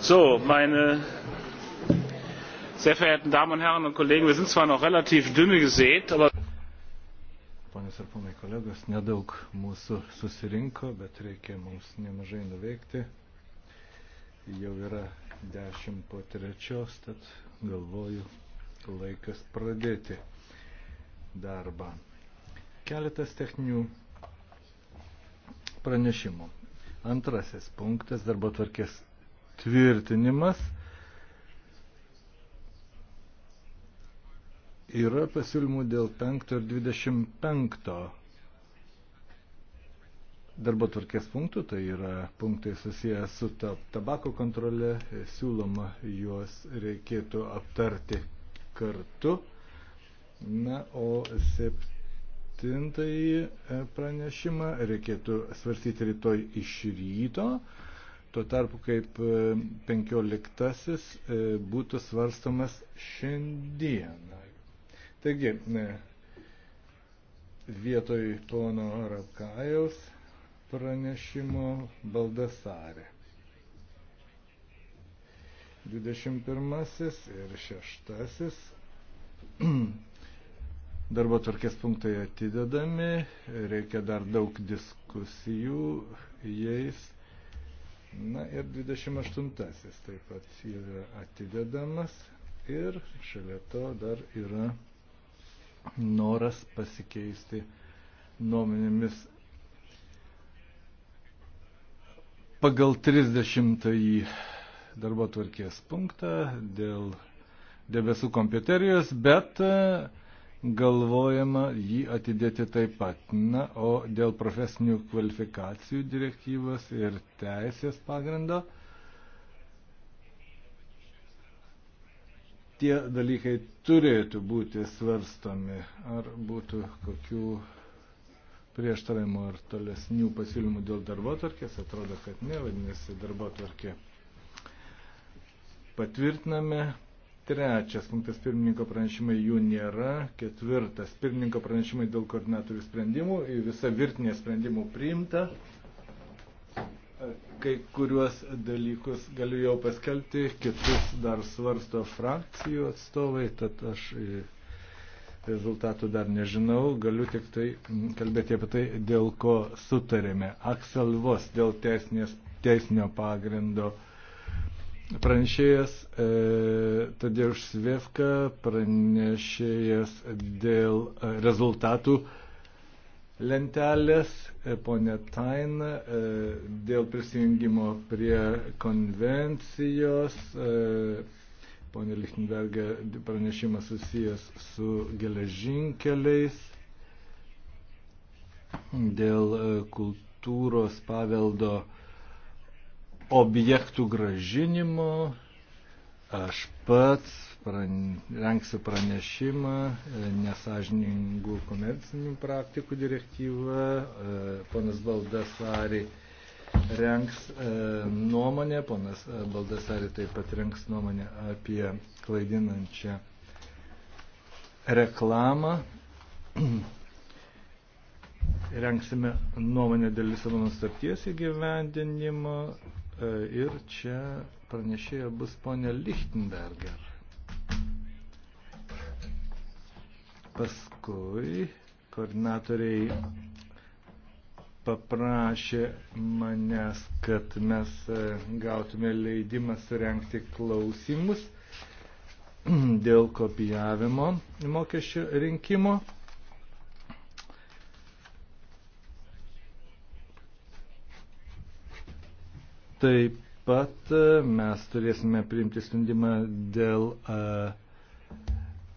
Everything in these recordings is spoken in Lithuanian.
So, meine sehr verehrten Damen und Herren und Kollegen, wir sind zwar noch relativ dünn gesät, aber. Ponios ir ponai kolegos, nedaug mūsų susirinko, bet reikia mums nemažai nuveikti. Jau yra dešimt po trečios, tad galvoju, laikas pradėti darbą. Keletas techninių pranešimų. Antrasis punktas - darbo tvarkės tvirtinimas yra pasiūlymų dėl 5 ir 25 darbo tvarkės punktų, tai yra punktai susiję su tabako kontrole, siūloma juos reikėtų aptarti kartu. Na, o septintąjį pranešimą reikėtų svarstyti rytoj iš ryto tuo tarpu kaip e, penkioliktasis e, būtų svarstomas šiandieną. Taigi, e, vietoj pono Rapkajaus pranešimo Baldasarė. 21 ir 6 darbo tvarkės punktai atidedami, reikia dar daug diskusijų jais Na ir 28-asis taip pat yra atidedamas ir šalia to dar yra noras pasikeisti nuomenėmis pagal 30-ąjį darbo tvarkės punktą dėl debesų kompiuterijos, bet uh, galvojama jį atidėti taip pat. Na, o dėl profesinių kvalifikacijų direktyvos ir teisės pagrindo tie dalykai turėtų būti svarstomi. Ar būtų kokių prieštaravimų ar tolesnių pasiūlymų dėl darbo tvarkės? Atrodo, kad ne, vadinasi, darbo tvarkė patvirtiname, Trečias punktas pirmininko pranešimai jų nėra. Ketvirtas pirmininko pranešimai dėl koordinatorių sprendimų. Visa virtinė sprendimų priimta. Kai kuriuos dalykus galiu jau paskelbti, kitus dar svarsto frakcijų atstovai, tad aš e, rezultatų dar nežinau, galiu tik tai kalbėti apie tai, dėl ko sutarėme. Aksel Vos dėl teisinės, teisinio pagrindo uh, Pranešėjas e, Tadeuš Svevka, pranešėjas dėl e, rezultatų lentelės, e, ponė Tain, e, dėl prisijungimo prie konvencijos, e, ponė Lichtenbergė pranešimas susijęs su geležinkeliais, dėl e, kultūros paveldo e, objektų gražinimo. Aš pats pran, renksiu pranešimą e, nesažiningų komercinių praktikų direktyvą. E, ponas Baldasari renks e, nuomonę, ponas Baldasari taip pat renks nuomonę apie klaidinančią reklamą. Renksime nuomonę dėl Lisabono starties įgyvendinimo E, ir čia pranešėja bus ponė Lichtenberger. Paskui koordinatoriai paprašė manęs, kad mes e, gautume leidimą surenkti klausimus dėl kopijavimo mokesčio rinkimo. Taip pat e, mes turėsime priimti sprendimą dėl e,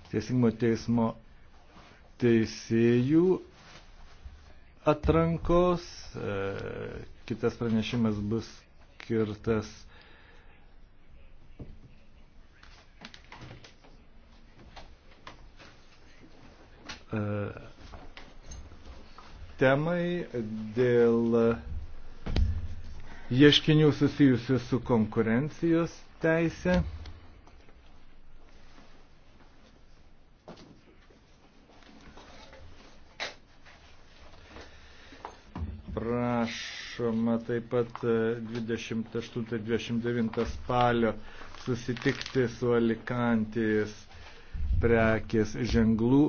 Teisingumo teismo teisėjų atrankos. E, kitas pranešimas bus skirtas temai dėl ieškinių susijusių su konkurencijos teise. Prašoma taip pat 28-29 e, spalio susitikti su Alikantijos prekės ženglų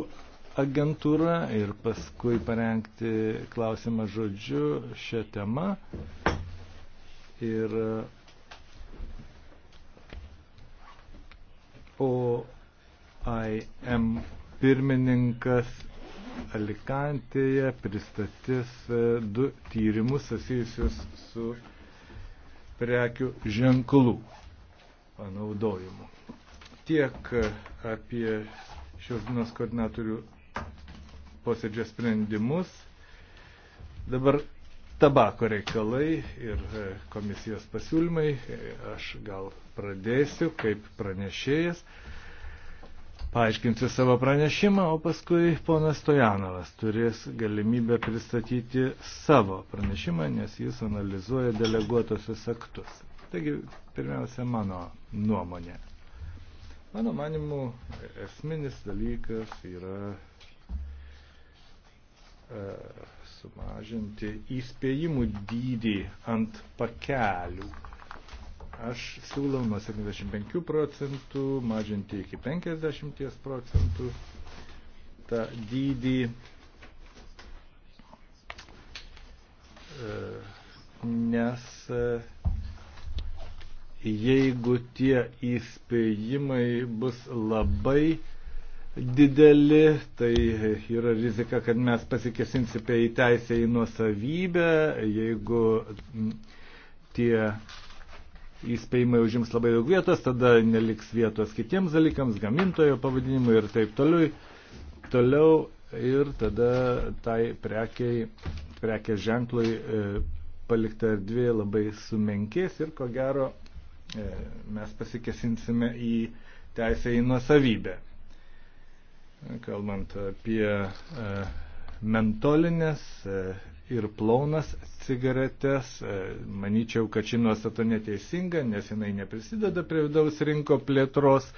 agentūra ir paskui parengti klausimą žodžiu šią temą. Ir OIM pirmininkas Alikantėje pristatys e, du tyrimus susijusius su prekių ženklų panaudojimu. Tiek apie šios dienos koordinatorių posėdžio sprendimus. Dabar tabako reikalai ir e, komisijos pasiūlymai. E, aš gal pradėsiu kaip pranešėjas. Paaiškinsiu savo pranešimą, o paskui ponas Stojanovas turės galimybę pristatyti savo pranešimą, nes jis analizuoja deleguotosius aktus. Taigi, pirmiausia, mano nuomonė. Mano manimu, esminis dalykas yra E, sumažinti įspėjimų dydį ant pakelių. Aš siūlau nuo 75 procentų mažinti iki 50 procentų tą dydį. E, nes e, jeigu tie įspėjimai bus labai dideli, tai yra rizika, kad mes pasikesinsime į teisę į nuosavybę, jeigu tie įspėjimai užims labai daug vietos, tada neliks vietos kitiems dalykams, gamintojo pavadinimui ir taip toliau. toliau ir tada tai prekiai, prekės ženklui e, palikta erdvė labai sumenkės ir ko gero e, mes pasikesinsime į teisę į nuosavybę kalbant apie e, mentolinės e, ir plonas cigaretes. E, manyčiau, kad ši nuostata neteisinga, nes jinai neprisideda prie vidaus rinko plėtros.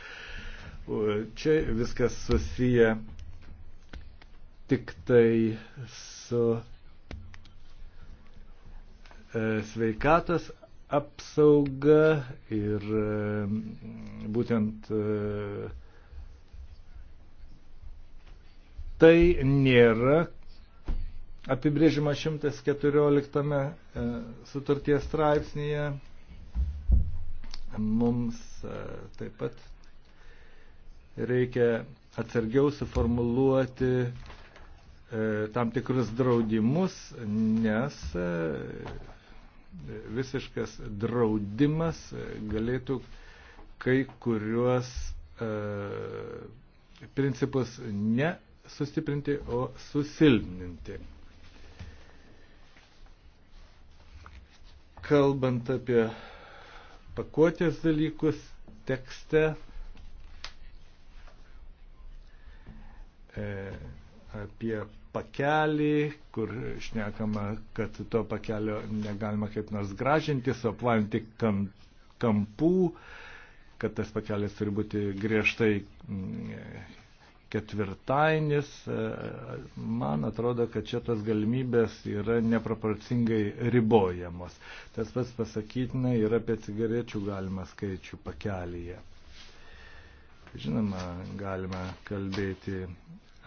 Čia viskas susiję tik tai su sveikatos apsauga ir būtent Tai nėra apibrėžima 114 e, sutarties straipsnėje. Mums e, taip pat reikia atsargiau suformuluoti e, tam tikrus draudimus, nes visiškas draudimas galėtų kai kuriuos principus ne sustiprinti, o susilpninti. Kalbant apie pakuotės dalykus tekste, e, apie pakelį, kur šnekama, kad to pakelio negalima kaip nors gražinti, suapvalinti kam, kampų, kad tas pakelis turi būti griežtai mm, ketvirtainis. E, man atrodo, kad čia tas galimybės yra neproporcingai ribojamos. Tas pats pasakytina ir apie cigarečių galima skaičių pakelyje. Žinoma, galima kalbėti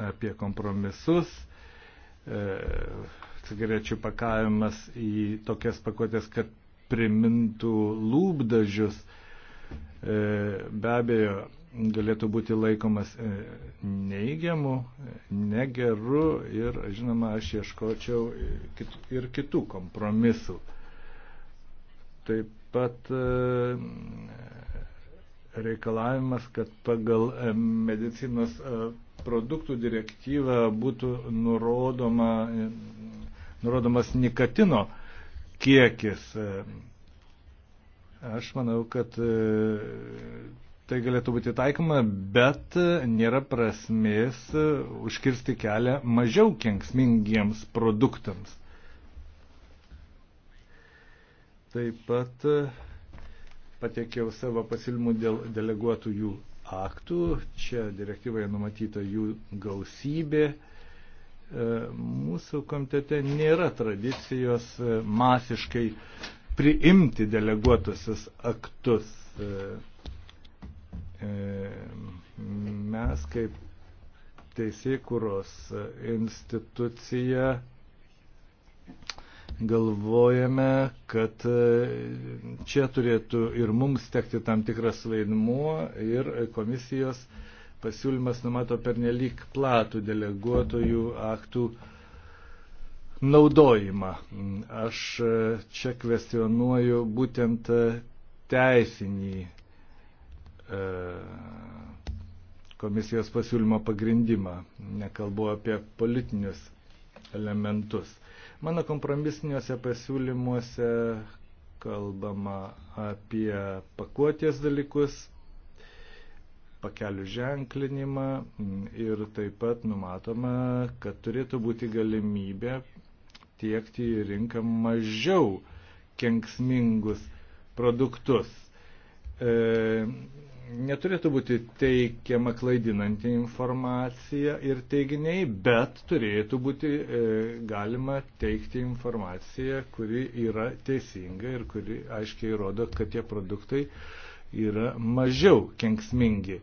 apie kompromisus. E, cigarečių pakavimas į tokias pakuotės, kad primintų lūpdažius. E, be abejo, galėtų būti laikomas e, neigiamu, e, negeru ir, žinoma, aš ieškočiau e, ir kitų kompromisų. Taip pat reikalavimas, kad pagal medicinos produktų direktyvą būtų nurodoma, nurodomas nikotino kiekis. Aš manau, kad tai galėtų būti taikoma, bet nėra prasmės užkirsti kelią mažiau kenksmingiems produktams. Taip pat patiekiau savo pasiūlymų dėl deleguotųjų aktų. Čia direktyvoje numatyta jų gausybė. Mūsų komitete nėra tradicijos masiškai priimti deleguotusius aktus. E, mes kaip teisėkuros institucija galvojame, kad e, čia turėtų ir mums tekti tam tikras vaidmuo ir komisijos pasiūlymas numato pernelyg platų deleguotojų aktų naudojimą. Aš e, čia kvestionuoju būtent teisinį E, komisijos pasiūlymo pagrindimą, nekalbu apie politinius elementus. Mano kompromisiniuose pasiūlymuose kalbama apie pakuotės dalykus, pakelių ženklinimą ir taip pat numatoma, kad turėtų būti galimybė tiekti į rinką mažiau kenksmingus produktus. E, neturėtų būti teikiama klaidinanti informacija ir teiginiai, bet turėtų būti e, galima teikti informaciją, kuri yra teisinga ir kuri aiškiai rodo, kad tie produktai yra mažiau kenksmingi.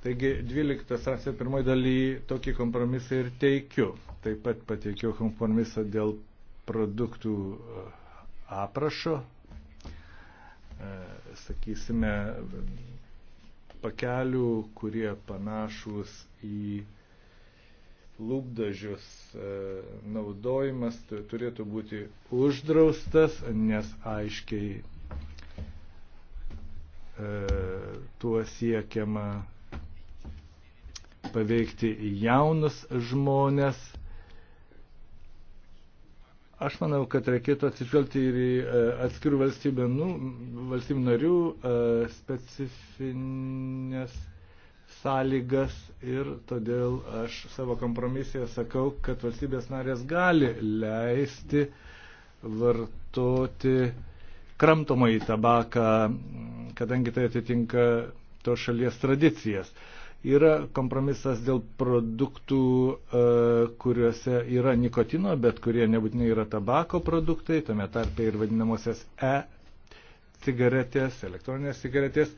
Taigi 12 straipsnio pirmoji daly tokį kompromisą ir teikiu. Taip pat pateikiau kompromisą dėl produktų e, aprašo, e, sakysime, pakelių, kurie panašus į lūpdažius e, naudojimas turėtų būti uždraustas, nes aiškiai e, tuo siekiama paveikti jaunus žmonės Aš manau, kad reikėtų atsižvelgti ir į e, atskirų valstybių, nu, valstybių narių e, specifines sąlygas ir todėl aš savo kompromisėje sakau, kad valstybės narės gali leisti vartoti kramtomą į tabaką, kadangi tai atitinka tos šalies tradicijas. Uh, Yra kompromisas dėl produktų, e, kuriuose yra nikotino, bet kurie nebūtinai yra tabako produktai, tame tarpe ir vadinamosios E cigaretės, elektroninės cigaretės.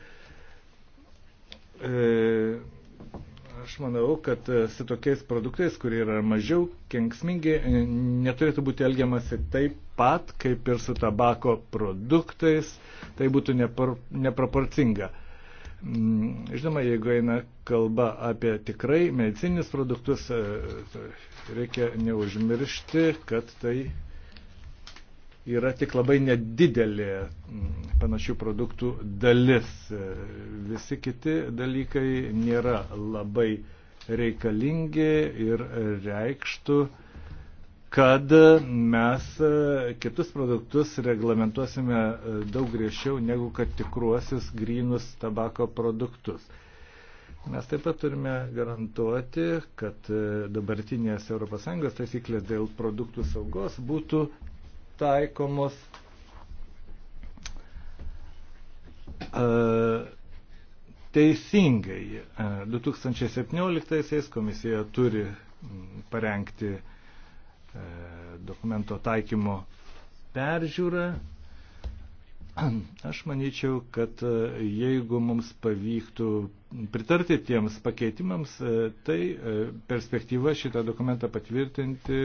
E, aš manau, kad su tokiais produktais, kurie yra mažiau kenksmingi, e, neturėtų būti elgiamasi taip pat, kaip ir su tabako produktais. Tai būtų nepar, neproporcinga. Mm, žinoma, jeigu eina kalba apie tikrai medicininis produktus, e, reikia neužmiršti, kad tai yra tik labai nedidelė mm, panašių produktų dalis. E, visi kiti dalykai nėra labai reikalingi ir reikštų kad mes e, kitus produktus reglamentuosime e, daug griežčiau negu kad tikruosius grynus tabako produktus. Mes taip pat turime garantuoti, kad e, dabartinės ES taisyklės dėl produktų saugos būtų taikomos teisingai. 2017 komisija turi parengti E, dokumento taikymo peržiūrą. Aš manyčiau, kad e, jeigu mums pavyktų pritarti tiems pakeitimams, e, tai perspektyva šitą dokumentą patvirtinti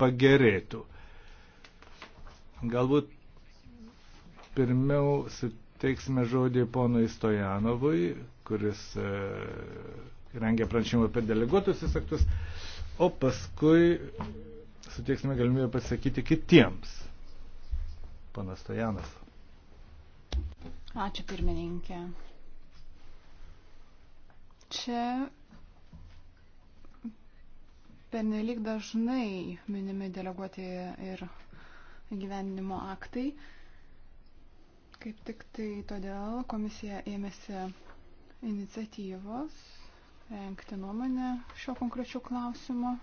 pagerėtų. Galbūt pirmiau suteiksime žodį ponui Stojanovui, kuris rengia pranešimą apie deleguotusis aktus, o paskui suteiksime galimybę pasakyti kitiems. Panas Tojanas. Ačiū pirmininkė. Čia pernelyg dažnai minimi deleguoti ir gyvenimo aktai. Kaip tik tai todėl komisija ėmėsi iniciatyvos rengti nuomonę šio konkrečiu klausimu.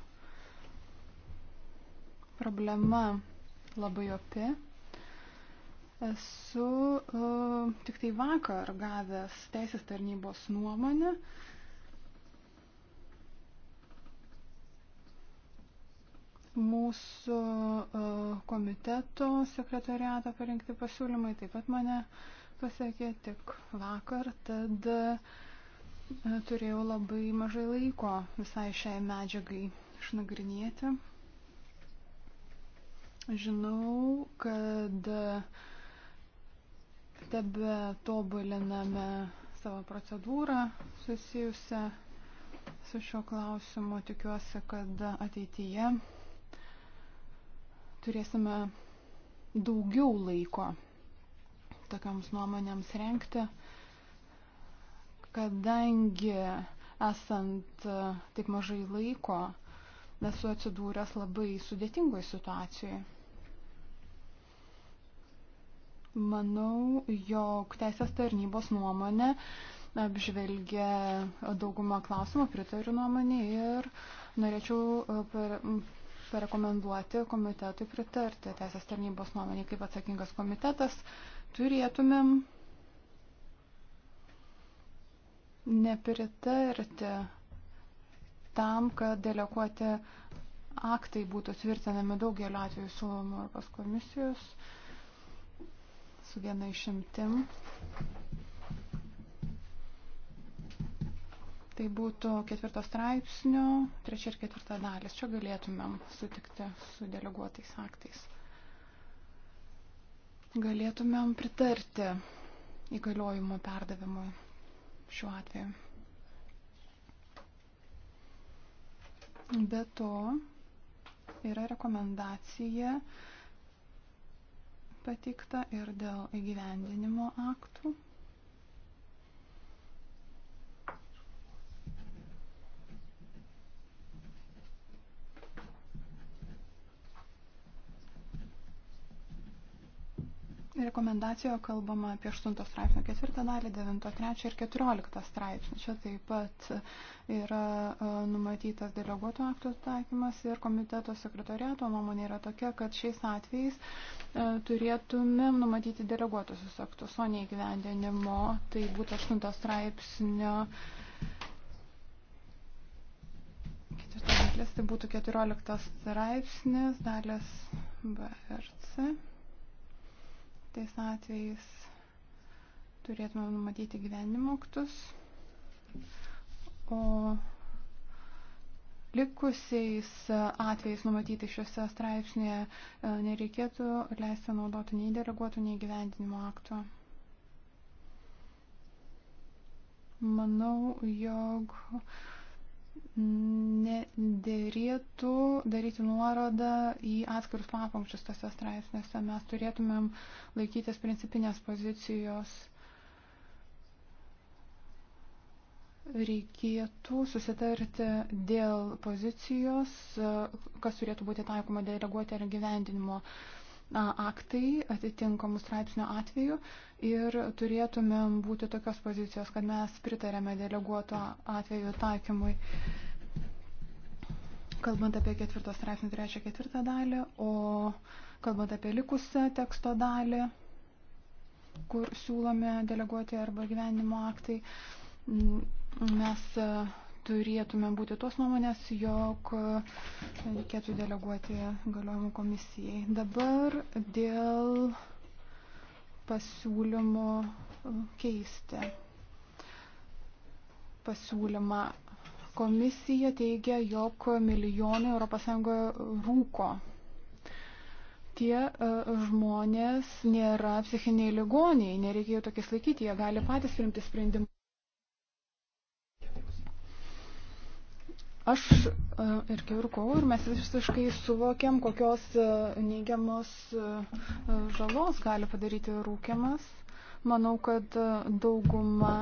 Problema labai opi. Esu uh, tik tai vakar gavęs teisės tarnybos nuomonę. Mūsų uh, komiteto sekretariato parinkti pasiūlymai taip pat mane pasiekė tik vakar, tad uh, turėjau labai mažai laiko visai šiai medžiagai išnagrinėti. Žinau, kad tebe tobuliname savo procedūrą susijusią su šiuo klausimu. Tikiuosi, kad ateityje turėsime daugiau laiko tokiams nuomonėms renkti, kadangi esant taip mažai laiko, nesu atsidūręs labai sudėtingoje situacijoje. Manau, jog teisės tarnybos nuomonė apžvelgia daugumą klausimų, pritariu nuomonį ir norėčiau e, per, parekomenduoti komitetui pritarti teisės tarnybos nuomonį kaip atsakingas komitetas. Turėtumėm nepritarti tam, kad deleguoti aktai būtų tvirtinami daugeliu atveju siūlomų Europos komisijos. Uh, su viena išimtim. Tai būtų ketvirto straipsnio, trečia ir ketvirta dalis. Čia galėtumėm sutikti su deleguotais aktais. Galėtumėm pritarti įgaliojimo perdavimui šiuo atveju. Be to yra rekomendacija uh, pateikta ir dėl įgyvendinimo aktų. Rekomendacijoje kalbama apie 8 straipsnio 4 dalį, 9, 3 ir 14 straipsnį. Čia taip pat yra e, numatytas deleguoto aktų taikymas ir komiteto sekretoriato nuomonė yra tokia, kad šiais atvejais e, turėtumėm numatyti deleguotusius aktus, o ne įgyvendinimo. Tai būtų 8 straipsnio. Ketvirtas dalis, tai būtų 14 straipsnis, dalis BRC tais atvejais turėtume numatyti gyvenimo aktus, o likusiais atvejais numatyti šiuose straipsnėje e, nereikėtų leisti naudoti nei deleguotų, nei gyvendinimo akto. Manau, jog uh, nedėrėtų daryti nuorodą į atskirus papunkčius tose straipsnėse. Mes turėtumėm laikytis principinės pozicijos. Reikėtų susitarti dėl pozicijos, kas turėtų būti taikoma deleguoti ar gyvendinimo uh, aktai atitinkamų straipsnių atveju ir turėtumėm būti tokios pozicijos, kad mes pritarėme deleguoto atveju taikymui. Kalbant apie ketvirtą straipsnį, trečią ketvirtą dalį, o kalbant apie likusią teksto dalį, kur siūlome deleguoti arba gyvenimo aktai, mes turėtume būti tos nuomonės, jog reikėtų deleguoti galiojimų komisijai. Dabar dėl pasiūlymo keisti. Pasiūlymą komisija teigia, jog milijonai ES rūko. Tie e, žmonės nėra psichiniai ligoniai, nereikėjo tokiais laikyti, jie gali patys priimti sprendimą. Aš e, ir kirkau ir mes visiškai suvokiam, kokios e, neigiamos e, žalos gali padaryti rūkiamas. Manau, kad dauguma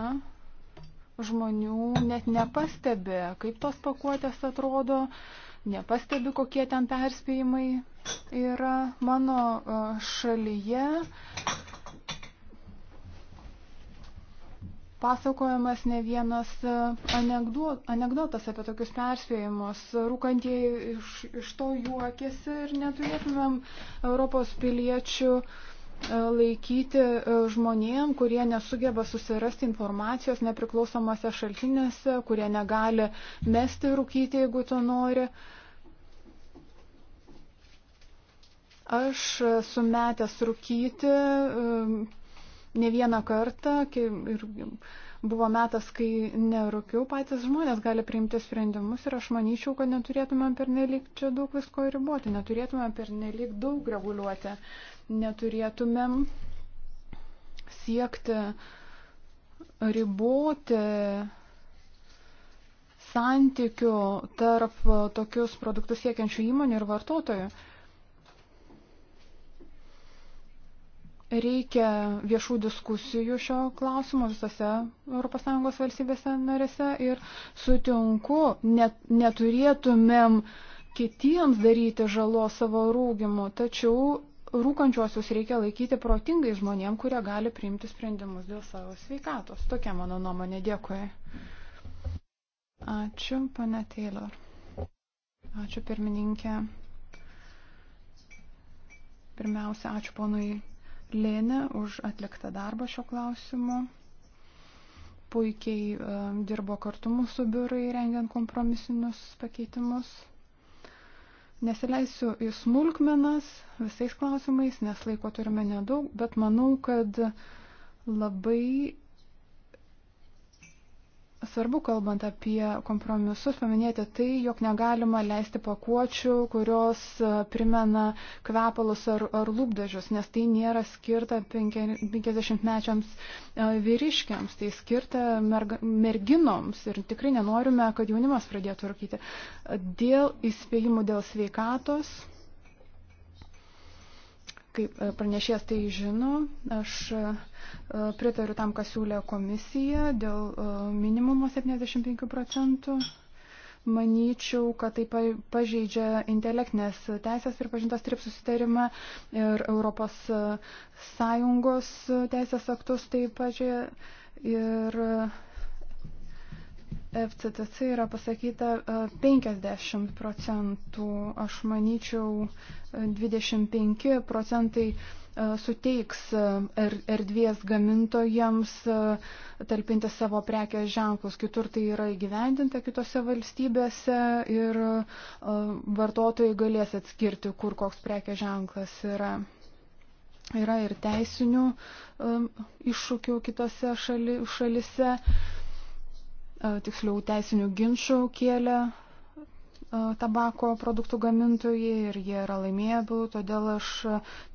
žmonių net nepastebi, kaip tos pakuotės atrodo, nepastebi, kokie ten perspėjimai yra mano šalyje pasakojamas ne vienas e, anegdotas apie tokius perspėjimus. Rūkantieji iš, iš to juokėsi ir neturėtumėm Europos piliečių e, laikyti e, žmonėm, kurie nesugeba susirasti informacijos nepriklausomose šaltinėse, kurie negali mesti rūkyti, jeigu to nori. Aš sumetęs rūkyti ne vieną kartą ir buvo metas, kai nerūkiau, patys žmonės gali priimti sprendimus ir aš manyčiau, kad neturėtume pernelyg čia daug visko riboti, neturėtume pernelyg daug reguliuoti, neturėtumėm siekti riboti santykių tarp tokius produktus siekiančių įmonių ir vartotojų. Reikia viešų diskusijų šio klausimo visose ES valstybėse narėse ir sutinku, net, neturėtumėm kitiems daryti žalo savo rūgimu, tačiau rūkančiuosius reikia laikyti protingai žmonėm, kurie gali priimti sprendimus dėl savo sveikatos. Tokia mano nuomonė. Dėkui. Ačiū, pane Taylor. Ačiū, pirmininkė. Pirmiausia, ačiū ponui Lėnė už atliktą darbą šio klausimu. Puikiai e, dirbo kartu mūsų biurai rengiant kompromisinius pakeitimus. Nesileisiu į smulkmenas visais klausimais, nes laiko turime nedaug, bet manau, kad labai Svarbu, kalbant apie kompromisus, paminėti tai, jog negalima leisti pakuočių, kurios e, primena kvepalus ar, ar lūpdažius, nes tai nėra skirta 50-mečiams e, vyriškiams, tai skirta merga, merginoms ir tikrai nenorime, kad jaunimas pradėtų rūkyti. Dėl įspėjimų dėl sveikatos kaip e, pranešės tai žino, aš E, pritariu tam, kas siūlė komisija dėl e, minimumo 75 procentų. Manyčiau, kad tai pažeidžia intelektinės teisės ir pažintas trip susitarimą ir Europos e, Sąjungos teisės aktus taip pažeidžia. Ir FCTC yra pasakyta 50 procentų, aš manyčiau 25 procentai E, suteiks e, er, erdvės gamintojams e, talpinti savo prekės ženklus. Kitur tai yra įgyvendinta kitose valstybėse ir vartotojai galės atskirti, kur koks prekės ženklas yra. Yra ir teisinių iššūkių kitose šali, šalise, tiksliau teisinių ginčių kėlė tabako produktų gamintojai ir jie yra laimėjami, todėl aš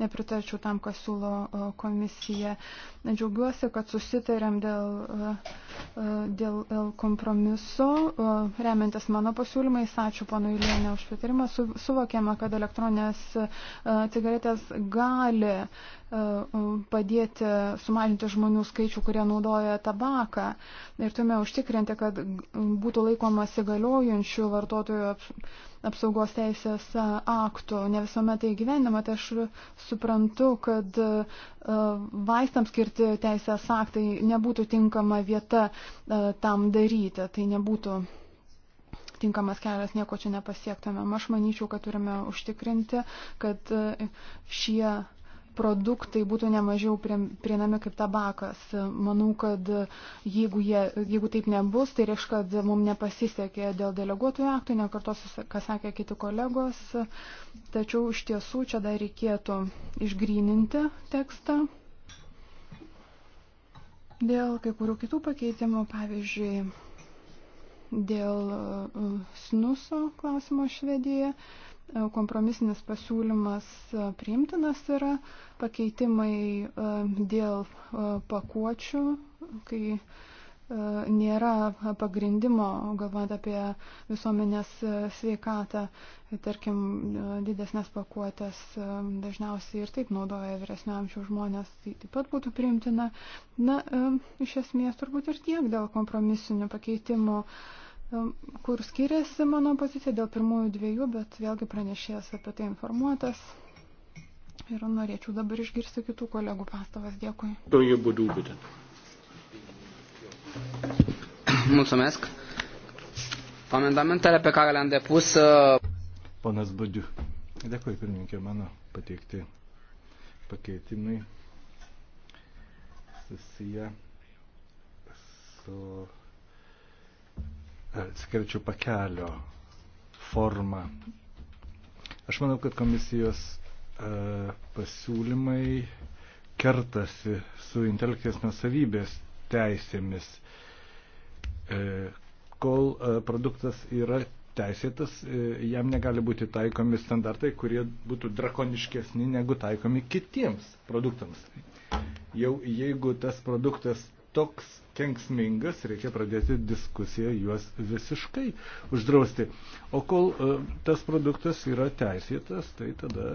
nepritarčiau tam, kas siūlo komisija. Džiaugiuosi, kad susitarėm dėl, dėl, dėl kompromiso, remiantis mano pasiūlymais. Ačiū panu Ilienė už pritarimą. Su, suvokiama, kad elektroninės cigaretės gali uh, E, e, padėti sumažinti žmonių skaičių, kurie naudoja tabaką. Ir turime užtikrinti, kad būtų laikomas įgaliojančių vartotojų apsaugos teisės aktų. Ne visuomet tai gyvenama, tai aš suprantu, kad e, vaistams skirti teisės aktai nebūtų tinkama vieta tam daryti. Tai nebūtų tinkamas kelias, nieko čia nepasiektumėm. Aš manyčiau, kad turime užtikrinti, kad šie produktai būtų nemažiau prieinami kaip tabakas. Manau, kad jeigu, jie, jeigu taip nebus, tai reiškia, kad mums nepasisekė dėl deleguotojų aktų, nekartosiu, ką sakė kiti kolegos, tačiau iš tiesų čia dar reikėtų išgryninti tekstą. Dėl kai kurių kitų pakeitimų, pavyzdžiui, dėl uh, snuso klausimo Švedijoje, kompromisinis pasiūlymas e, priimtinas yra, pakeitimai e, dėl e, pakuočių, kai nėra pagrindimo, galvojant apie visuomenės sveikatą, tarkim, didesnės pakuotės dažniausiai ir taip naudoja vyresnio amžiaus žmonės, tai taip pat būtų priimtina. Na, iš esmės turbūt ir tiek dėl kompromisinių pakeitimų kur skiriasi mano pozicija dėl pirmųjų dviejų, bet vėlgi pranešėjas apie tai informuotas. Ir norėčiau dabar išgirsti kitų kolegų pastabas. Dėkui. Mulțumesc. Amendamentele pe care le-am depus... Uh, Ponas Budiu. Dėkui, pirmininkė, mano pateikti pakeitimai susiję su skirčių pakelio formą. Aš manau, kad komisijos e, pasiūlymai kertasi su intelektinės nusavybės teisėmis. E, kol e, produktas yra teisėtas, jam negali būti taikomi standartai, kurie būtų drakoniškesni negu taikomi kitiems produktams. Jau jeigu tas produktas toks kenksmingas, reikia pradėti diskusiją juos visiškai uždrausti. O kol e, tas produktas yra teisėtas, tai tada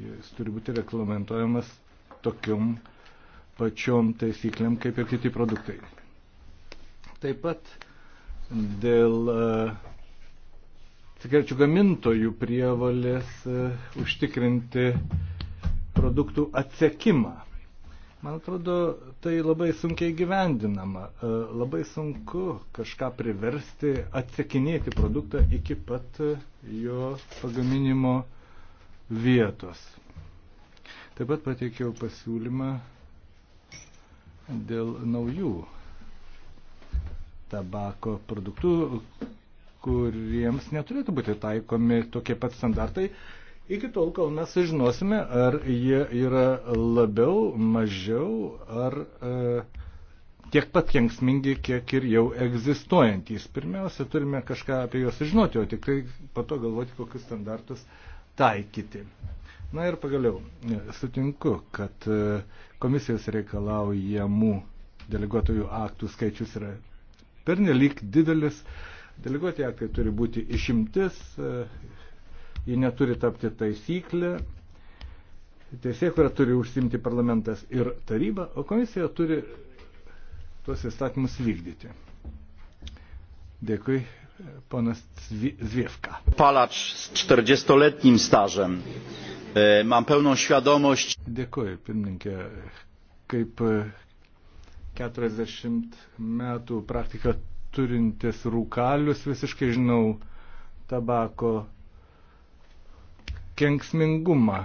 jis turi būti reglamentojamas tokiom pačiom taisyklėm kaip ir kiti produktai. Taip pat dėl e, cigarečių gamintojų prievalės e, užtikrinti produktų atsekimą Man atrodo, tai labai sunkiai gyvendinama. E, labai sunku kažką priversti atsakinėti produktą iki pat e, jo pagaminimo vietos. Taip pat pateikiau pasiūlymą dėl naujų tabako produktų, kuriems neturėtų būti taikomi tokie pat standartai, iki tol, kol mes sužinosime, ar jie yra labiau, mažiau, ar e, tiek pat kenksmingi, kiek ir jau egzistuojantys. Pirmiausia, turime kažką apie juos sužinoti, o tik tai po to galvoti, kokius standartus taikyti. Na ir pagaliau, e, sutinku, kad e, komisijos reikalaujamų deleguotojų aktų skaičius yra pernelyg didelis. Deleguoti aktai turi būti išimtis e, ji neturi tapti taisyklę. Teisėkura turi užsimti parlamentas ir taryba, o komisija turi tuos įstatymus vykdyti. Dėkui, ponas Zwiewka. Palacz z 40-letnim stażem. E, mam pełną świadomość. Dėkui, pirmininkė. Kaip 40 e, metų praktiką turintis rūkalius visiškai žinau tabako kenksmingumą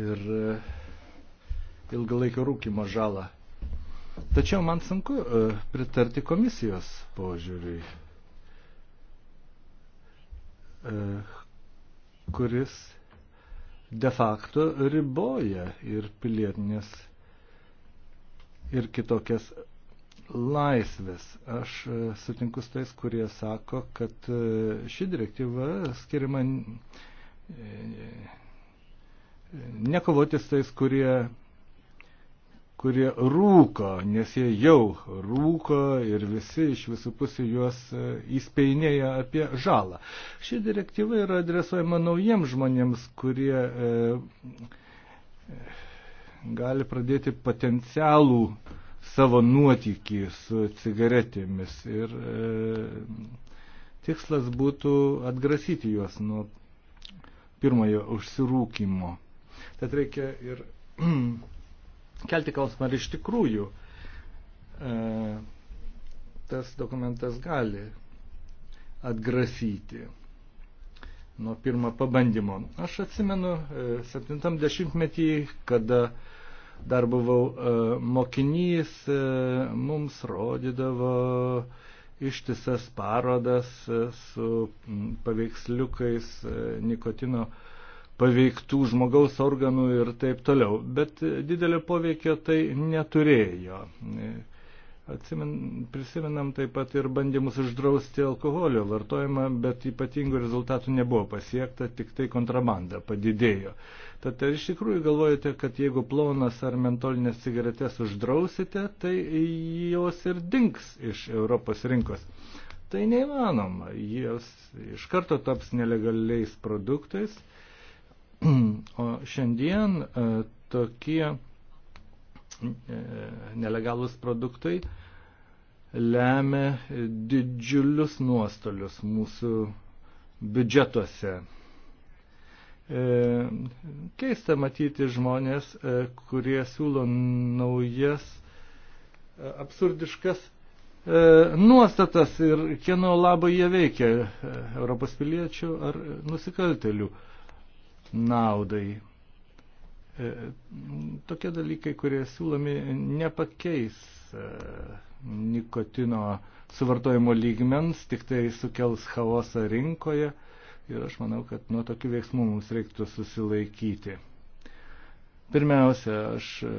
ir e, ilgalaikio rūkimo žalą. Tačiau man sunku e, pritarti komisijos požiūriui, e, kuris de facto riboja ir pilietinės ir kitokias laisvės. Aš e, sutinku su tais, kurie sako, kad e, ši direktyva skiriama e, nekovoti su tais, kurie, kurie rūko, nes jie jau rūko ir visi iš visų pusių juos įspeinėja apie žalą. Ši direktyva yra adresuojama naujiems žmonėms, kurie e, gali pradėti potencialų e, savo nuotykį su cigaretėmis. Ir e, tikslas būtų atgrasyti juos nuo pirmojo užsirūkimo. Tad reikia ir kelti klausimą, ar iš tikrųjų e, tas dokumentas gali atgrasyti nuo pirmo pabandymo. Aš atsimenu 70-metį, e, kada e, dar buvau e, mokinys, e, mums rodydavo ištisas parodas e, su paveiksliukais nikotino paveiktų žmogaus organų ir taip toliau. Bet didelio poveikio tai neturėjo. Atsimen, prisimenam taip pat ir bandymus uždrausti alkoholio vartojimą, bet ypatingų rezultatų nebuvo pasiekta, tik tai kontrabanda padidėjo. Tad ar iš tikrųjų galvojate, kad jeigu plonas ar mentolinės cigaretės uždrausite, tai jos ir dinks iš Europos rinkos? Tai neįmanoma, jos iš karto taps nelegaliais produktais, o šiandien e, tokie E, nelegalus produktai lemia didžiulius nuostolius mūsų biudžetuose. E, keista matyti žmonės, e, kurie siūlo naujas absurdiškas nuostatas ir kieno labai jie veikia Europos piliečių ar nusikaltelių naudai. E, tokie dalykai, kurie siūlomi, nepakeis e, nikotino suvartojimo lygmens, tik tai sukels chaosą rinkoje ir aš manau, kad nuo tokių veiksmų mums reiktų susilaikyti. Pirmiausia, aš e,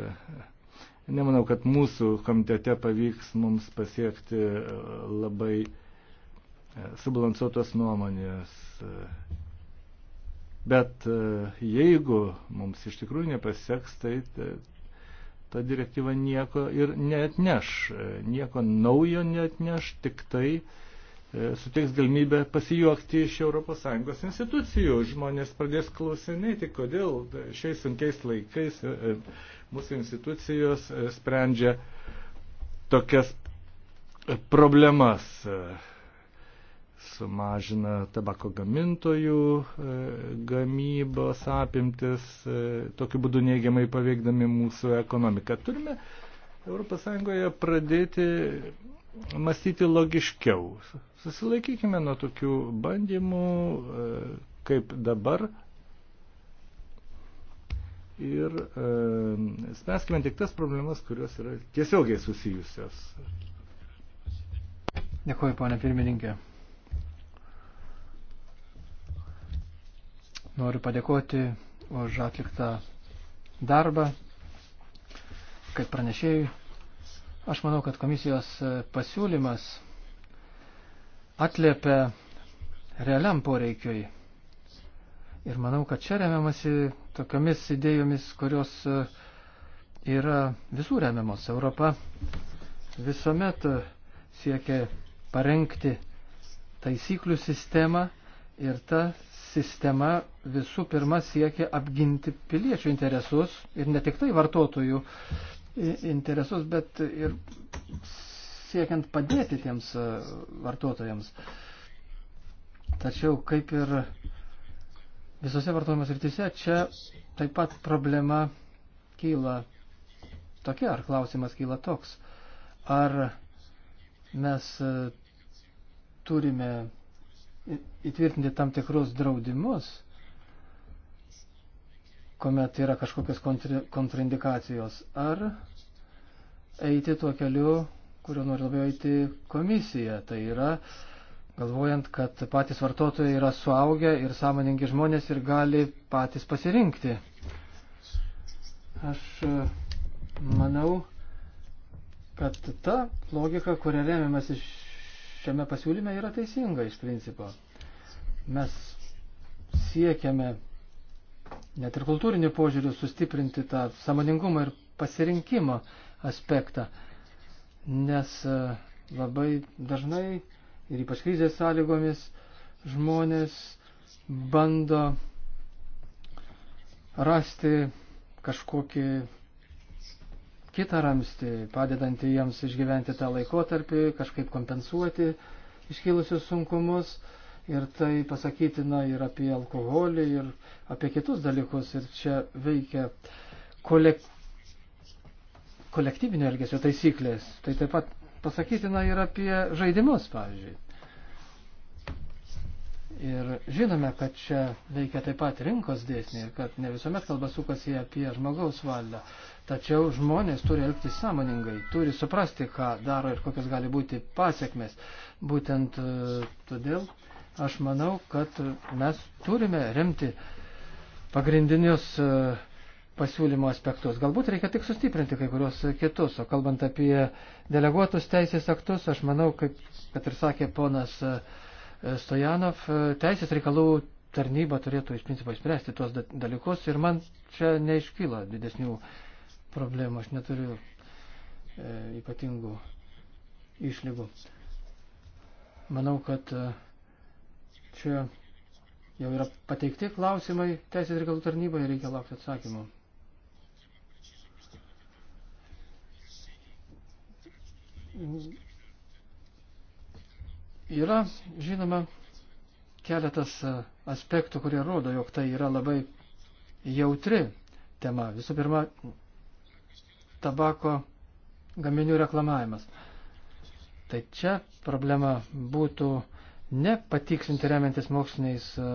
nemanau, kad mūsų komitete pavyks mums pasiekti labai subalansuotos nuomonės Bet e, jeigu mums iš tikrųjų nepaseks, tai e, ta direktyva nieko ir neatneš, e, nieko naujo neatneš, tik tai suteiks galimybę pasijuokti iš ES institucijų. Žmonės pradės klausinėti, kodėl šiais sunkiais laikais mūsų institucijos sprendžia tokias problemas mažina tabako gamintojų e, gamybos apimtis, e, tokiu būdu neigiamai paveikdami mūsų ekonomiką. Turime ES pradėti mąstyti logiškiau. Susilaikykime nuo tokių bandymų, e, kaip dabar. Ir e, spręskime tik tas problemas, kurios yra tiesiogiai susijusios Dėkuoju, ponė pirmininkė. Noriu padėkoti už atliktą darbą, kaip pranešėjai. Aš manau, kad komisijos pasiūlymas atliepia realiam poreikiui. Ir manau, kad čia remiamasi tokiamis idėjomis, kurios yra visų remiamos. Europa visuomet siekia parengti taisyklių sistemą ir ta sistema visų pirma siekia apginti piliečių interesus ir ne tik tai vartotojų interesus, bet ir siekiant padėti tiems e, vartotojams. Tačiau kaip ir visose vartojimo srityse, čia taip pat problema kyla tokia, ar klausimas kyla toks. Ar mes e, turime įtvirtinti tam tikrus draudimus, kuomet yra kažkokios kontraindikacijos, ar eiti tuo keliu, kurio nori labiau eiti komisija. Tai yra, galvojant, kad patys vartotojai yra suaugę ir sąmoningi žmonės ir gali patys pasirinkti. Aš e, manau, kad ta logika, kuria remiamas iš šiame pasiūlyme yra teisinga iš principo. Mes siekiame net ir kultūrinių požiūrių sustiprinti tą samoningumą ir pasirinkimo aspektą, nes e, labai dažnai ir ypač krizės sąlygomis žmonės bando rasti kažkokį kitą ramstį, padedantį jiems išgyventi tą laikotarpį, kažkaip kompensuoti iškilusius sunkumus. Ir tai pasakytina ir apie alkoholį, ir apie kitus dalykus. Ir čia veikia kolek... kolektyvinio elgesio taisyklės. Tai taip pat pasakytina ir apie žaidimus, pavyzdžiui. Ir žinome, kad čia veikia taip pat rinkos dėsniai ir kad ne visuomet kalba sukasi apie žmogaus valią. Tačiau žmonės turi elgtis sąmoningai, turi suprasti, ką daro ir kokios gali būti pasiekmes. Būtent e, todėl aš manau, kad mes turime remti pagrindinius e, pasiūlymo aspektus. Galbūt reikia tik sustiprinti kai kurios kitus. O kalbant apie deleguotus teisės aktus, aš manau, kaip, kad ir sakė ponas. Uh, Stojanov e, teisės reikalų tarnyba turėtų iš principo išspręsti tuos dalykus ir man čia neiškyla didesnių problemų, aš neturiu e, ypatingų išlygų. Manau, kad e, čia jau yra pateikti klausimai teisės reikalų tarnybai ir reikia laukti atsakymų. Mm Yra, žinoma, keletas e, aspektų, kurie rodo, jog tai yra labai jautri tema. Visų pirma, tabako gaminių reklamavimas. Tai čia problema būtų ne patiksinti remiantis moksliniais e,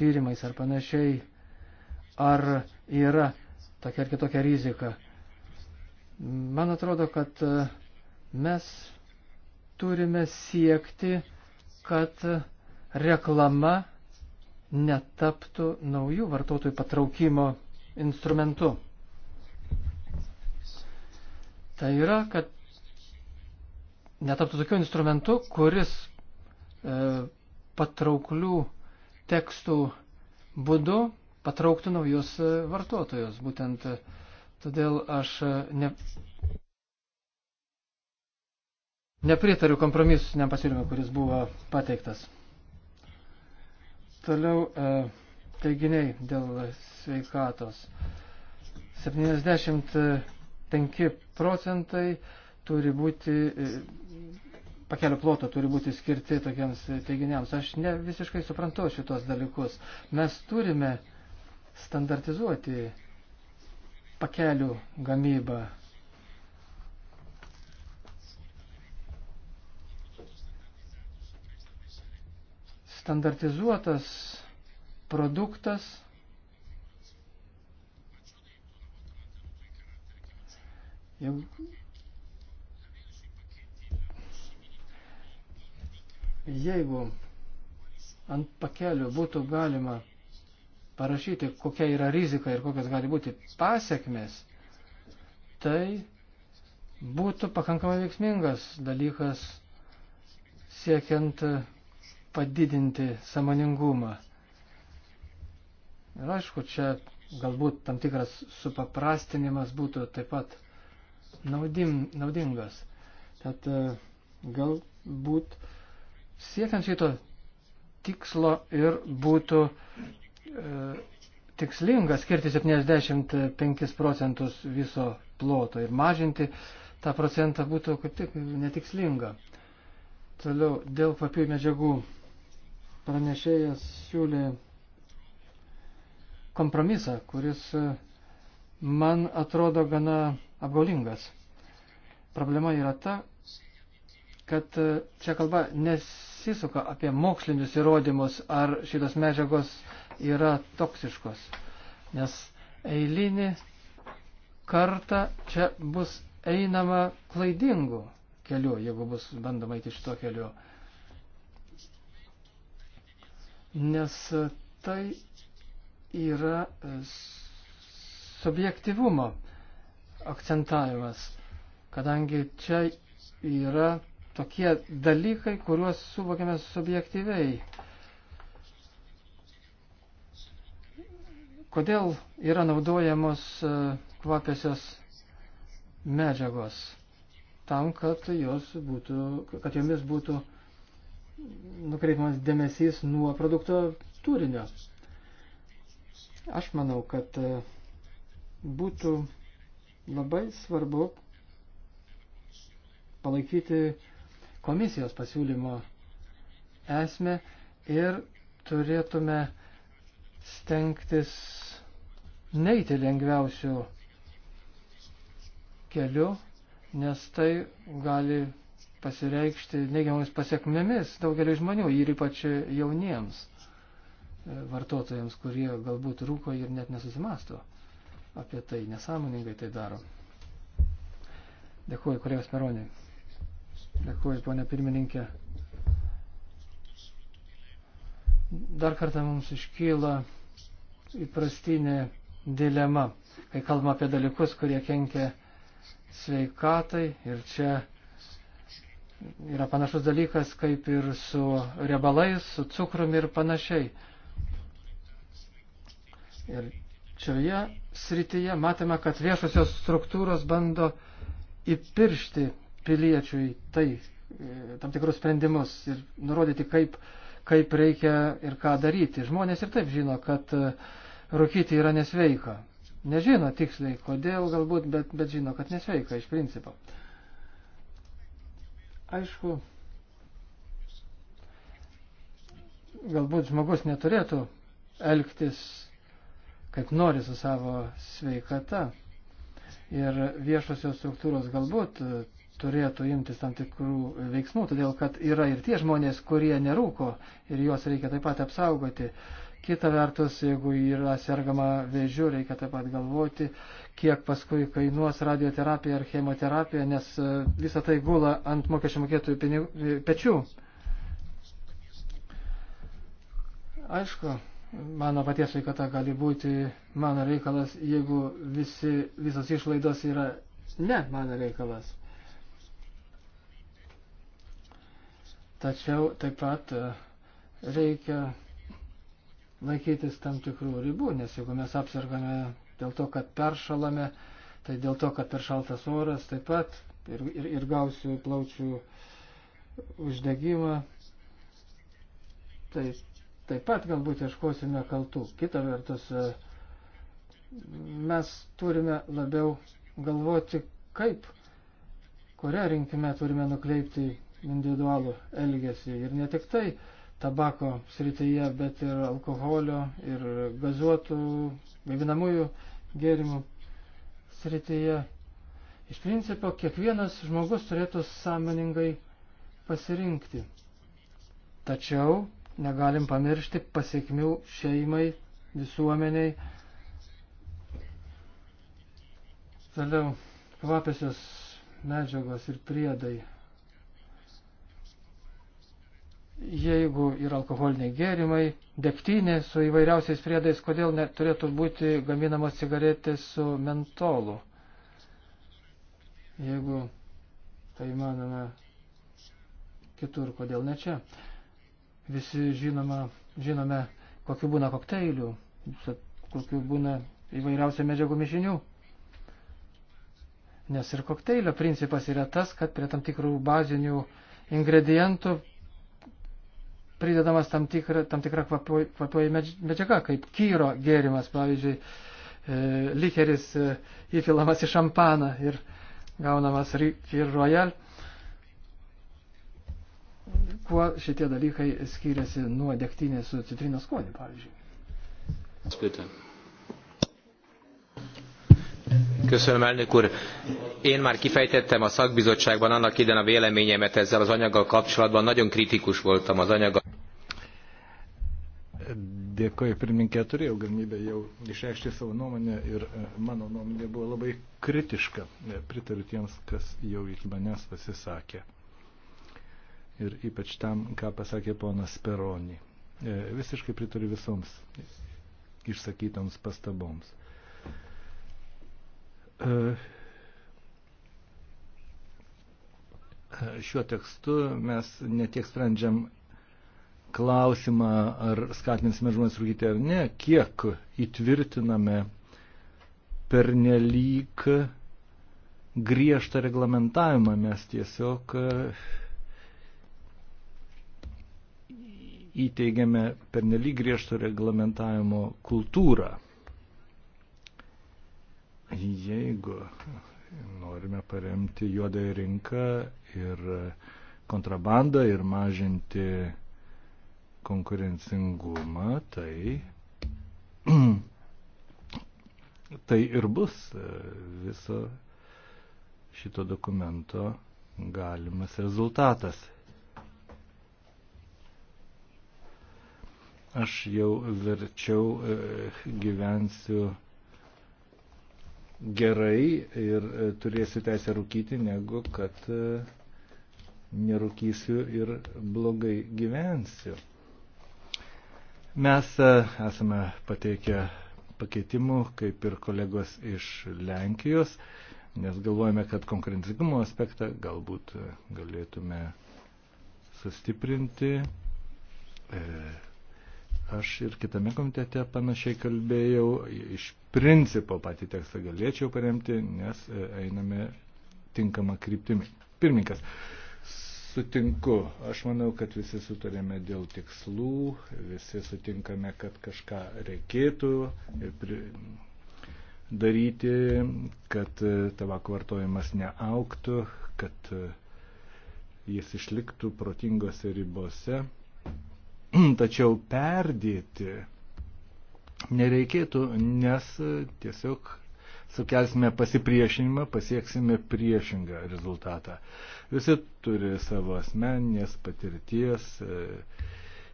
tyrimais ar panašiai, ar yra tokia ar kitokia rizika. Man atrodo, kad e, mes turime siekti, kad reklama netaptų naujų vartotojų patraukimo instrumentu. Tai yra, kad netaptų tokiu instrumentu, kuris e, patrauklių tekstų būdu patrauktų naujus e, vartotojus. Būtent e, todėl aš e, ne, Nepritariu kompromisiniam pasiūlymui, kuris buvo pateiktas. Toliau e, teiginiai dėl sveikatos. 75 procentai turi būti, e, pakelio ploto turi būti skirti tokiems teiginiams. Aš ne visiškai suprantu šitos dalykus. Mes turime standartizuoti pakelių gamybą standartizuotas produktas jau jeigu ant pakelio būtų galima parašyti, kokia yra rizika ir kokios gali būti pasiekmes, tai būtų pakankamai veiksmingas dalykas siekiant padidinti samoningumą. Ir aišku, čia galbūt tam tikras supaprastinimas būtų taip pat naudim, naudingas. Tad e, galbūt siekiant šito tikslo ir būtų e, tikslinga skirti 75 procentus viso ploto ir mažinti tą procentą būtų kaip tik netikslinga. Toliau dėl papių medžiagų pranešėjas siūlė kompromisą, kuris e, man atrodo gana apgaulingas. Problema yra ta, kad e, čia kalba nesisuka apie mokslinius įrodymus, ar šitos medžiagos yra toksiškos. Nes eilinį kartą čia bus einama klaidingų keliu, jeigu bus bandoma eiti šito keliu nes tai yra e, subjektivumo akcentavimas, kadangi čia yra tokie dalykai, kuriuos suvokiame subjektyviai. Kodėl yra naudojamos e, kvapiosios medžiagos? Tam, kad, jos būtų, kad jomis būtų nukreipiamas dėmesys nuo produkto turinio. Aš manau, kad e, būtų labai svarbu palaikyti komisijos pasiūlymo esmę ir turėtume stengtis neiti lengviausių kelių, nes tai gali pasireikšti neigiamomis pasiekmėmis daugelį žmonių ir ypač jauniems e, vartotojams, kurie galbūt rūko ir net nesusimasto apie tai, nesąmoningai tai daro. Dėkuoju, kolegas Meroniai. Dėkuoju, ponė pirmininkė. Dar kartą mums iškyla įprastinė dilema, kai kalbam apie dalykus, kurie kenkia sveikatai ir čia yra panašus dalykas kaip ir su riebalais, su cukrumi ir panašiai. Ir šioje srityje matome, kad viešosios struktūros bando įpiršti piliečiui tai, e, tam tikrus sprendimus ir nurodyti, kaip, kaip reikia ir ką daryti. Žmonės ir taip žino, kad e, rūkyti yra nesveika. Nežino tiksliai, kodėl galbūt, bet, bet žino, kad nesveika iš principo. Aišku, galbūt žmogus neturėtų elgtis, kaip nori su savo sveikata. Ir viešosios struktūros galbūt turėtų imtis tam tikrų veiksmų, todėl kad yra ir tie žmonės, kurie nerūko ir juos reikia taip pat apsaugoti. Uh, Kita vertus, jeigu yra sergama vėžiu, reikia taip pat galvoti, kiek paskui kainuos radioterapija ar chemoterapija, nes e, visa tai gula ant mokesčių mokėtojų pinigų, e, pečių. Aišku, mano paties sveikata gali būti mano reikalas, jeigu visi, visos išlaidos yra ne mano reikalas. Tačiau taip pat e, reikia laikytis tam tikrų ribų, nes jeigu mes apsirgame dėl to, kad peršalame, tai dėl to, kad per šaltas oras taip pat ir, ir, ir gausiu plaučių uždegimą, tai taip pat galbūt ieškosime kaltų. Kita vertus, mes turime labiau galvoti, kaip, kurią rinkime turime nukreipti individualų elgesį ir ne tik tai, tabako srityje, bet ir alkoholio, ir gazuotų, gaivinamųjų gėrimų srityje. Iš principo, kiekvienas žmogus turėtų sąmoningai pasirinkti. Tačiau negalim pamiršti pasiekmių šeimai, visuomeniai. Toliau kvapiosios medžiagos ir priedai jeigu yra alkoholiniai gėrimai, degtinė su įvairiausiais priedais, kodėl turėtų būti gaminamos cigaretės su mentolu. Jeigu tai manoma kitur, kodėl ne čia. Visi žinoma, žinome, kokiu būna kokteilių, kokiu būna įvairiausių medžiagų mišinių. Nes ir kokteilio principas yra tas, kad prie tam tikrų bazinių ingredientų pridedamas tam, tikra, tam tikra kvapuoji medžiaga, kaip kyro gėrimas, pavyzdžiui, e, likeris e, įpilamas į šampaną ir gaunamas kyr royal. Kuo šitie dalykai skiriasi nuo degtinės su citrinos skoniu, pavyzdžiui? Köszönöm, elnök úr. Én már kifejtettem a szakbizottságban annak idején a véleményemet ezzel az anyaggal kapcsolatban. Nagyon kritikus voltam az anyaggal. Dėkoju, pirmininkė, turėjau galimybę jau išreikšti savo nuomonę ir e, mano nuomonė buvo labai kritiška. E, pritariu tiems, kas jau iki manęs pasisakė. Ir ypač tam, ką pasakė ponas Peronį. E, visiškai pritariu visoms išsakytoms pastaboms. Šiuo tekstu mes netiek sprendžiam klausimą, ar skatinsime žmonės rūkyti ar ne, kiek įtvirtiname pernelyg griežtą reglamentavimą, mes tiesiog įteigiame pernelyg griežto reglamentavimo kultūrą. Jeigu norime paremti juodąją rinką ir kontrabandą ir mažinti konkurencingumą, tai tai ir bus e, viso šito dokumento galimas rezultatas. Aš jau verčiau e, gyvensiu gerai ir e, turėsiu teisę rūkyti, negu kad nerūkysiu ir blogai gyvensiu. Mes e, esame pateikę pakeitimų, kaip ir kolegos iš Lenkijos, nes galvojame, kad konkurencingumo aspektą galbūt e, galėtume sustiprinti. E, aš ir kitame komitete panašiai kalbėjau, iš principo patį tekstą galėčiau paremti, nes einame tinkamą kryptimį. Pirmininkas sutinku. Aš manau, kad visi sutarėme dėl tikslų, visi sutinkame, kad kažką reikėtų pri... daryti, kad e, tabako vartojimas neauktų, kad e, jis išliktų protingose ribose. Tačiau perdėti nereikėtų, nes e, tiesiog sukelsime pasipriešinimą, pasieksime priešingą rezultatą. Visi turi savo asmeninės patirties, e,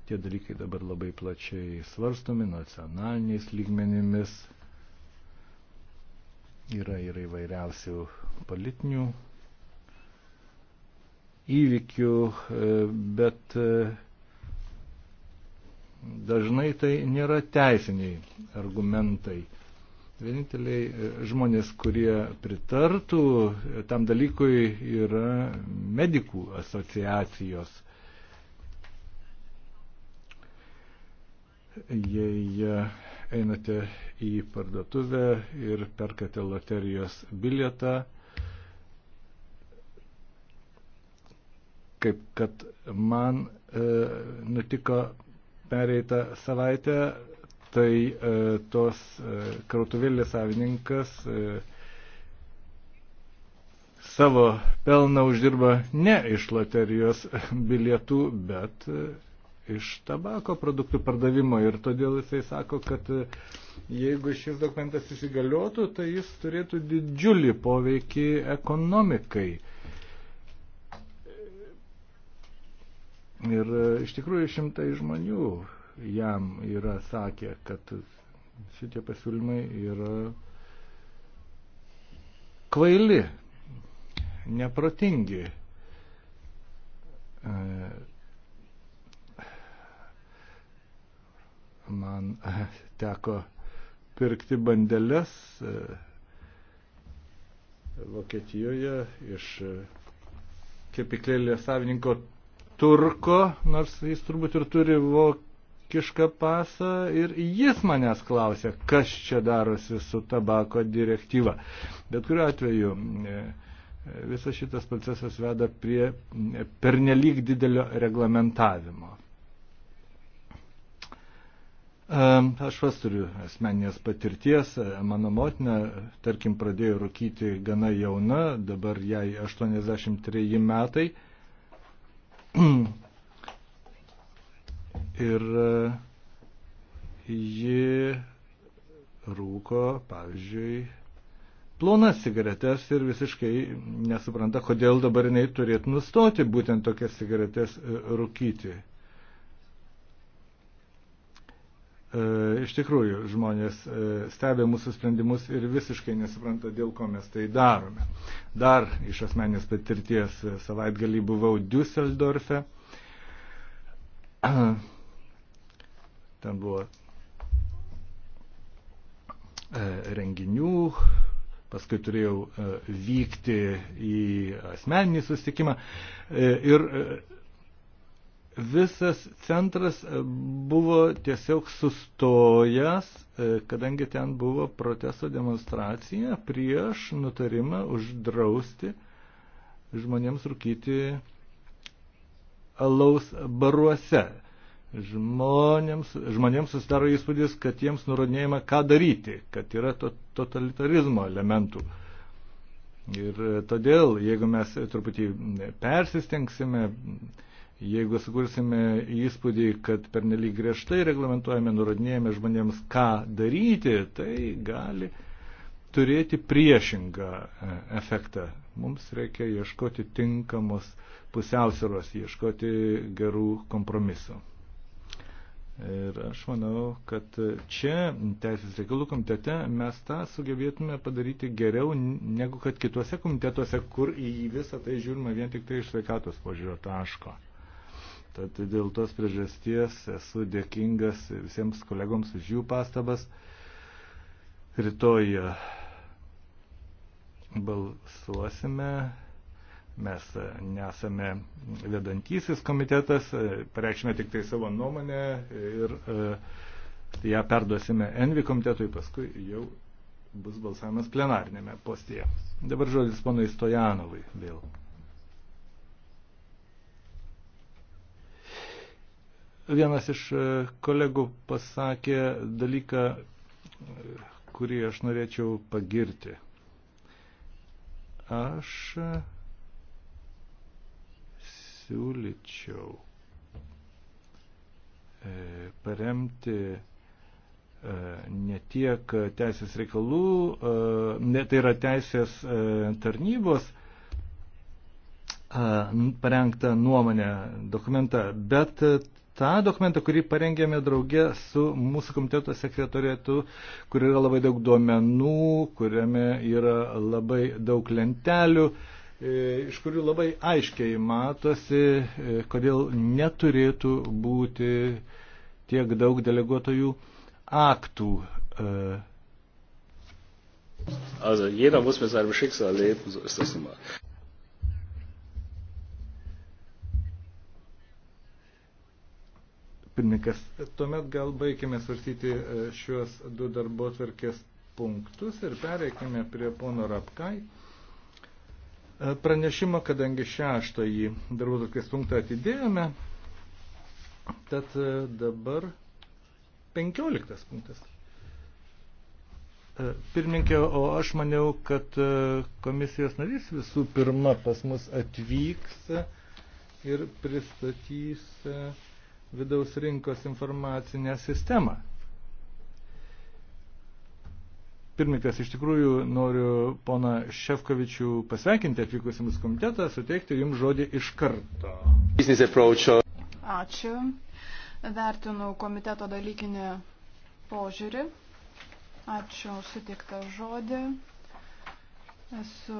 tie dalykai dabar labai plačiai svarstomi nacionaliniais lygmenimis. Yra ir įvairiausių politinių įvykių, e, bet e, dažnai tai nėra teisiniai argumentai Vieninteliai e, žmonės, kurie pritartų e, tam dalykui, yra medikų asociacijos. Jei e, einate į parduotuvę ir perkate loterijos bilietą, kaip kad man e, nutiko pereitą savaitę, tai e, tos e, krautuvėlės savininkas e, savo pelną uždirba ne iš loterijos bilietų, bet e, iš tabako produktų pardavimo. Ir todėl jisai sako, kad e, jeigu šis dokumentas įsigaliotų, tai jis turėtų didžiulį poveikį ekonomikai. Ir e, iš tikrųjų šimtai žmonių jam yra sakę, kad šitie pasiūlymai yra kvaili, neprotingi. E, man teko pirkti bandelės e, Vokietijoje iš kepiklėlės savininko turko, nors jis turbūt ir turi vok vokišką pasą ir jis manęs klausė, kas čia darosi su tabako direktyva. Bet kuriuo atveju e, e, visas šitas procesas veda prie e, pernelyg didelio reglamentavimo. Aš pas turiu asmeninės patirties. Mano motina, tarkim, pradėjo rūkyti gana jauna, dabar jai 83 metai ir e, ji rūko, pavyzdžiui, plonas cigaretes ir visiškai nesupranta, kodėl dabar jinai turėtų nustoti būtent tokias cigaretes e, rūkyti. E, iš tikrųjų, žmonės stebė mūsų sprendimus ir visiškai nesupranta, dėl ko mes tai darome. Dar iš asmenės patirties savaitgalį buvau Düsseldorfe. Ten buvo e, renginių, paskui turėjau e, vykti į asmeninį susitikimą e, ir visas centras buvo tiesiog sustojęs, kadangi ten buvo protesto demonstracija prieš nutarimą uždrausti žmonėms rūkyti alaus baruose žmonėms, žmonėms susidaro įspūdis, kad jiems nurodinėjama, ką daryti, kad yra to, totalitarizmo elementų. Ir todėl, jeigu mes truputį persistengsime, jeigu sukursime įspūdį, kad pernelyg griežtai reglamentuojame, nurodinėjame žmonėms, ką daryti, tai gali turėti priešingą e, efektą. Mums reikia ieškoti tinkamos pusiausvėros, ieškoti gerų kompromisų. Ir aš manau, kad čia, Teisės reikalų komitete, mes tą sugebėtume padaryti geriau negu kad kituose komitetuose, kur į visą tai žiūrima vien tik tai iš sveikatos požiūrio taško. Tad dėl tos priežasties esu dėkingas visiems kolegoms už jų pastabas. Rytoj e, balsuosime Mes e, nesame vedantysis komitetas, e, pareikšime tik tai savo nuomonę ir e, ją perduosime Envi komitetui, paskui jau bus balsavimas plenarnėme postėje. Dabar žodis ponai Stojanovai vėl. Vienas iš kolegų pasakė dalyką, kurį aš norėčiau pagirti. Aš siūlyčiau e, paremti e, ne tiek teisės reikalų, e, ne tai yra teisės tarnybos parengtą nuomonę dokumentą, bet tą dokumentą, kurį parengėme draugė su mūsų komiteto sekretorietu, kur yra labai daug duomenų, kuriame yra labai daug lentelių, E, iš kurių labai aiškiai matosi, e, kodėl neturėtų būti tiek daug deleguotojų aktų. E. Also jeder muss mit seinem Schicksal leben, so ist das nun mal. Pirmininkas, tuomet gal baigime svarstyti šiuos du darbo tvarkės punktus ir pereikime prie pono Rapkai. E, pranešimą, kadangi šeštąjį darbotvarkės punktą atidėjome. Tad e, dabar penkioliktas punktas. E, Pirminkė, o aš maniau, kad komisijos narys visų pirma pas mus atvyks ir pristatys vidaus rinkos informacinę sistemą. Pirmininkas, iš tikrųjų noriu pona Šefkovičių pasveikinti atvykusimus komitetą, suteikti jums žodį iš karto. Ačiū. Vertinu komiteto dalykinį požiūrį. Ačiū sutiktą žodį. Esu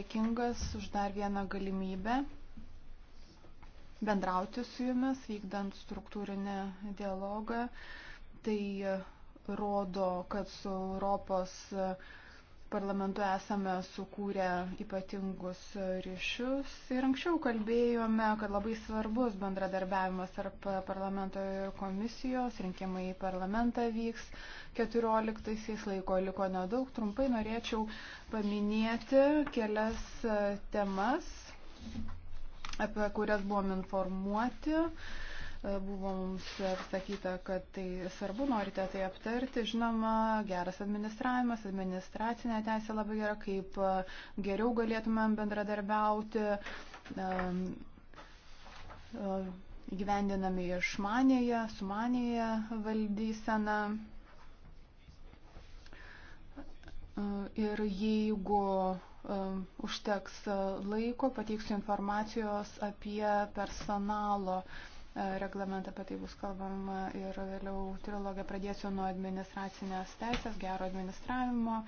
dėkingas už dar vieną galimybę bendrauti su jumis, vykdant struktūrinę dialogą. Tai rodo, kad su Europos parlamentu esame sukūrę ypatingus ryšius. Ir anksčiau kalbėjome, kad labai svarbus bendradarbiavimas tarp parlamento ir komisijos, rinkimai į parlamentą vyks 14-aisiais, laiko liko nedaug. Trumpai norėčiau paminėti kelias temas, apie kurias buvom informuoti. Uh, E, buvo mums sakyta, kad tai svarbu, norite tai aptarti. Žinoma, geras administravimas, administracinė teisė labai gera, kaip e, geriau galėtumėm bendradarbiauti. E, įgyvendinami išmanėje, sumanėje valdyseną. Ir jeigu užteks laiko, pateiksiu informacijos apie personalo uh, E, reglamentą, apie tai bus kalbama ir vėliau trilogę pradėsiu nuo administracinės teisės, gero administravimo.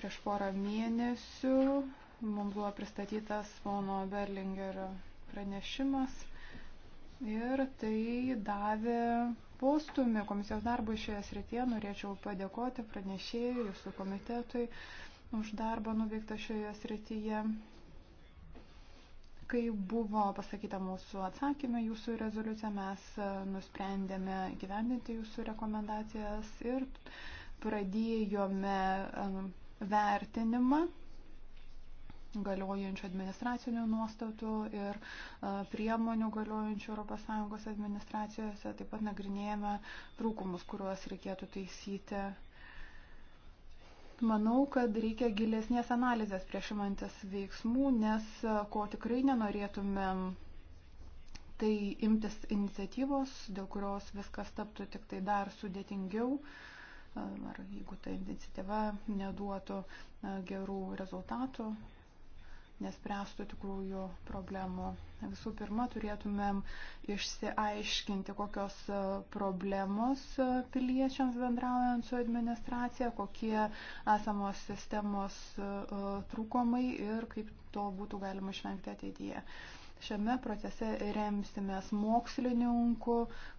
Prieš porą mėnesių mums buvo pristatytas pono Berlingerio pranešimas ir tai davė postumį komisijos darbui šioje srityje. Norėčiau padėkoti pranešėjui, jūsų komitetui už darbą nuveiktą šioje srityje. Kai buvo pasakyta mūsų atsakymė, jūsų rezoliucija, mes e, nusprendėme gyvendinti jūsų rekomendacijas ir pradėjome e, vertinimą galiojančių administracinių nuostatų ir e, priemonių galiojančių ES administracijose. Taip pat nagrinėjame trūkumus, kuriuos reikėtų taisyti Manau, kad reikia gilesnės analizės prieš imantis veiksmų, nes e, ko tikrai nenorėtumėm, tai imtis iniciatyvos, dėl kurios viskas taptų tik tai dar sudėtingiau, e, ar jeigu ta iniciatyva neduotų e, gerų rezultatų, nespręstų tikrųjų problemų. Visų pirma, turėtumėm išsiaiškinti, kokios e, problemos e, piliečiams bendraujant su administracija, kokie esamos sistemos e, trūkumai ir kaip to būtų galima išvengti ateityje. Šiame procese remsimės mokslininkų,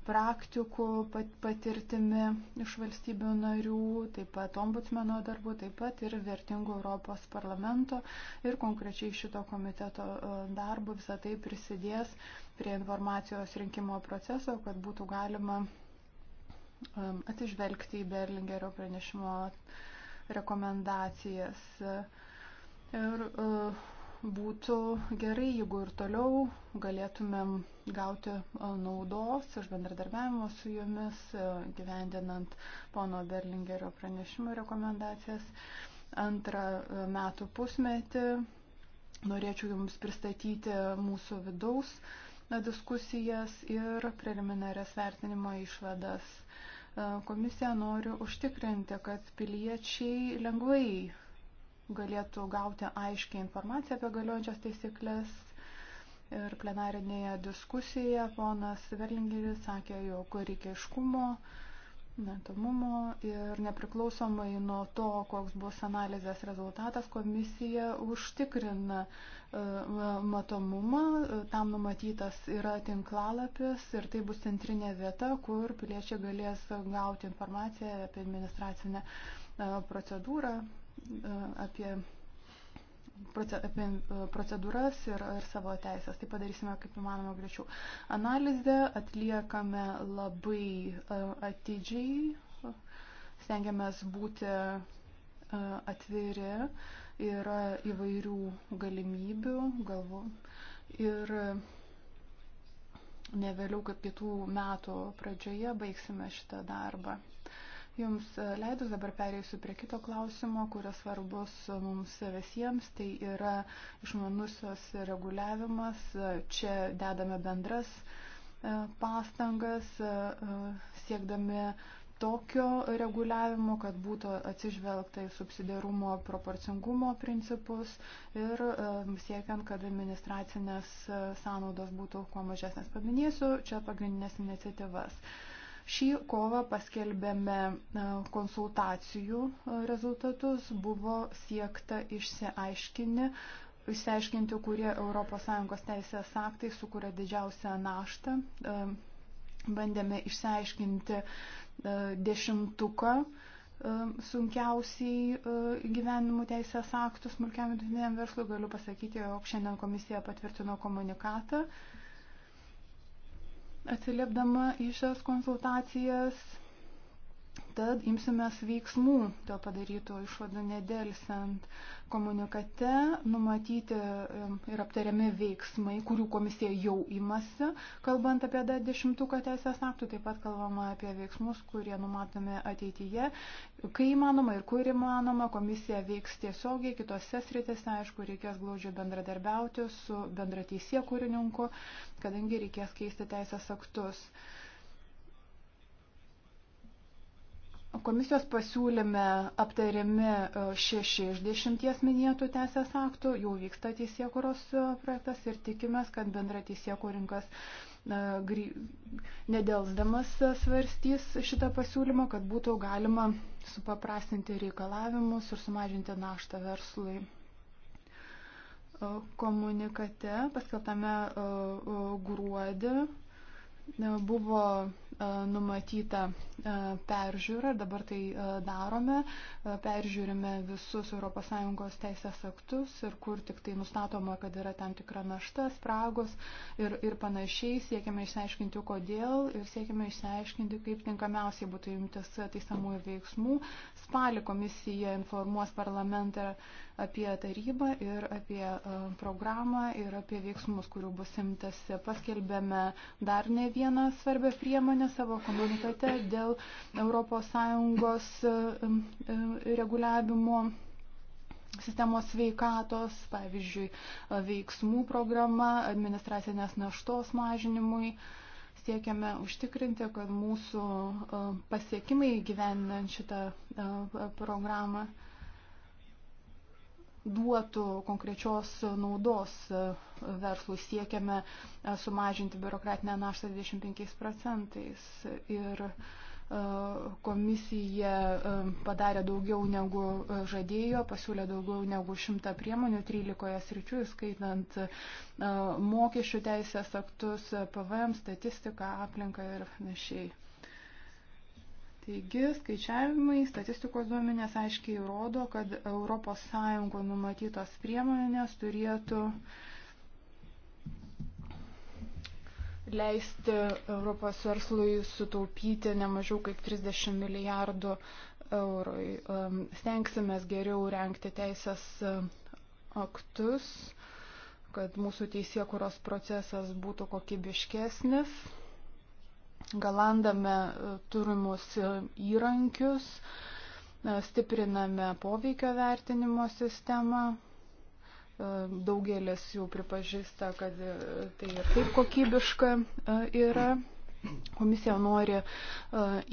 praktikų patirtimi iš valstybių narių, taip pat ombudsmeno darbų, taip pat ir vertingų Europos parlamento ir konkrečiai šito komiteto e, darbų visą tai prisidės prie informacijos rinkimo proceso, kad būtų galima e, atsižvelgti į Berlingerio pranešimo rekomendacijas. Ir uh, būtų gerai, jeigu ir toliau galėtumėm gauti naudos iš bendradarbiavimo su jumis, gyvendinant pono Berlingerio pranešimo rekomendacijas. Antrą metų pusmetį norėčiau jums pristatyti mūsų vidaus diskusijas ir preliminarias vertinimo išvadas. Komisija nori užtikrinti, kad piliečiai lengvai galėtų gauti aiškiai informaciją apie galiojančias taisyklės. Ir plenarinėje diskusijoje ponas Verlingeris sakė, jog reikia iškumo, netomumo ir nepriklausomai nuo to, koks bus analizės rezultatas, komisija užtikrina e, matomumą. Tam numatytas yra tinklalapis ir tai bus centrinė vieta, kur piliečiai galės gauti informaciją apie administracinę e, procedūrą E, apie, apie e, procedūras ir, ir savo teisės. Tai padarysime kaip įmanoma greičiau. Analizę atliekame labai e, atidžiai, stengiamės būti atviri, yra įvairių galimybių, galvo. Ir ne vėliau kaip kitų metų pradžioje baigsime šitą darbą. Uh, Jums leidus dabar pereisiu prie kito klausimo, kuris svarbus mums visiems, tai yra išmanusios reguliavimas. Čia dedame bendras e, pastangas, e, siekdami tokio reguliavimo, kad būtų atsižvelgta į subsidiarumo proporcingumo principus ir e, siekiant, kad administracinės sąnaudos būtų kuo mažesnės. Paminėsiu čia pagrindinės iniciatyvas. Šį kovą paskelbėme e, konsultacijų e, rezultatus, buvo siekta išsiaiškinti, išsiaiškinti kurie ES teisės aktai sukuria didžiausią naštą. E, bandėme išsiaiškinti dešimtuką sunkiausiai gyvenimų teisės aktų smulkiam vidutiniam verslui. Galiu pasakyti, jog šiandien komisija patvirtino komunikatą. Mhm atsiliepdama į šias konsultacijas Tad imsimės veiksmų dėl padarytų išvadų nedėlsant. Komunikate numatyti ir aptariami veiksmai, kurių komisija jau imasi, kalbant apie dešimtuką teisės aktų, taip pat kalbama apie veiksmus, kurie numatomi ateityje. Kai įmanoma ir kur įmanoma, komisija veiks tiesiogiai kitose sritėse, aišku, reikės glaudžiai bendradarbiauti su bendrateisė kūrininku, kadangi reikės keisti teisės aktus. Komisijos pasiūlyme aptariami e, šeši iš dešimties minėtų teisės aktų, jau vyksta teisėkuros e, projektas ir tikimės, kad bendra teisėkurinkas e, nedelsdamas svarstys šitą pasiūlymą, kad būtų galima supaprastinti reikalavimus ir sumažinti naštą verslui. Komunikate paskeltame gruodį buvo numatyta peržiūra, dabar tai darome, peržiūrime visus ES teisės aktus ir kur tik tai nustatoma, kad yra tam tikra našta, spragos ir, ir panašiai, siekime išsiaiškinti, kodėl ir siekime išsiaiškinti, kaip tinkamiausiai būtų imtis teisamųjų veiksmų. Spalį komisija informuos parlamentą apie tarybą ir apie e, programą ir apie veiksmus, kurių bus imtasi. Paskelbėme dar ne vieną svarbę priemonę savo komunikate dėl ES e, e, reguliavimo sistemos sveikatos, pavyzdžiui, veiksmų programa, administracinės naštos mažinimui. Siekiame užtikrinti, kad mūsų pasiekimai gyvenant šitą programą duotų konkrečios naudos e, verslui. Siekiame e, sumažinti biurokratinę naštą 25 procentais. Ir e, komisija padarė daugiau negu žadėjo, pasiūlė daugiau negu šimtą priemonių 13 sričių, skaitant mokesčių teisės aktus, PVM, statistiką, aplinką ir panašiai. Taigi skaičiavimai, statistikos duomenės aiškiai rodo, kad ES numatytos priemonės turėtų leisti Europos verslui sutaupyti nemažiau kaip 30 milijardų eurų. Ehm, Stengsime geriau renkti teisės aktus, kad mūsų teisėkuros procesas būtų kokybiškesnis galandame e, turimus e, įrankius, e, stipriname poveikio vertinimo sistemą, daugelis jų pripažįsta, kad tai ir taip kokybiška yra. Komisija nori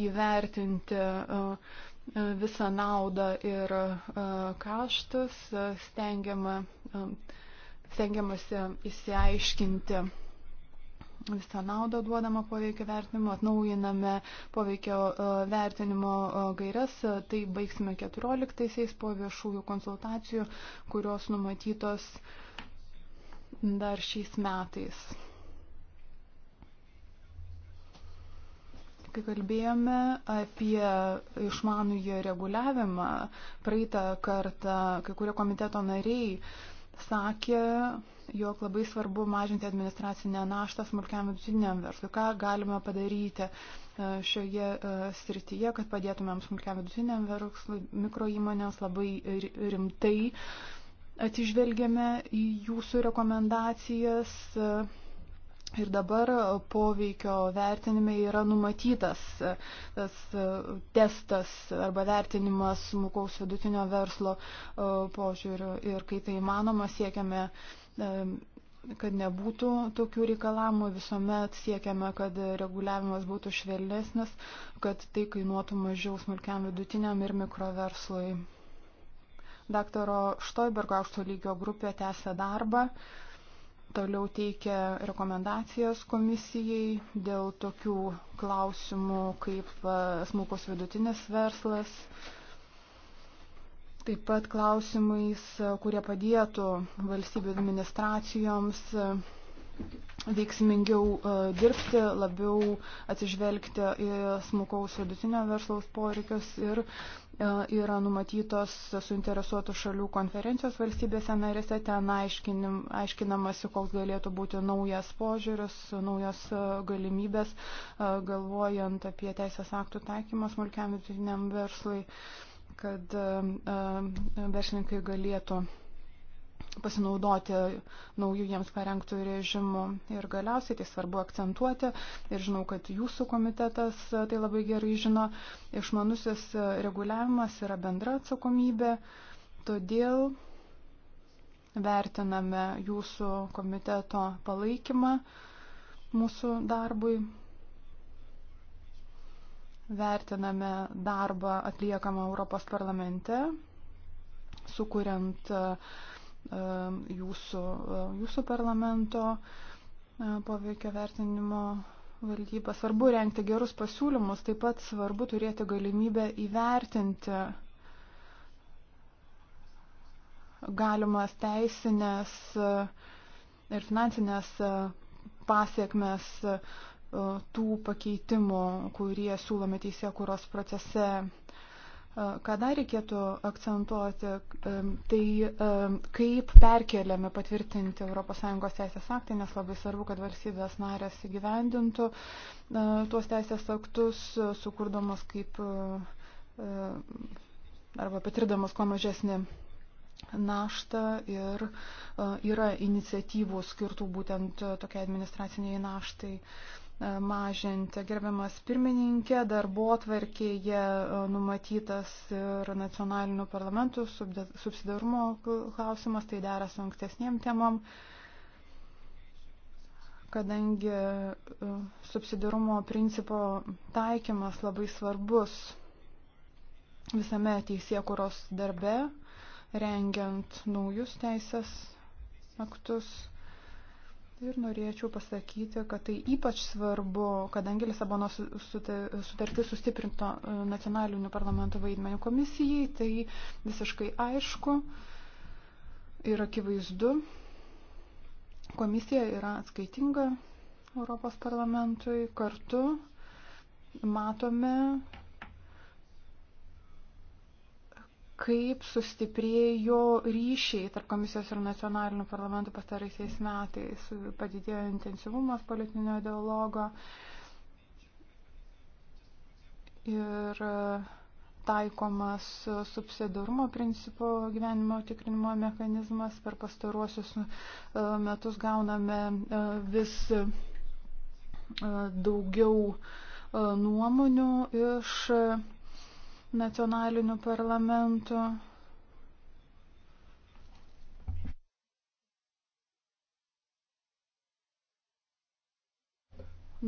įvertinti visą naudą ir kaštus, stengiama, stengiamasi įsiaiškinti visą naudą duodamą poveikio vertinimo, atnaujiname poveikio e, vertinimo e, gairias, e, tai baigsime 14-aisiais po viešųjų konsultacijų, kurios numatytos dar šiais metais. Kai kalbėjome apie išmanųjį reguliavimą, praeitą kartą kai kurie komiteto nariai sakė, jog labai svarbu mažinti administracinę naštą smulkiam vidutiniam verslui. Ką galime padaryti e, šioje e, srityje, kad padėtumėm smulkiam vidutiniam verslui, mikroįmonėms labai rimtai atsižvelgiame į jūsų rekomendacijas e, Ir dabar poveikio vertinime yra numatytas tas e, testas arba vertinimas smulkaus vidutinio verslo e, požiūrių. Ir kai tai įmanoma, siekiame, e, kad nebūtų tokių reikalavimų, visuomet siekiame, kad reguliavimas būtų švelnesnis, kad tai kainuotų mažiau smulkiam vidutiniam ir mikroverslui. Daktaro Štoibergo aukšto lygio grupė tęsia darbą. Uh, toliau teikia rekomendacijas komisijai dėl tokių klausimų kaip smulkos vidutinis verslas, taip pat klausimais, kurie padėtų valstybių administracijoms veiksmingiau e, dirbti, labiau atsižvelgti į smukaus vidutinio verslaus poreikius ir e, yra numatytos suinteresuotų šalių konferencijos valstybėse narėse, ten aiškinim, aiškinamasi, koks galėtų būti naujas požiūris, naujos e, galimybės, galvojant apie teisės aktų taikymą smulkiam vidutiniam verslui, kad verslininkai galėtų pasinaudoti naujų jiems parengtų režimų. Ir galiausiai tai svarbu akcentuoti. Ir žinau, kad jūsų komitetas tai labai gerai žino. Išmanusis reguliavimas yra bendra atsakomybė. Todėl vertiname jūsų komiteto palaikymą mūsų darbui. Vertiname darbą atliekamą Europos parlamente, sukuriant uh, Um, jūsų, uh, jūsų parlamento uh, poveikio vertinimo valdybą. Svarbu renkti gerus pasiūlymus, taip pat svarbu turėti galimybę įvertinti galimas teisinės uh, ir finansinės pasiekmes tų pakeitimų, kurie siūlomi teisėkuros procese. Ką dar reikėtų akcentuoti, tai kaip perkeliami patvirtinti ES teisės aktai, nes labai svarbu, kad valstybės narės įgyvendintų tuos teisės aktus, sukurdamos kaip arba patirdamos kuo mažesnį naštą ir yra iniciatyvų skirtų būtent tokiai administraciniai naštai. Uh, mažinti. Gerbiamas pirmininkė, darbo atvarkėje e, numatytas ir nacionalinių parlamentų subsidarumo klausimas, tai dera su ankstesniem temam, kadangi e, subsidarumo principo taikymas labai svarbus visame teisėkuros darbe, rengiant naujus teisės aktus. Ir norėčiau pasakyti, kad tai ypač svarbu, kadangi Lisabono sutartis sustiprinto e, nacionalinių parlamentų vaidmenį komisijai, tai visiškai aišku ir akivaizdu. Komisija yra atskaitinga Europos parlamentui. Kartu matome, kaip sustiprėjo ryšiai tarp komisijos ir nacionalinių parlamentų pastaraisiais metais, padidėjo intensyvumas politinio dialogo ir taikomas subsidarumo principo gyvenimo tikrinimo mechanizmas. Per pastaruosius e, metus gauname e, vis e, daugiau nuomonių iš nacionalinių parlamentų.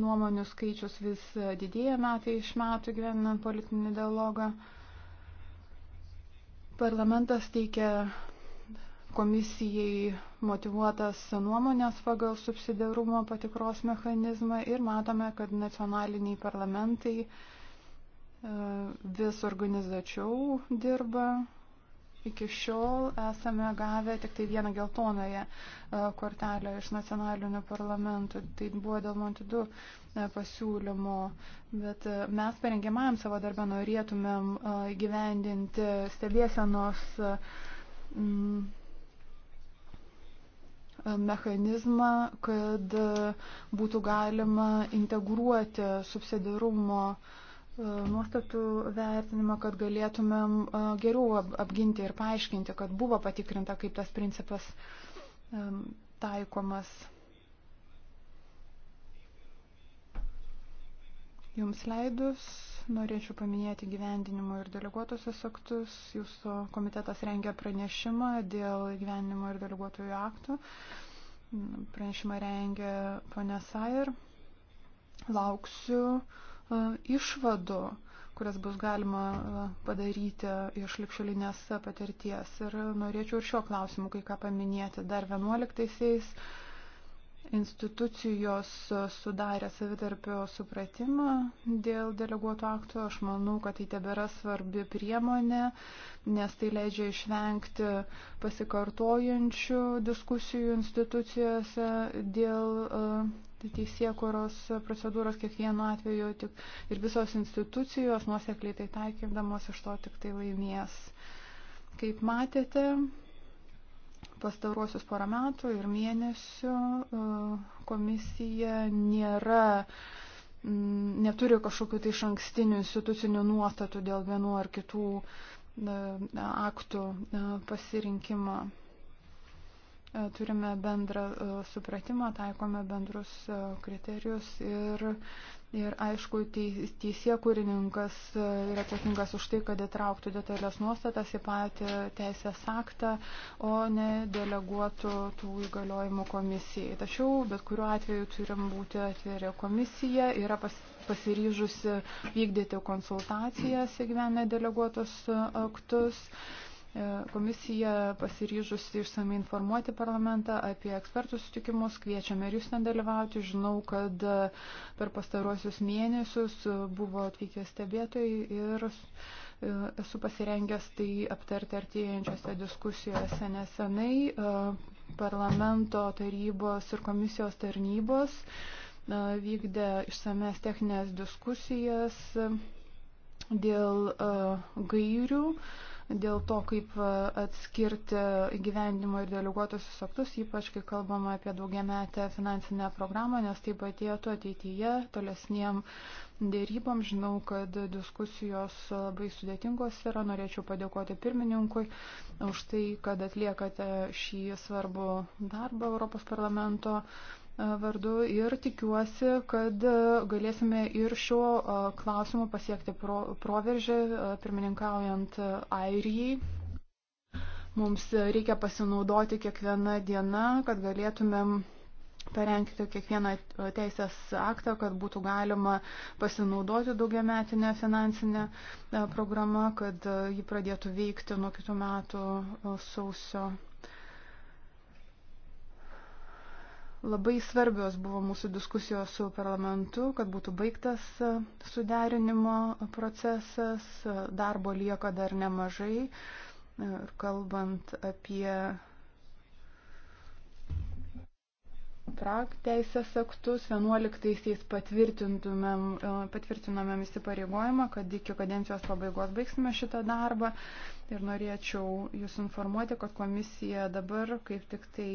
Nuomonių skaičius vis didėja metai iš metų gyvenant politinį dialogą. Parlamentas teikia komisijai motivuotas nuomonės pagal subsidiarumo patikros mechanizmą ir matome, kad nacionaliniai parlamentai uh, vis organizačiau dirba. Iki šiol esame gavę tik tai vieną geltonąją e, kortelę iš nacionalinių parlamentų. Tai buvo dėl Montidų e, pasiūlymo. Bet e, mes parengiamajam savo darbę norėtumėm gyvendinti stebėsenos mechanizmą, kad būtų galima integruoti subsidirumo uh, nuostatų vertinimą, kad galėtumėm geriau apginti ir paaiškinti, kad buvo patikrinta, kaip tas principas taikomas. Jums leidus, norėčiau paminėti gyvendinimo ir deleguotosios aktus. Jūsų komitetas rengia pranešimą dėl gyvendinimo ir deleguotojų aktų. Pranešimą rengia ponė Sair. Lauksiu uh, E, išvadų, kurias bus galima e, padaryti iš likšalinės patirties. Ir norėčiau ir šiuo klausimu kai ką paminėti. Dar 11 institucijos sudarė savitarpio supratimą dėl deleguotų aktų. Aš manau, kad tai tebėra svarbi priemonė, nes tai leidžia išvengti pasikartojančių diskusijų institucijose dėl e, teisėkuros procedūros kiekvienu atveju tik, ir visos institucijos nuosekliai tai taikydamos iš to tik tai laimės. Kaip matėte, pastaruosius porą metų ir mėnesių e, komisija nėra, mm, neturi kažkokių tai šankstinių institucinių nuostatų dėl vienų ar kitų e, aktų e, pasirinkimo. Turime bendrą supratimą, taikome bendrus kriterijus ir Ir aišku, teisė kūrininkas e, yra atsakingas už tai, kad įtrauktų detalės nuostatas į patį teisės aktą, o ne deleguotų tų įgaliojimų komisijai. Tačiau, bet kuriuo atveju turim būti atviri komisija, yra pas, pasiryžusi vykdyti konsultacijas įgyvenę deleguotus e, aktus. Uh, E, komisija pasiryžusi išsamei informuoti parlamentą apie ekspertų sutikimus, kviečiame ir jūs ten dalyvauti. Žinau, kad e, per pastarosius mėnesius e, buvo atvykę stebėtojai ir esu pasirengęs tai aptarti artėjančiose diskusijose nesenai parlamento tarybos ir komisijos tarnybos vykdė išsames techninės diskusijas dėl gairių. Uh, dėl to, kaip e, atskirti gyvendimo ir deleguotusius aktus, ypač kai kalbama apie daugiametę finansinę programą, nes tai patėtų ateityje tolesniem dėrybom. Žinau, kad diskusijos labai sudėtingos yra. Norėčiau padėkoti pirmininkui už tai, kad atliekate šį svarbų darbą Europos parlamento vardu ir tikiuosi, kad e, galėsime ir šiuo e, klausimu pasiekti pro, proveržį e, pirmininkaujant Airijai. Mums reikia pasinaudoti kiekvieną dieną, kad galėtumėm parengti kiekvieną teisės aktą, kad būtų galima pasinaudoti daugiametinę finansinę programą, kad ji pradėtų veikti nuo kitų metų sausio Labai svarbios buvo mūsų diskusijos su parlamentu, kad būtų baigtas e, suderinimo procesas, e, darbo lieka dar nemažai. Ir e, kalbant apie prak teisės aktus, 11-aisiais e, patvirtinamėm įsipareigojimą, kad iki kadencijos pabaigos baigsime šitą darbą. Ir norėčiau Jūs informuoti, kad komisija dabar kaip tik tai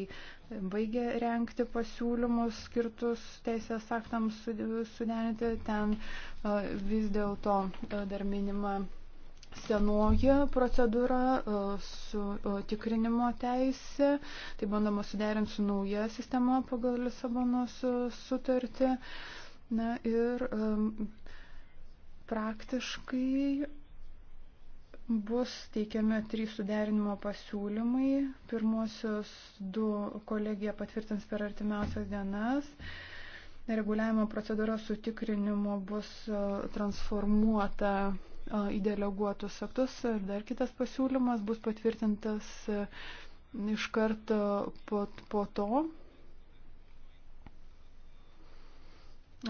baigė renkti pasiūlymus skirtus teisės aktams suderinti. Ten e, vis dėlto e, dar minima senoji procedūra e, su e, tikrinimo teisė, tai bandoma suderinti su nauja sistema pagal Lisabonos e, sutartį. Na ir praktiškai bus teikiami trys suderinimo pasiūlymai. Pirmosios du kolegija patvirtins per artimiausias dienas reguliavimo procedūra su tikrinimu bus transformuota į deleguotus aktus. Ir dar kitas pasiūlymas bus patvirtintas iš karto po, po to.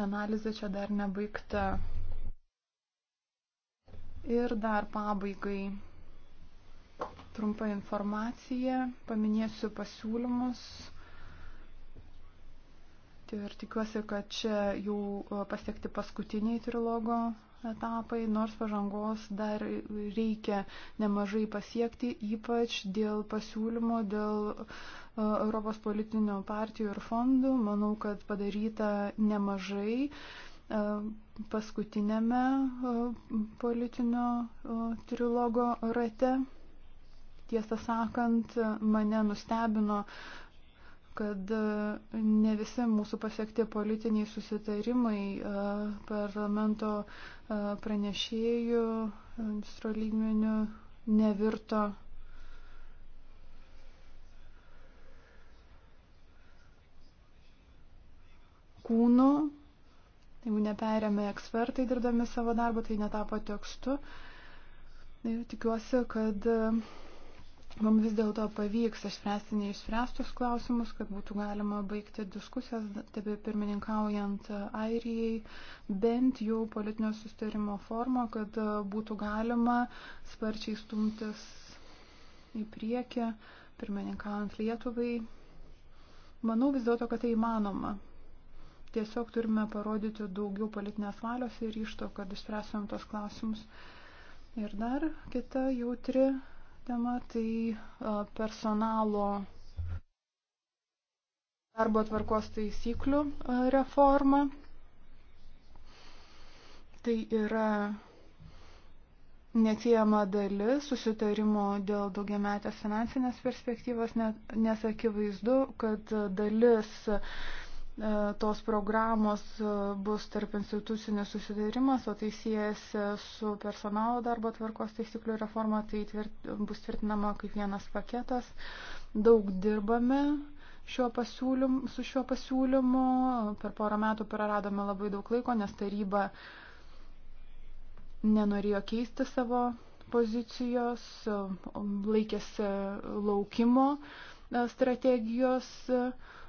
Analizė čia dar nebaigta. Ir dar pabaigai trumpa informacija, paminėsiu pasiūlymus. Tai ir tikiuosi, kad čia jau pasiekti paskutiniai trilogo etapai, nors pažangos dar reikia nemažai pasiekti, ypač dėl pasiūlymo, dėl e, Europos politinių partijų ir fondų. Manau, kad padaryta nemažai e, paskutinėme e, politinio trilogo rate. Tiesą sakant, mane nustebino kad ne visi mūsų pasiekti politiniai susitarimai parlamento pranešėjų ministro lygmenių nevirto kūnų, jeigu neperėmė ekspertai dirbdami savo darbą, tai netapo tekstu. Ir tikiuosi, kad mums vis dėlto pavyks išspręsti neišspręstus klausimus, kad būtų galima baigti diskusijas, tebe pirmininkaujant Airijai, bent jau politinio sustarimo formą, kad būtų galima sparčiai stumtis į priekį, pirmininkaujant Lietuvai. Manau vis dėlto, kad tai įmanoma. Tiesiog turime parodyti daugiau politinės valios ir ryšto, kad išspręstumėm tos klausimus. Ir dar kita jautri tema, tai personalo darbo tvarkos taisyklių reforma. Tai yra neatsiejama dalis susitarimo dėl daugiametės finansinės perspektyvos, nes akivaizdu, kad dalis uh, E, tos programos e, bus tarp institucinės susidarimas, o tai siejasi su personalo darbo tvarkos taisyklių reforma, tai tvirt, bus tvirtinama kaip vienas paketas. Daug dirbame šiuo pasiūlym, su šiuo pasiūlymu, per porą metų praradome labai daug laiko, nes taryba nenorėjo keisti savo pozicijos, laikėsi laukimo e, strategijos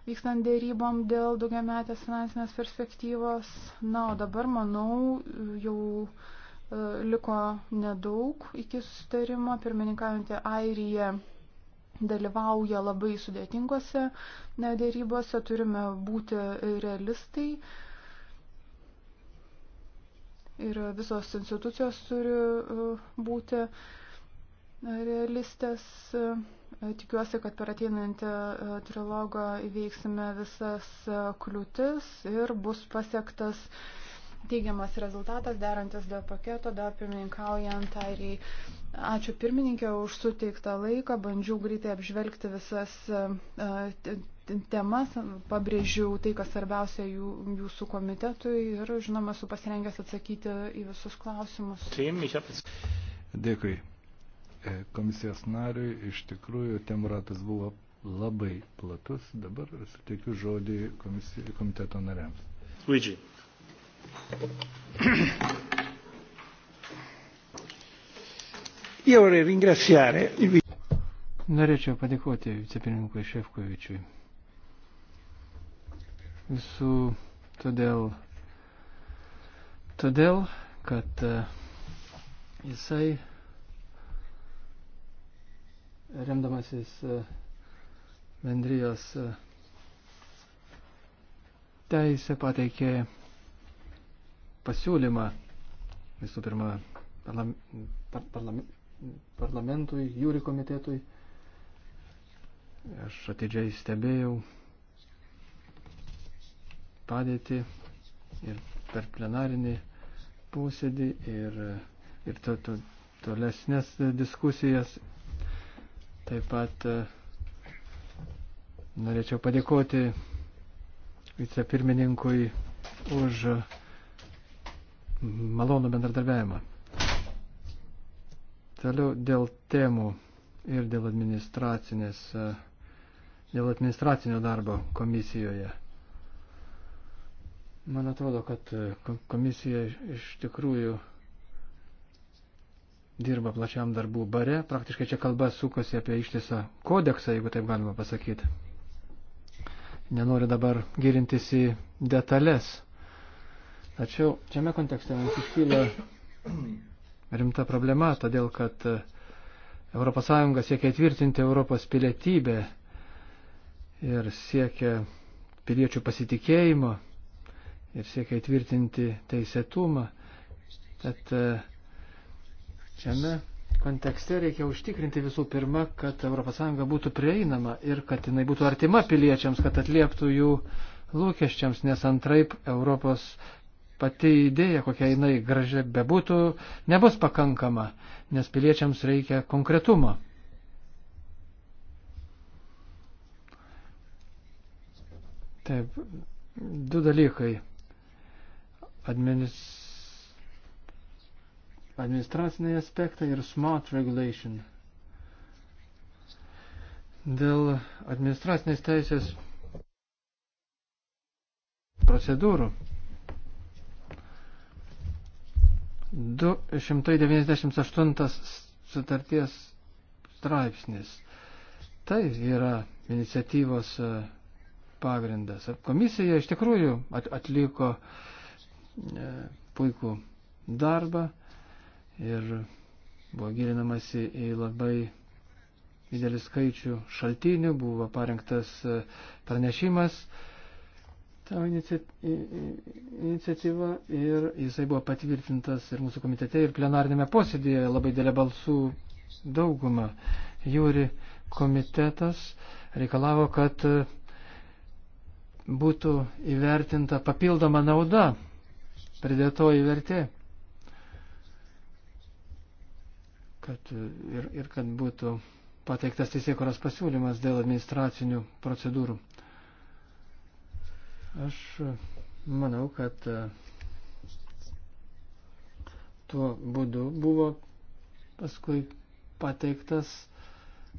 vykstant dėrybom dėl daugiametės finansinės perspektyvos. Na, o dabar, manau, jau e, liko nedaug iki sustarimo. Pirmininkaujantį Airiją dalyvauja labai sudėtingose e, dėrybose, turime būti realistai. Ir visos institucijos turi e, būti realistės. E, tikiuosi, kad per ateinantį e, trilogą įveiksime visas e, kliūtis ir bus pasiektas teigiamas rezultatas derantis dėl paketo, dar pirmininkaujant airiai. Ačiū pirmininkė už suteiktą laiką, bandžiau greitai apžvelgti visas temas, pabrėžiau tai, kas svarbiausia jų, jūsų komitetui ir, žinoma, esu pasirengęs atsakyti į visus klausimus. Dėkui. E, komisijos nariui. Iš tikrųjų, temratas buvo labai platus. Dabar suteikiu žodį komisijos, komiteto nariams. Luigi. Io vorrei ringraziare il Norėčiau padėkoti vicepirmininkui Šefkovičiui. Visų todėl, todėl, kad e, jisai remdamasis e, bendrijos e, teisė pateikė pasiūlymą visų pirma parlam, par, parlam, parlamentui, jūri komitetui. Aš atidžiai stebėjau padėtį ir per plenarinį posėdį ir, ir to, to, tolesnės diskusijas Taip pat e, norėčiau padėkoti vicepirmininkui už malonų bendradarbiavimą. Toliau dėl temų ir dėl, administracinės, e, dėl administracinio darbo komisijoje. Man atrodo, kad e, komisija iš tikrųjų dirba plačiam darbų bare. Praktiškai čia kalba sukosi apie ištisą kodeksą, jeigu taip galima pasakyti. Nenoriu dabar gilintis į detalės. Tačiau šiame kontekste mums iškyla rimta problema, todėl kad ES siekia įtvirtinti Europos pilietybę ir siekia piliečių pasitikėjimo ir siekia įtvirtinti teisėtumą. Tad e, Šiame kontekste reikia užtikrinti visų pirma, kad ES būtų prieinama ir kad jinai būtų artima piliečiams, kad atlieptų jų lūkesčiams, nes antraip Europos pati idėja, kokia jinai graži bebūtų, nebus pakankama, nes piliečiams reikia konkretumo. Taip, du dalykai. Administ administraciniai aspektai ir smart regulation. Dėl administracinės teisės procedūrų 298 sutarties straipsnis. Tai yra iniciatyvos e, pagrindas. Komisija iš tikrųjų atliko e, puikų darbą ir buvo gilinamasi į labai didelį skaičių šaltinių, buvo parengtas e, pranešimas tavo iniciatyva ir jisai buvo patvirtintas ir mūsų komitete, ir plenarnėme posėdėje labai dėlė balsų dauguma. Jūri komitetas reikalavo, kad e, būtų įvertinta papildoma nauda, pridėtoji vertė. kad e, ir, ir kad būtų pateiktas teisėkuros pasiūlymas dėl administracinių procedūrų. Aš e, manau, kad e, tuo būdu buvo paskui pateiktas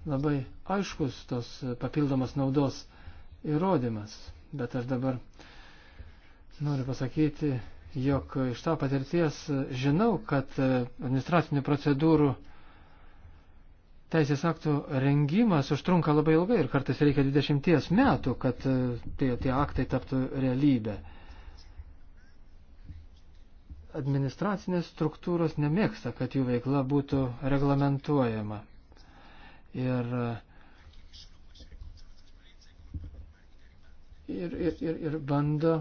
labai aiškus tos papildomas naudos įrodymas. Bet aš dabar noriu pasakyti, jog iš tą patirties žinau, kad administracinių procedūrų teisės aktų rengimas užtrunka labai ilgai ir kartais reikia 20 metų, kad e, tie, tie aktai taptų realybę. Administracinės struktūros nemėgsta, kad jų veikla būtų reglamentuojama. Ir, ir, ir, ir, ir bando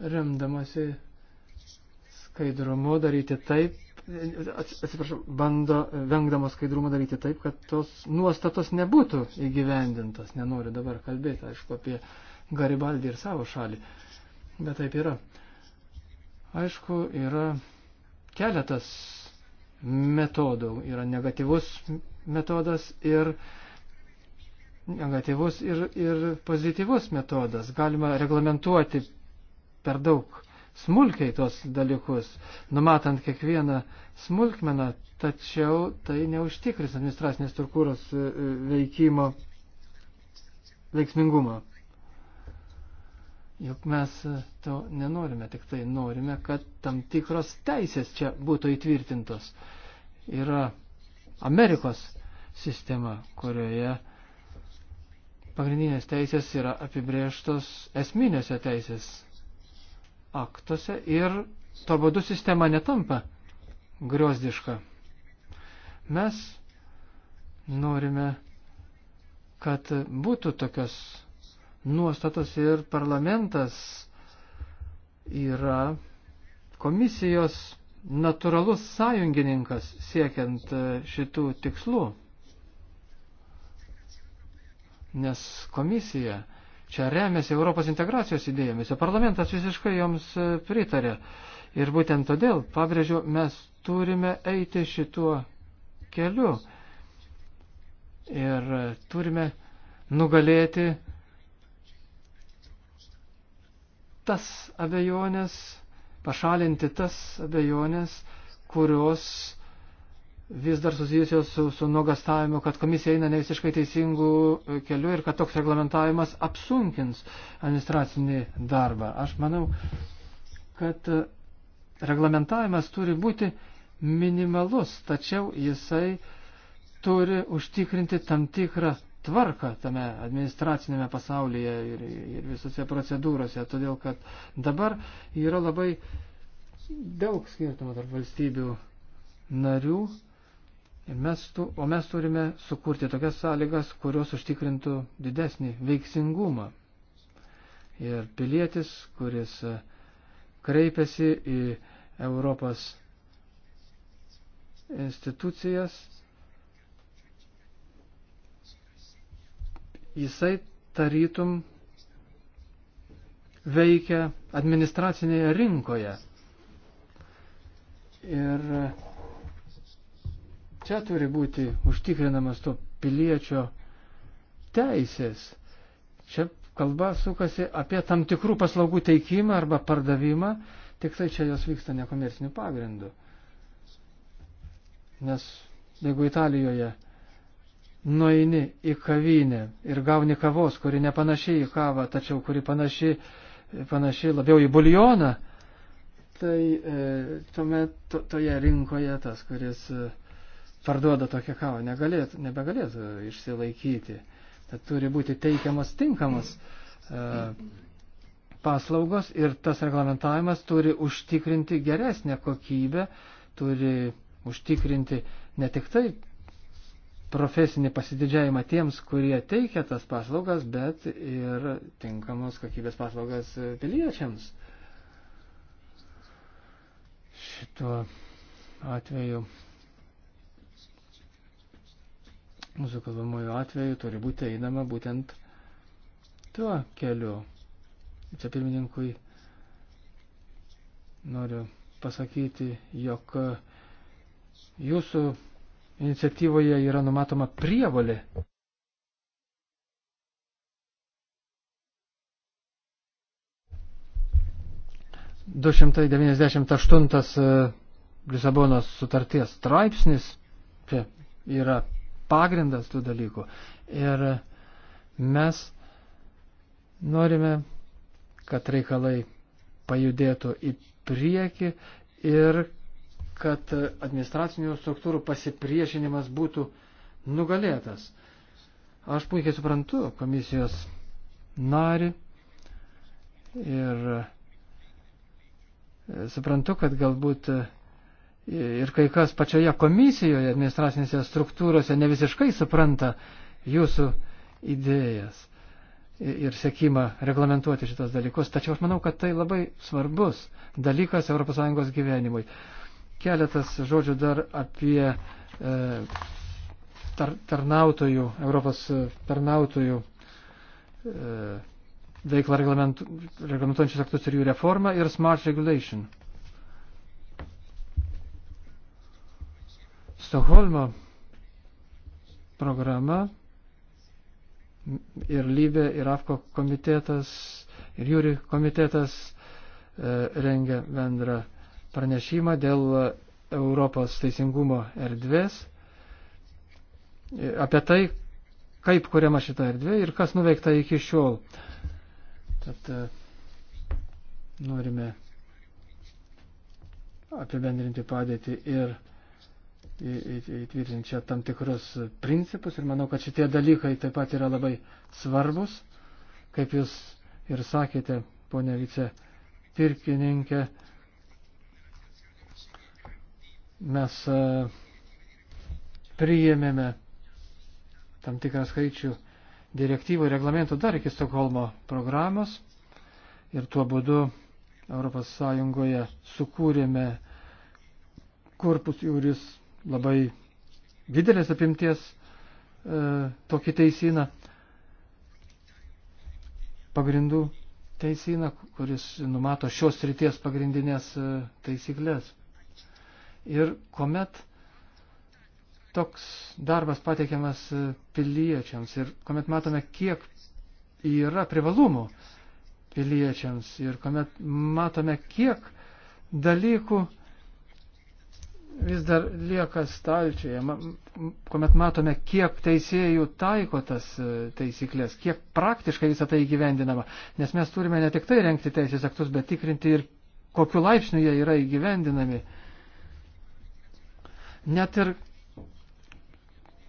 remdamasi skaidrumu daryti taip, atsiprašau, bando vengdama skaidrumą daryti taip, kad tos nuostatos nebūtų įgyvendintos. Nenoriu dabar kalbėti, aišku, apie Garibaldį ir savo šalį, bet taip yra. Aišku, yra keletas metodų. Yra negatyvus metodas ir negatyvus ir, ir pozityvus metodas. Galima reglamentuoti per daug smulkiai tos dalykus, numatant kiekvieną smulkmeną, tačiau tai neužtikris administracinės struktūros e, e, veikimo veiksmingumo. Juk mes e, to nenorime, tik tai norime, kad tam tikros teisės čia būtų įtvirtintos. Yra Amerikos sistema, kurioje pagrindinės teisės yra apibrėžtos esminėse teisės aktuose ir to būdu sistema netampa griozdiška. Mes norime, kad būtų tokios nuostatos ir parlamentas yra komisijos natūralus sąjungininkas siekiant e, šitų tikslų, nes komisija čia remiasi Europos integracijos idėjomis, o parlamentas visiškai joms e, pritarė. Ir būtent todėl, pabrėžiu, mes turime eiti šituo keliu ir e, turime nugalėti tas abejonės, pašalinti tas abejonės, kurios vis dar susijusios su, su nuogastavimu, kad komisija eina ne visiškai teisingų kelių ir kad toks reglamentavimas apsunkins administracinį darbą. Aš manau, kad reglamentavimas turi būti minimalus, tačiau jisai turi užtikrinti tam tikrą tvarką tame administracinėme pasaulyje ir, ir visose procedūrose, todėl kad dabar yra labai daug skirtumų tarp valstybių narių Mes tu, o mes turime sukurti tokias sąlygas, kurios užtikrintų didesnį veiksingumą. Ir pilietis, kuris e, kreipiasi į Europos institucijas, jisai tarytum veikia administracinėje rinkoje. Ir e, Čia turi būti užtikrinamas to piliečio teisės. Čia kalba sukasi apie tam tikrų paslaugų teikimą arba pardavimą, tik tai čia jos vyksta nekomerciniu pagrindu. Nes jeigu Italijoje nueini į kavinę ir gauni kavos, kuri nepanaši į kavą, tačiau kuri panaši, panaši labiau į buljoną, tai e, tuomet to, toje rinkoje tas, kuris e, parduoda tokią kavą, negalėtų, nebegalėtų e, išsilaikyti. Tad turi būti teikiamas tinkamas e, paslaugos ir tas reglamentavimas turi užtikrinti geresnę kokybę, turi užtikrinti ne tik tai profesinį pasididžiavimą tiems, kurie teikia tas paslaugas, bet ir tinkamos kokybės paslaugas piliečiams. Šituo atveju mūsų kalbamojų atveju turi būti einama būtent tuo keliu. Čia pirmininkui noriu pasakyti, jog jūsų iniciatyvoje yra numatoma prievalė. Du šimtai devyniasdešimt aštuntas e, Lisabonos sutarties straipsnis čia yra pagrindas tų dalykų. Ir mes norime, kad reikalai pajudėtų į priekį ir kad administracinių struktūrų pasipriešinimas būtų nugalėtas. Aš puikiai suprantu komisijos nari ir suprantu, kad galbūt ir kai kas pačioje komisijoje, administracinėse struktūrose ne visiškai supranta jūsų idėjas ir sėkimą reglamentuoti šitos dalykus. Tačiau aš manau, kad tai labai svarbus dalykas ES gyvenimui. Keletas žodžių dar apie e, tar, tarnautojų, Europos tarnautojų e, veiklą reglamentuojančius aktus ir jų reformą ir smart regulation. Stokholmo programa ir Lybė, ir AFKO komitetas, ir Jūri komitetas e, rengia bendrą pranešimą dėl Europos teisingumo erdvės, e, apie tai, kaip kuriama šita erdvė ir kas nuveikta iki šiol. Tad e, norime apibendrinti padėtį ir įtvirtinti čia tam tikrus principus ir manau, kad šitie dalykai taip pat yra labai svarbus, kaip jūs ir sakėte, ponė vice pirkininkė. Mes e, priėmėme tam tikrą skaičių direktyvų ir reglamentų dar iki Stokholmo programos ir tuo būdu ES sukūrėme korpus juris labai didelės apimties e, tokį teisiną, pagrindų teisiną, kuris numato šios ryties pagrindinės e, taisyklės. Ir kuomet toks darbas pateikiamas e, piliečiams ir kuomet matome, kiek yra privalumų piliečiams ir kuomet matome, kiek dalykų vis dar lieka stalčiuje, kuomet matome, kiek teisėjų taiko tas e, taisyklės, kiek praktiškai visą tai įgyvendinama. Nes mes turime ne tik tai renkti teisės aktus, bet tikrinti ir kokiu laipsniu jie yra įgyvendinami. Net ir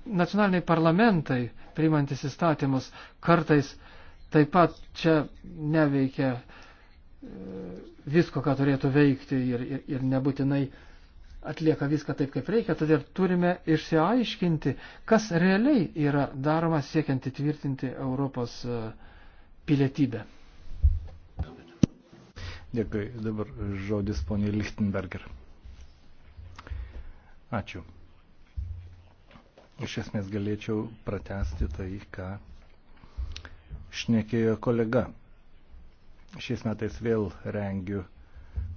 nacionaliniai parlamentai, priimantis įstatymus, kartais taip pat čia neveikia e, visko, ką turėtų veikti ir, ir, ir nebūtinai atlieka viską taip, kaip reikia, todėl turime išsiaiškinti, kas realiai yra daroma siekiant įtvirtinti Europos e, pilietybę. Dėkui. Dabar žodis poniai Lichtenberger. Ačiū. Iš esmės galėčiau pratesti tai, ką šnekėjo kolega. Šiais metais vėl rengiu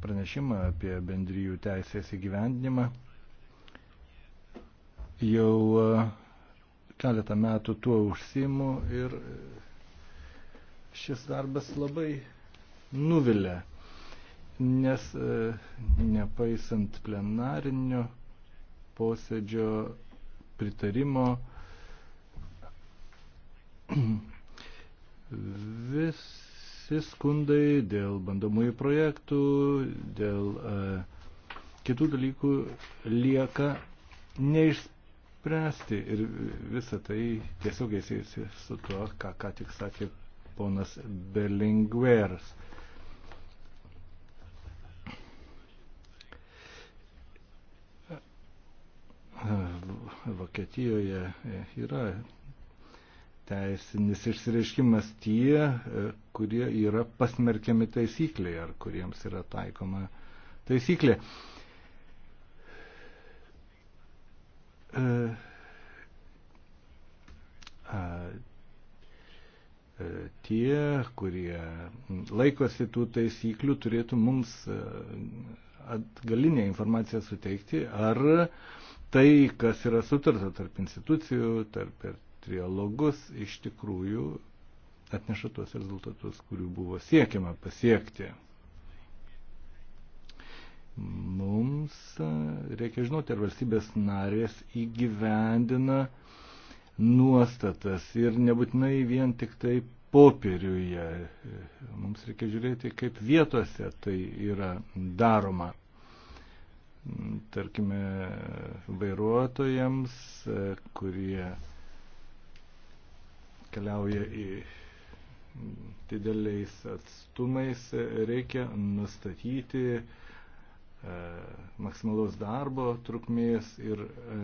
pranešimą apie bendryjų teisės įgyvendinimą. Jau e, keletą metų tuo užsimu ir e, šis darbas labai nuvilia, nes e, nepaisant plenarinio posėdžio pritarimo vis visi skundai dėl bandomųjų projektų, dėl e, kitų dalykų lieka neišspręsti ir visa tai tiesiog įsijasi su tuo, ką ką tik sakė ponas Berlingueras. E, Vokietijoje yra teisinis išsireiškimas tie, e, kurie yra pasmerkiami taisyklėje ar kuriems yra taikoma taisyklė. E, e, tie, kurie laikosi tų taisyklių, turėtų mums atgalinę informaciją suteikti, ar tai, kas yra sutarta tarp institucijų, tarp ir trialogus iš tikrųjų atneša tuos rezultatus, kurių buvo siekiama pasiekti. Mums reikia žinoti, ar valstybės narės įgyvendina nuostatas ir nebūtinai vien tik tai popieriuje. Mums reikia žiūrėti, kaip vietose tai yra daroma. Tarkime, vairuotojams, kurie keliauja į mm, dideliais atstumais, reikia nustatyti e, maksimalus darbo trukmės ir e,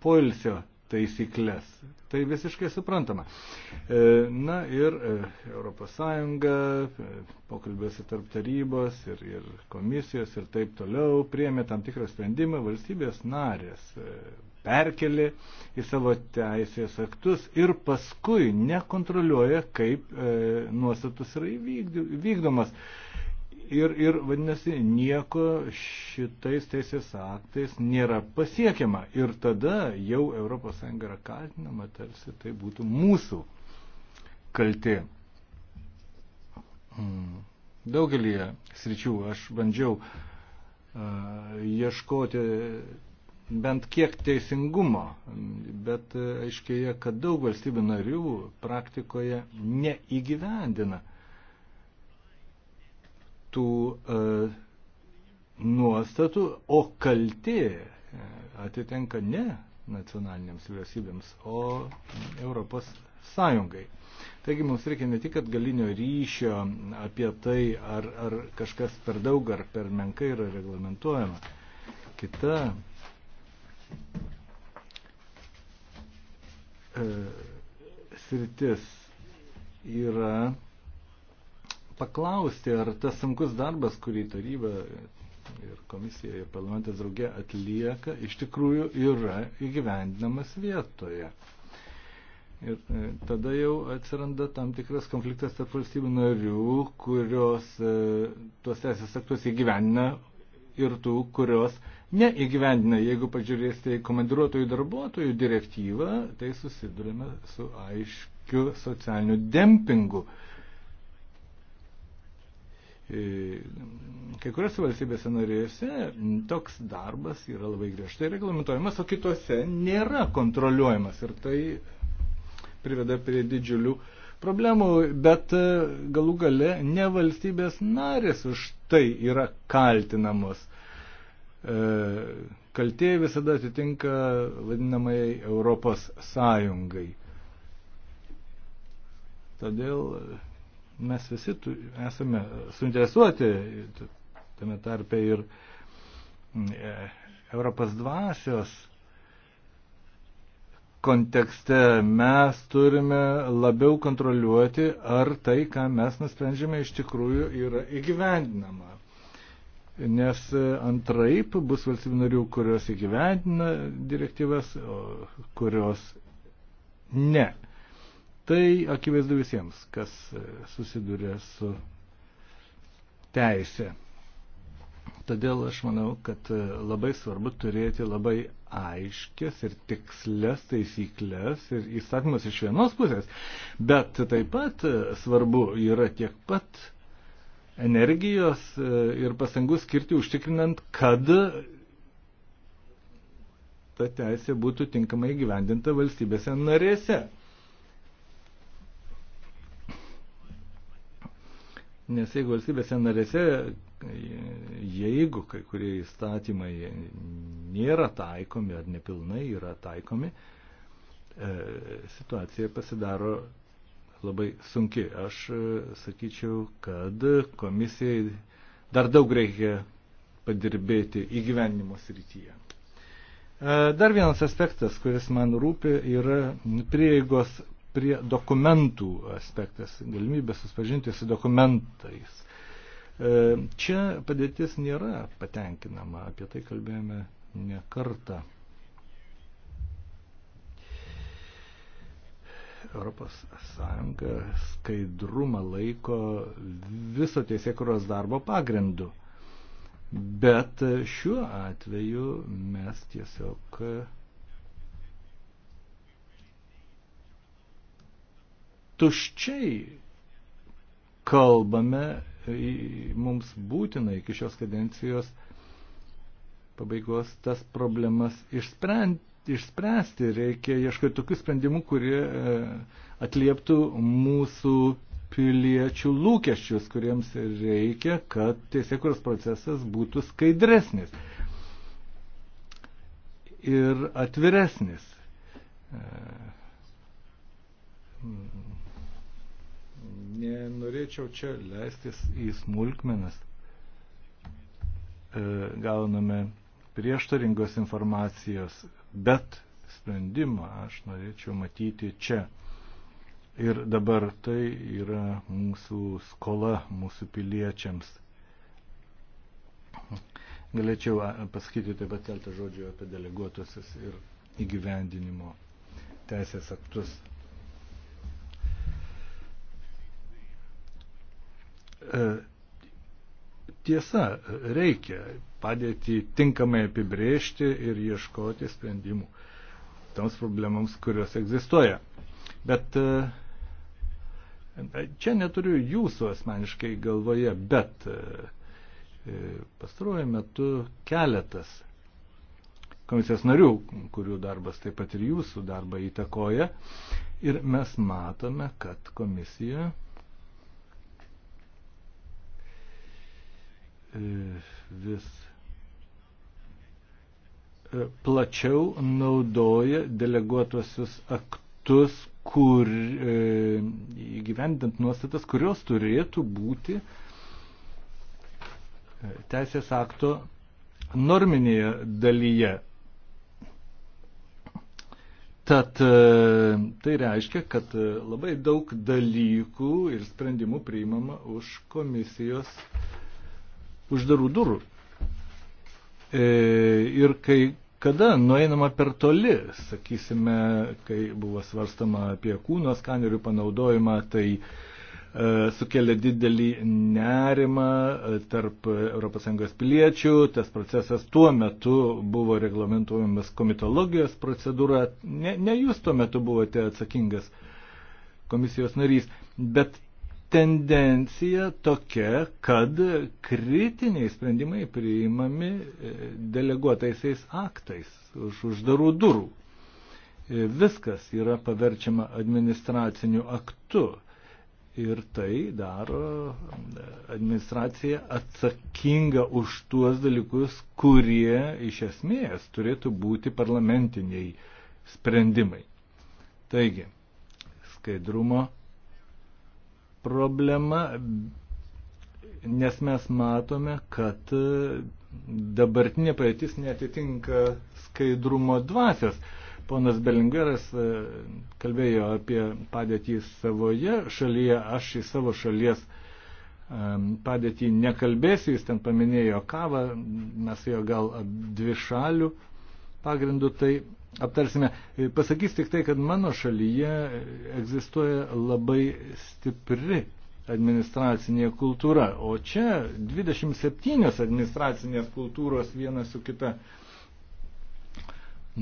poilsio taisyklės. Tai visiškai suprantama. E, na ir ES, e, pokalbėsi tarp tarybos ir, ir komisijos ir taip toliau priemė tam tikrą sprendimą valstybės narės e, perkeli į savo teisės aktus ir paskui nekontroliuoja, kaip e, nuostatus yra vykdomas. Ir, ir vadinasi, nieko šitais teisės aktais nėra pasiekiama. Ir tada jau ES yra kaltinama, tarsi tai būtų mūsų kalti. Mm. Daugelį sričių aš bandžiau uh, ieškoti bent kiek teisingumo, bet e, aiškėja, kad daug valstybių narių praktikoje neįgyvendina tų e, nuostatų, o kaltė e, atitenka ne nacionalinėms vyriausybėms, o Europos Sąjungai. Taigi mums reikia ne tik atgalinio ryšio apie tai, ar, ar kažkas per daug ar per menkai yra reglamentuojama. Kita E, sritis yra paklausti, ar tas sunkus darbas, kurį taryba ir komisija ir parlamentas draugė atlieka, iš tikrųjų yra įgyvendinamas vietoje. Ir e, tada jau atsiranda tam tikras konfliktas tarp valstybių narių, kurios e, tuos teisės aktus įgyvenina, ir tų, kurios neįgyvendina. Jeigu pažiūrėsite į komandiruotojų darbuotojų direktyvą, tai susidurime su aiškiu socialiniu dempingu. E, kai kuriuose valstybėse narėse toks darbas yra labai griežtai reglamentojamas, o kitose nėra kontroliuojamas ir tai priveda prie didžiulių uh, problemų, bet e, galų gale ne valstybės narės už tai yra kaltinamos. E, kaltė visada atitinka vadinamai Europos Sąjungai. Todėl mes visi tu, esame suinteresuoti tame tarpe ir mm, e, Europos dvasios kontekste mes turime labiau kontroliuoti, ar tai, ką mes nusprendžiame, iš tikrųjų yra įgyvendinama. Nes e, antraip bus valstybių narių, kurios įgyvendina direktyvas, kurios ne. Tai akivaizdu visiems, kas e, susiduria su teisė. Todėl aš manau, kad e, labai svarbu turėti labai aiškės ir tikslės taisyklės ir įstatymus iš vienos pusės, bet taip pat e, svarbu yra tiek pat energijos e, ir pasangų skirti užtikrinant, kad ta teisė būtų tinkamai gyvendinta valstybėse narėse. Nes jeigu valstybėse narėse jeigu kai kurie įstatymai nėra taikomi ar nepilnai yra taikomi, e, situacija pasidaro labai sunki. Aš e, sakyčiau, kad komisijai dar daug reikia padirbėti įgyvenimo srityje. E, dar vienas aspektas, kuris man rūpi, yra prieigos prie dokumentų aspektas, galimybė suspažinti su dokumentais. E, čia padėtis nėra patenkinama, apie tai kalbėjome ne kartą. Europos Sąjunga skaidrumą laiko viso teisėkuros darbo pagrindu. Bet šiuo atveju mes tiesiog tuščiai kalbame mums būtina iki šios kadencijos pabaigos tas problemas išsprendti. Išspręsti reikia ieškoti tokių sprendimų, kurie e, atlieptų mūsų piliečių lūkesčius, kuriems reikia, kad teisėkuros procesas būtų skaidresnis ir atviresnis. E, Nenorėčiau čia leistis į smulkmenas. E, gauname prieštaringos informacijos, bet sprendimą aš norėčiau matyti čia. Ir dabar tai yra mūsų skola mūsų piliečiams. Galėčiau pasakyti taip pat keltą žodžių apie deleguotusius ir įgyvendinimo teisės aktus. E, tiesa, reikia padėti tinkamai apibrėžti ir ieškoti sprendimų toms problemams, kurios egzistuoja. Bet e, čia neturiu jūsų asmeniškai galvoje, bet e, pastaruoju metu keletas komisijos narių, kurių darbas taip pat ir jūsų darbą įtakoja. Ir mes matome, kad komisija E, vis e, plačiau naudoja deleguotuosius aktus, kur e, įgyvendint nuostatas, kurios turėtų būti teisės akto norminėje dalyje. Tad tai reiškia, kad labai daug dalykų ir sprendimų priimama už komisijos uh, uždarų durų. E, ir kai kada nueinama per toli, sakysime, kai buvo svarstama apie kūno skanerių panaudojimą, tai e, sukelia didelį nerimą e, tarp ES piliečių. Tas procesas tuo metu buvo reglamentuojamas komitologijos procedūra. Ne, ne jūs tuo metu buvote atsakingas komisijos narys, bet tendencija tokia, kad kritiniai sprendimai priimami e, deleguotaisiais aktais už uždarų durų. E, viskas yra paverčiama administraciniu aktu ir tai daro e, administracija atsakinga už tuos dalykus, kurie iš esmės turėtų būti parlamentiniai sprendimai. Taigi, skaidrumo problema, nes mes matome, kad e, dabartinė praeitis netitinka skaidrumo dvasios. Ponas Belingeras e, kalbėjo apie padėtį savoje šalyje, aš į savo šalies e, padėtį nekalbėsiu, jis ten paminėjo kavą, mes jo gal dvi šalių pagrindu tai aptarsime. E, pasakys tik tai, kad mano šalyje egzistuoja labai stipri administracinė kultūra, o čia 27 administracinės kultūros viena su kita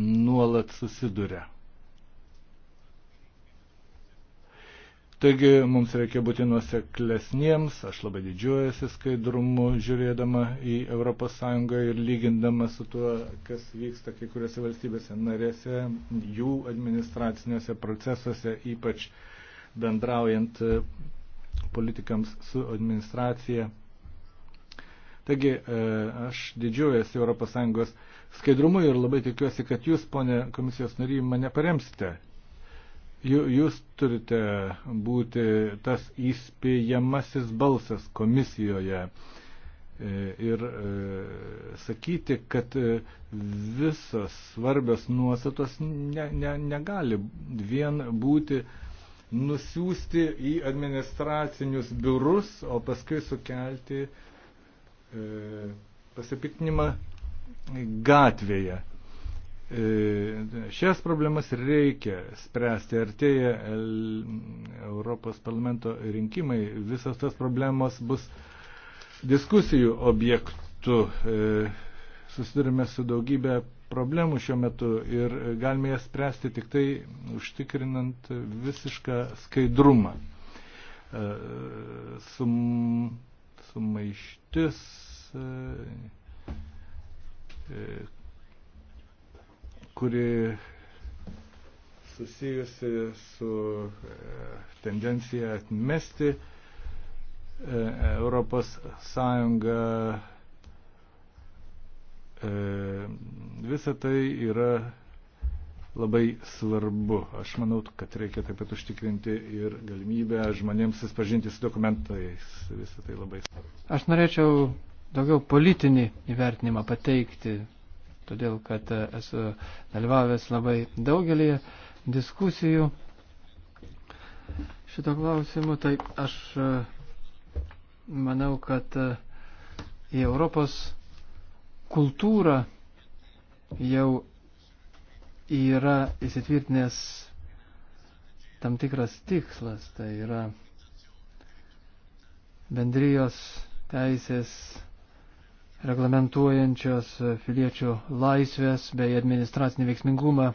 nuolat susiduria. Taigi mums reikia būti nuoseklesniems, aš labai didžiuojasi skaidrumu žiūrėdama į ES ir lygindama su tuo, kas vyksta kai kuriuose valstybėse narėse, jų administraciniuose procesuose, ypač bendraujant e, politikams su administracija. Taigi e, aš didžiuojasi ES skaidrumu ir labai tikiuosi, kad jūs, ponė komisijos nary, mane paremsite Jūs turite būti tas įspėjamasis balsas komisijoje e, ir e, sakyti, kad e, visas svarbios nuostatos ne, ne, negali vien būti nusiųsti į administracinius biurus, o paskui sukelti pasipiktinimą gatvėje. E, šias problemas reikia spręsti. Artėja Europos parlamento rinkimai. Visas tas problemos bus diskusijų objektu. E, susidurime su daugybė problemų šiuo metu ir galime jas spręsti tik tai užtikrinant visišką skaidrumą. E, sum, sumaištis kuri susijusi su e, tendencija atmesti e, Europos Sąjungą. E, visa tai yra labai svarbu. Aš manau, kad reikia taip pat užtikrinti ir galimybę žmonėms susipažinti su dokumentais. Visą tai labai svarbu. Aš norėčiau daugiau politinį įvertinimą pateikti todėl kad e, esu dalyvavęs labai daugelį diskusijų šito klausimu. Tai aš e, manau, kad e, į Europos kultūrą jau yra įsitvirtinęs tam tikras tikslas, tai yra bendrijos teisės reglamentuojančios piliečių laisvės bei administracinį veiksmingumą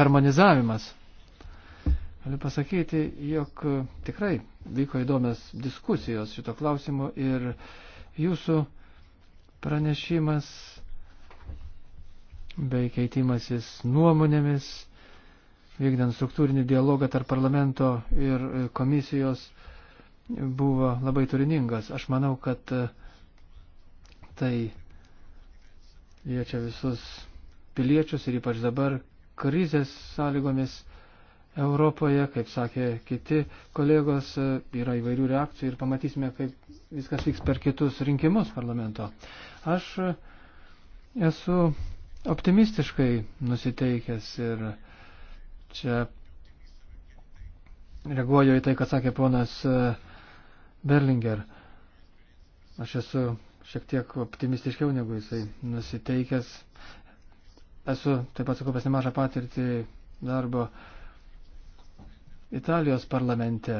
harmonizavimas. Galiu pasakyti, jog tikrai vyko įdomios diskusijos šito klausimu ir jūsų pranešimas bei keitimasis nuomonėmis, vykdant struktūrinį dialogą tarp parlamento ir komisijos, buvo labai turiningas. Aš manau, kad uh, Tai liečia visus piliečius ir ypač dabar krizės sąlygomis Europoje, kaip sakė kiti kolegos, yra įvairių reakcijų ir pamatysime, kaip viskas vyks per kitus rinkimus parlamento. Aš esu optimistiškai nusiteikęs ir čia reaguoju į tai, ką sakė ponas Berlinger. Aš esu šiek tiek optimistiškiau negu jisai nusiteikęs. Esu taip pat sukaupęs nemažą patirtį darbo Italijos parlamente.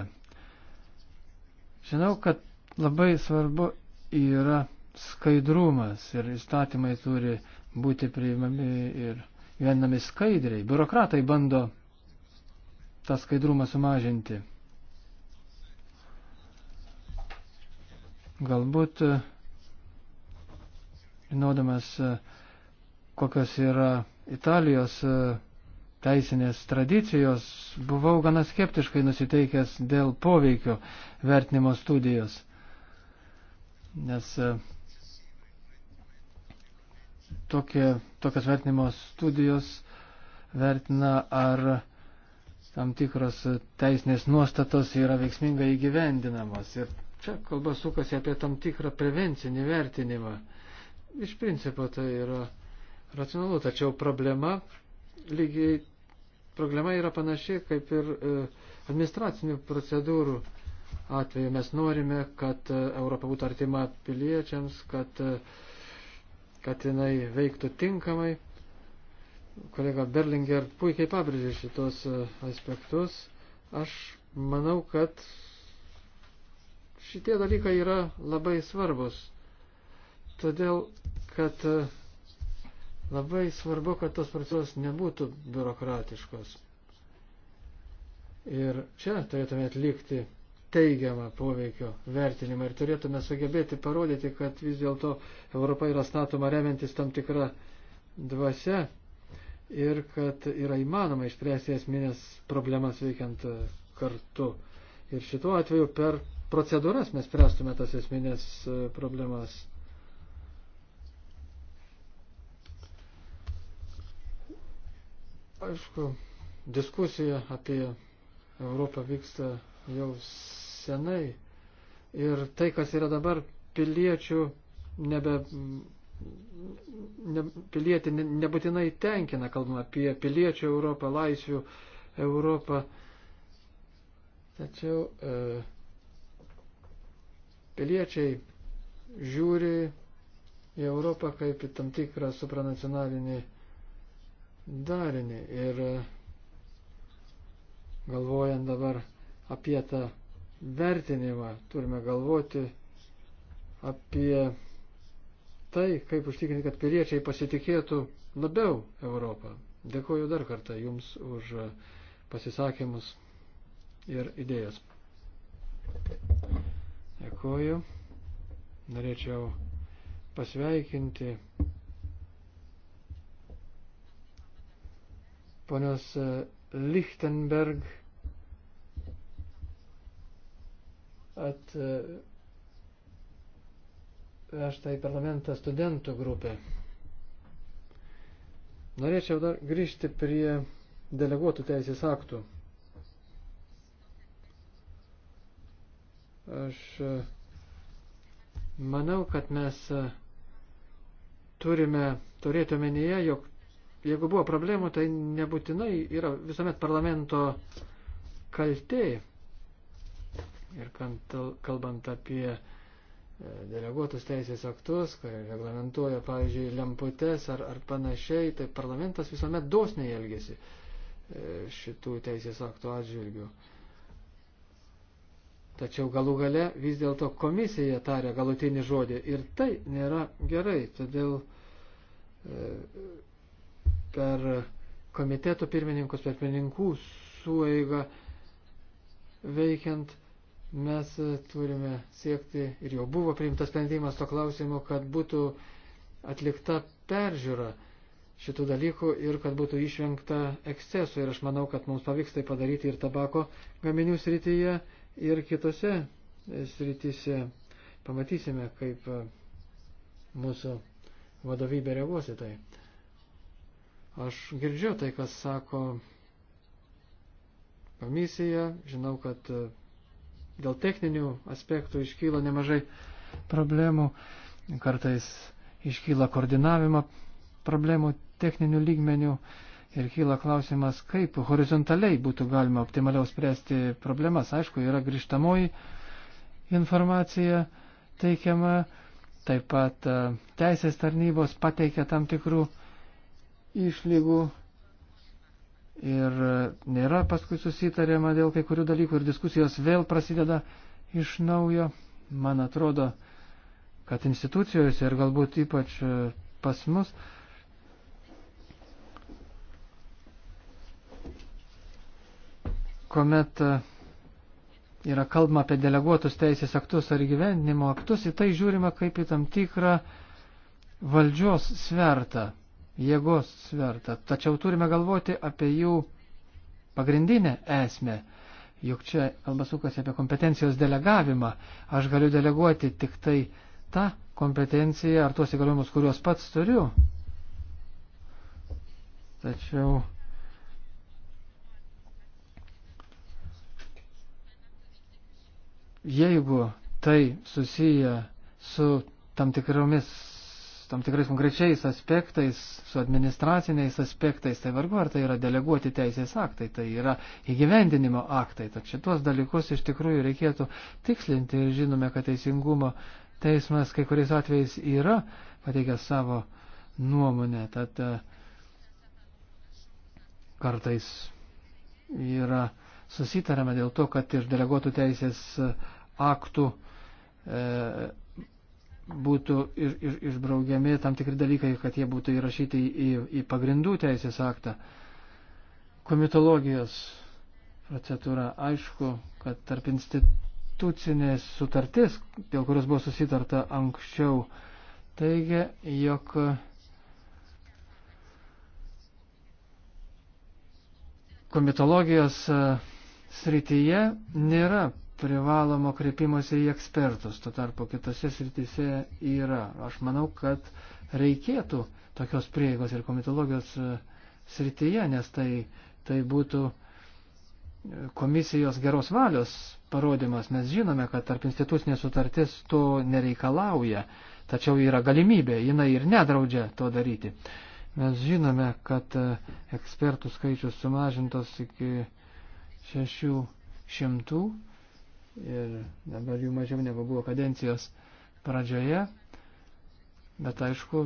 Žinau, kad labai svarbu yra skaidrumas ir įstatymai turi būti priimami ir vienami skaidriai. Biurokratai bando tą skaidrumą sumažinti. Galbūt žinodamas, e, kokios yra Italijos e, teisinės tradicijos, buvau gana skeptiškai nusiteikęs dėl poveikio vertinimo studijos. Nes e, tokie, tokios vertinimo studijos vertina, ar tam tikros teisinės nuostatos yra veiksmingai įgyvendinamos. Ir čia kalba sukasi apie tam tikrą prevencinį vertinimą iš principo tai yra racionalu, tačiau problema lygiai problema yra panaši kaip ir e, administracinių procedūrų atveju. Mes norime, kad e, Europa būtų artima piliečiams, kad, e, kad jinai veiktų tinkamai. Kolega Berlinger puikiai pabrėžė šitos aspektus. Aš manau, kad šitie dalykai yra labai svarbus. Todėl, kad e, labai svarbu, kad tos procedūros nebūtų biurokratiškos. Ir čia turėtume atlikti teigiamą poveikio vertinimą ir turėtume sugebėti parodyti, kad vis dėlto Europa yra statoma remiantis tam tikrą dvasę ir kad yra įmanoma išspręsti esminės problemas veikiant e, kartu. Ir šituo atveju per procedūras mes spręstume tas esminės e, problemas. Aišku, diskusija apie Europą vyksta jau senai. Ir tai, kas yra dabar piliečių, nebe, ne, pilietį ne, nebūtinai tenkina, kalbama apie piliečių Europą, laisvių Europą. Tačiau e, piliečiai žiūri į Europą kaip į tam tikrą supranacionalinį darinį. Ir galvojant dabar apie tą vertinimą, turime galvoti apie tai, kaip užtikrinti, kad piliečiai pasitikėtų labiau Europą. Dėkuoju dar kartą Jums už pasisakymus ir idėjas. Dėkuoju. Norėčiau pasveikinti ponios e, Lichtenberg atvežta e, į parlamentą studentų grupę. Norėčiau dar grįžti prie deleguotų teisės aktų. Aš e, manau, kad mes turime turėti omenyje, jog jeigu buvo problemų, tai nebūtinai yra visuomet parlamento kaltė. Ir kalbant apie e, deleguotus teisės aktus, kurie reglamentuoja, pavyzdžiui, lemputes ar, ar panašiai, tai parlamentas visuomet dosniai elgesi e, šitų teisės aktų atžvilgių. Tačiau galų gale vis dėlto komisija tarė galutinį žodį ir tai nėra gerai. Todėl e, per komiteto pirmininkus, per pirmininkų sueigą veikiant mes turime siekti ir jau buvo priimtas sprendimas to klausimu, kad būtų atlikta peržiūra šitų dalykų ir kad būtų išvengta ekscesų. Ir aš manau, kad mums pavyks tai padaryti ir tabako gaminių srityje, ir kitose srityse. Pamatysime, kaip mūsų vadovybė reaguos į tai. Aš girdžiu tai, kas sako komisija, žinau, kad e, dėl techninių aspektų iškyla nemažai problemų, kartais iškyla koordinavimo problemų techninių lygmenių ir kyla klausimas, kaip horizontaliai būtų galima optimaliau spręsti problemas. Aišku, yra grįžtamoji informacija teikiama, taip pat e, teisės tarnybos pateikia tam tikrų išlygų ir nėra paskui susitariama dėl kai kurių dalykų ir diskusijos vėl prasideda iš naujo. Man atrodo, kad institucijose ir galbūt ypač e, pas mus kuomet e, yra kalbama apie deleguotus teisės aktus ar gyvenimo aktus, į tai žiūrima kaip į tam tikrą valdžios svertą jėgos svertą. Tačiau turime galvoti apie jų pagrindinę esmę. Juk čia kalba sukasi apie kompetencijos delegavimą. Aš galiu deleguoti tik tai tą kompetenciją ar tuos įgaliojimus, kuriuos pats turiu. Tačiau jeigu tai susiję su tam tikromis tam tikrais konkrečiais aspektais, su administraciniais aspektais, tai vargu ar tai yra deleguoti teisės aktai, tai yra įgyvendinimo aktai. Tad šitos dalykus iš tikrųjų reikėtų tikslinti ir žinome, kad teisingumo teismas kai kuriais atvejais yra pateikęs savo nuomonę. Tad e, kartais yra susitarama dėl to, kad iš deleguotų teisės aktų e, būtų ir, ir, išbraugiami tam tikri dalykai, kad jie būtų įrašyti į, į pagrindų teisės aktą. Komitologijos procedūra aišku, kad tarp institucinės sutartis, dėl kurios buvo susitarta anksčiau, teigia, jog komitologijos e, srityje nėra privalomo kreipimosi į ekspertus, tuo tarpu kitose srityse yra. Aš manau, kad reikėtų tokios prieigos ir komitologijos e, srityje, nes tai, tai būtų komisijos geros valios parodimas. Mes žinome, kad tarp institucinė sutartis to nereikalauja, tačiau yra galimybė, jinai ir nedraudžia to daryti. Mes žinome, kad e, ekspertų skaičius sumažintas iki 600 ir dabar jų mažiau negu buvo kadencijos pradžioje, bet aišku,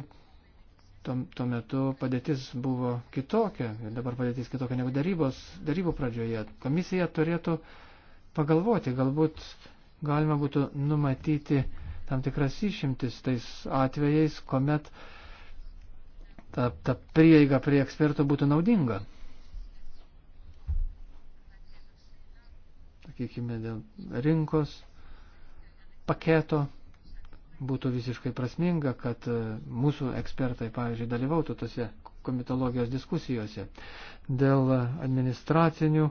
tuo, tuo metu padėtis buvo kitokia ir dabar padėtis kitokia negu darybos, darybų pradžioje. Komisija turėtų pagalvoti, galbūt galima būtų numatyti tam tikras išimtis tais atvejais, kuomet ta, ta prieiga prie eksperto būtų naudinga. sakykime, dėl rinkos paketo būtų visiškai prasminga, kad e, mūsų ekspertai, pavyzdžiui, dalyvautų tose komitologijos diskusijose. Dėl administracinių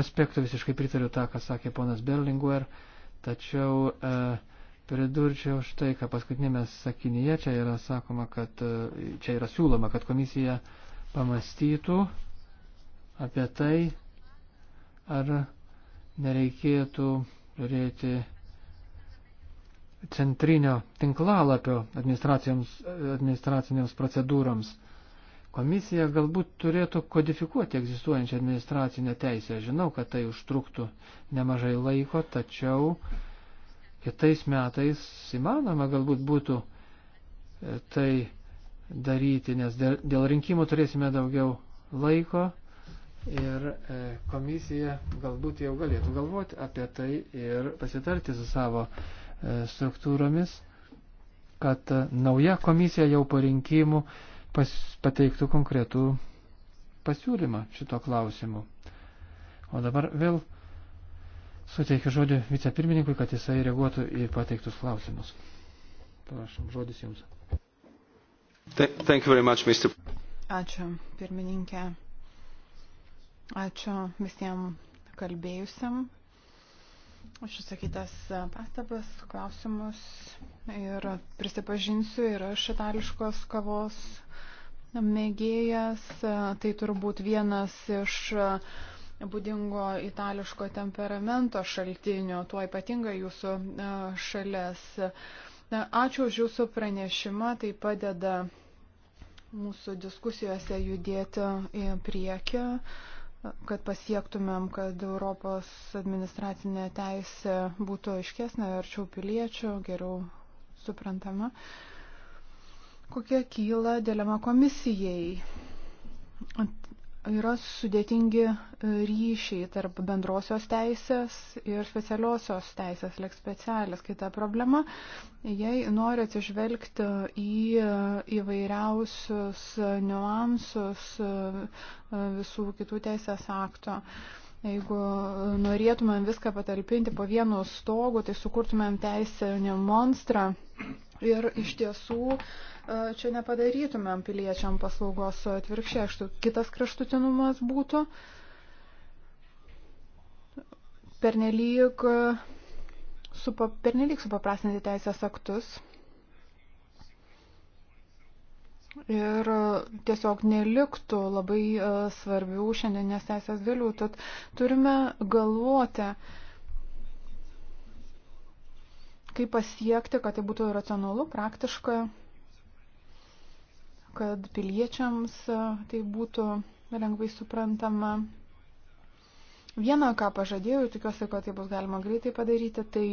aspektų visiškai pritariu tą, ką sakė ponas Berlinguer, tačiau e, pridurčiau štai, ką paskutinėme sakinyje čia yra sakoma, kad e, čia yra siūloma, kad komisija pamastytų apie tai, ar nereikėtų turėti centrinio tinklalapio administracinėms procedūroms. Komisija galbūt turėtų kodifikuoti egzistuojančią administracinę teisę. Žinau, kad tai užtruktų nemažai laiko, tačiau kitais metais įmanoma galbūt būtų e, tai daryti, nes dėl rinkimų turėsime daugiau laiko Ir e, komisija galbūt jau galėtų galvoti apie tai ir pasitarti su savo e, struktūromis, kad e, nauja komisija jau po rinkimų pas, pateiktų konkretų pasiūlymą šito klausimu. O dabar vėl suteikiu žodį vicepirmininkui, kad jisai reaguotų į pateiktus klausimus. Prašom, žodis jums. Thank you very much, Mr. Ačiū, pirmininkė. Ačiū visiems kalbėjusiam už išsakytas pastabas, klausimus ir prisipažinsiu, ir aš itališkos kavos mėgėjas. Tai turbūt vienas iš būdingo itališko temperamento šaltinio, tuo ypatinga jūsų e, šalis. Ačiū už jūsų pranešimą, tai padeda mūsų diskusijose judėti į priekį kad pasiektumėm, kad Europos administracinė teisė būtų aiškesnė, arčiau piliečių, geriau suprantama. Kokia kyla dilema komisijai? yra sudėtingi e, ryšiai tarp bendrosios teisės ir specialiosios teisės, leks specialis. Kita problema, jei nori atsižvelgti į įvairiausius niuansus e, visų kitų teisės akto. Jeigu norėtumėm viską patalpinti po vienu stogu, tai sukurtumėm teisinį monstrą. Ir iš tiesų E, čia nepadarytumėm piliečiam paslaugos atvirkščiai, aš kitas kraštutinumas būtų pernelyg, supa, pernelyg supaprastinti teisės aktus ir tiesiog neliktų labai e, svarbių šiandienės teisės dalių. Tad turime galvoti, kaip pasiekti, kad tai būtų racionalu, praktiška kad piliečiams e, tai būtų lengvai suprantama. Vieną, ką pažadėjau, tikiuosi, kad tai bus galima greitai padaryti, tai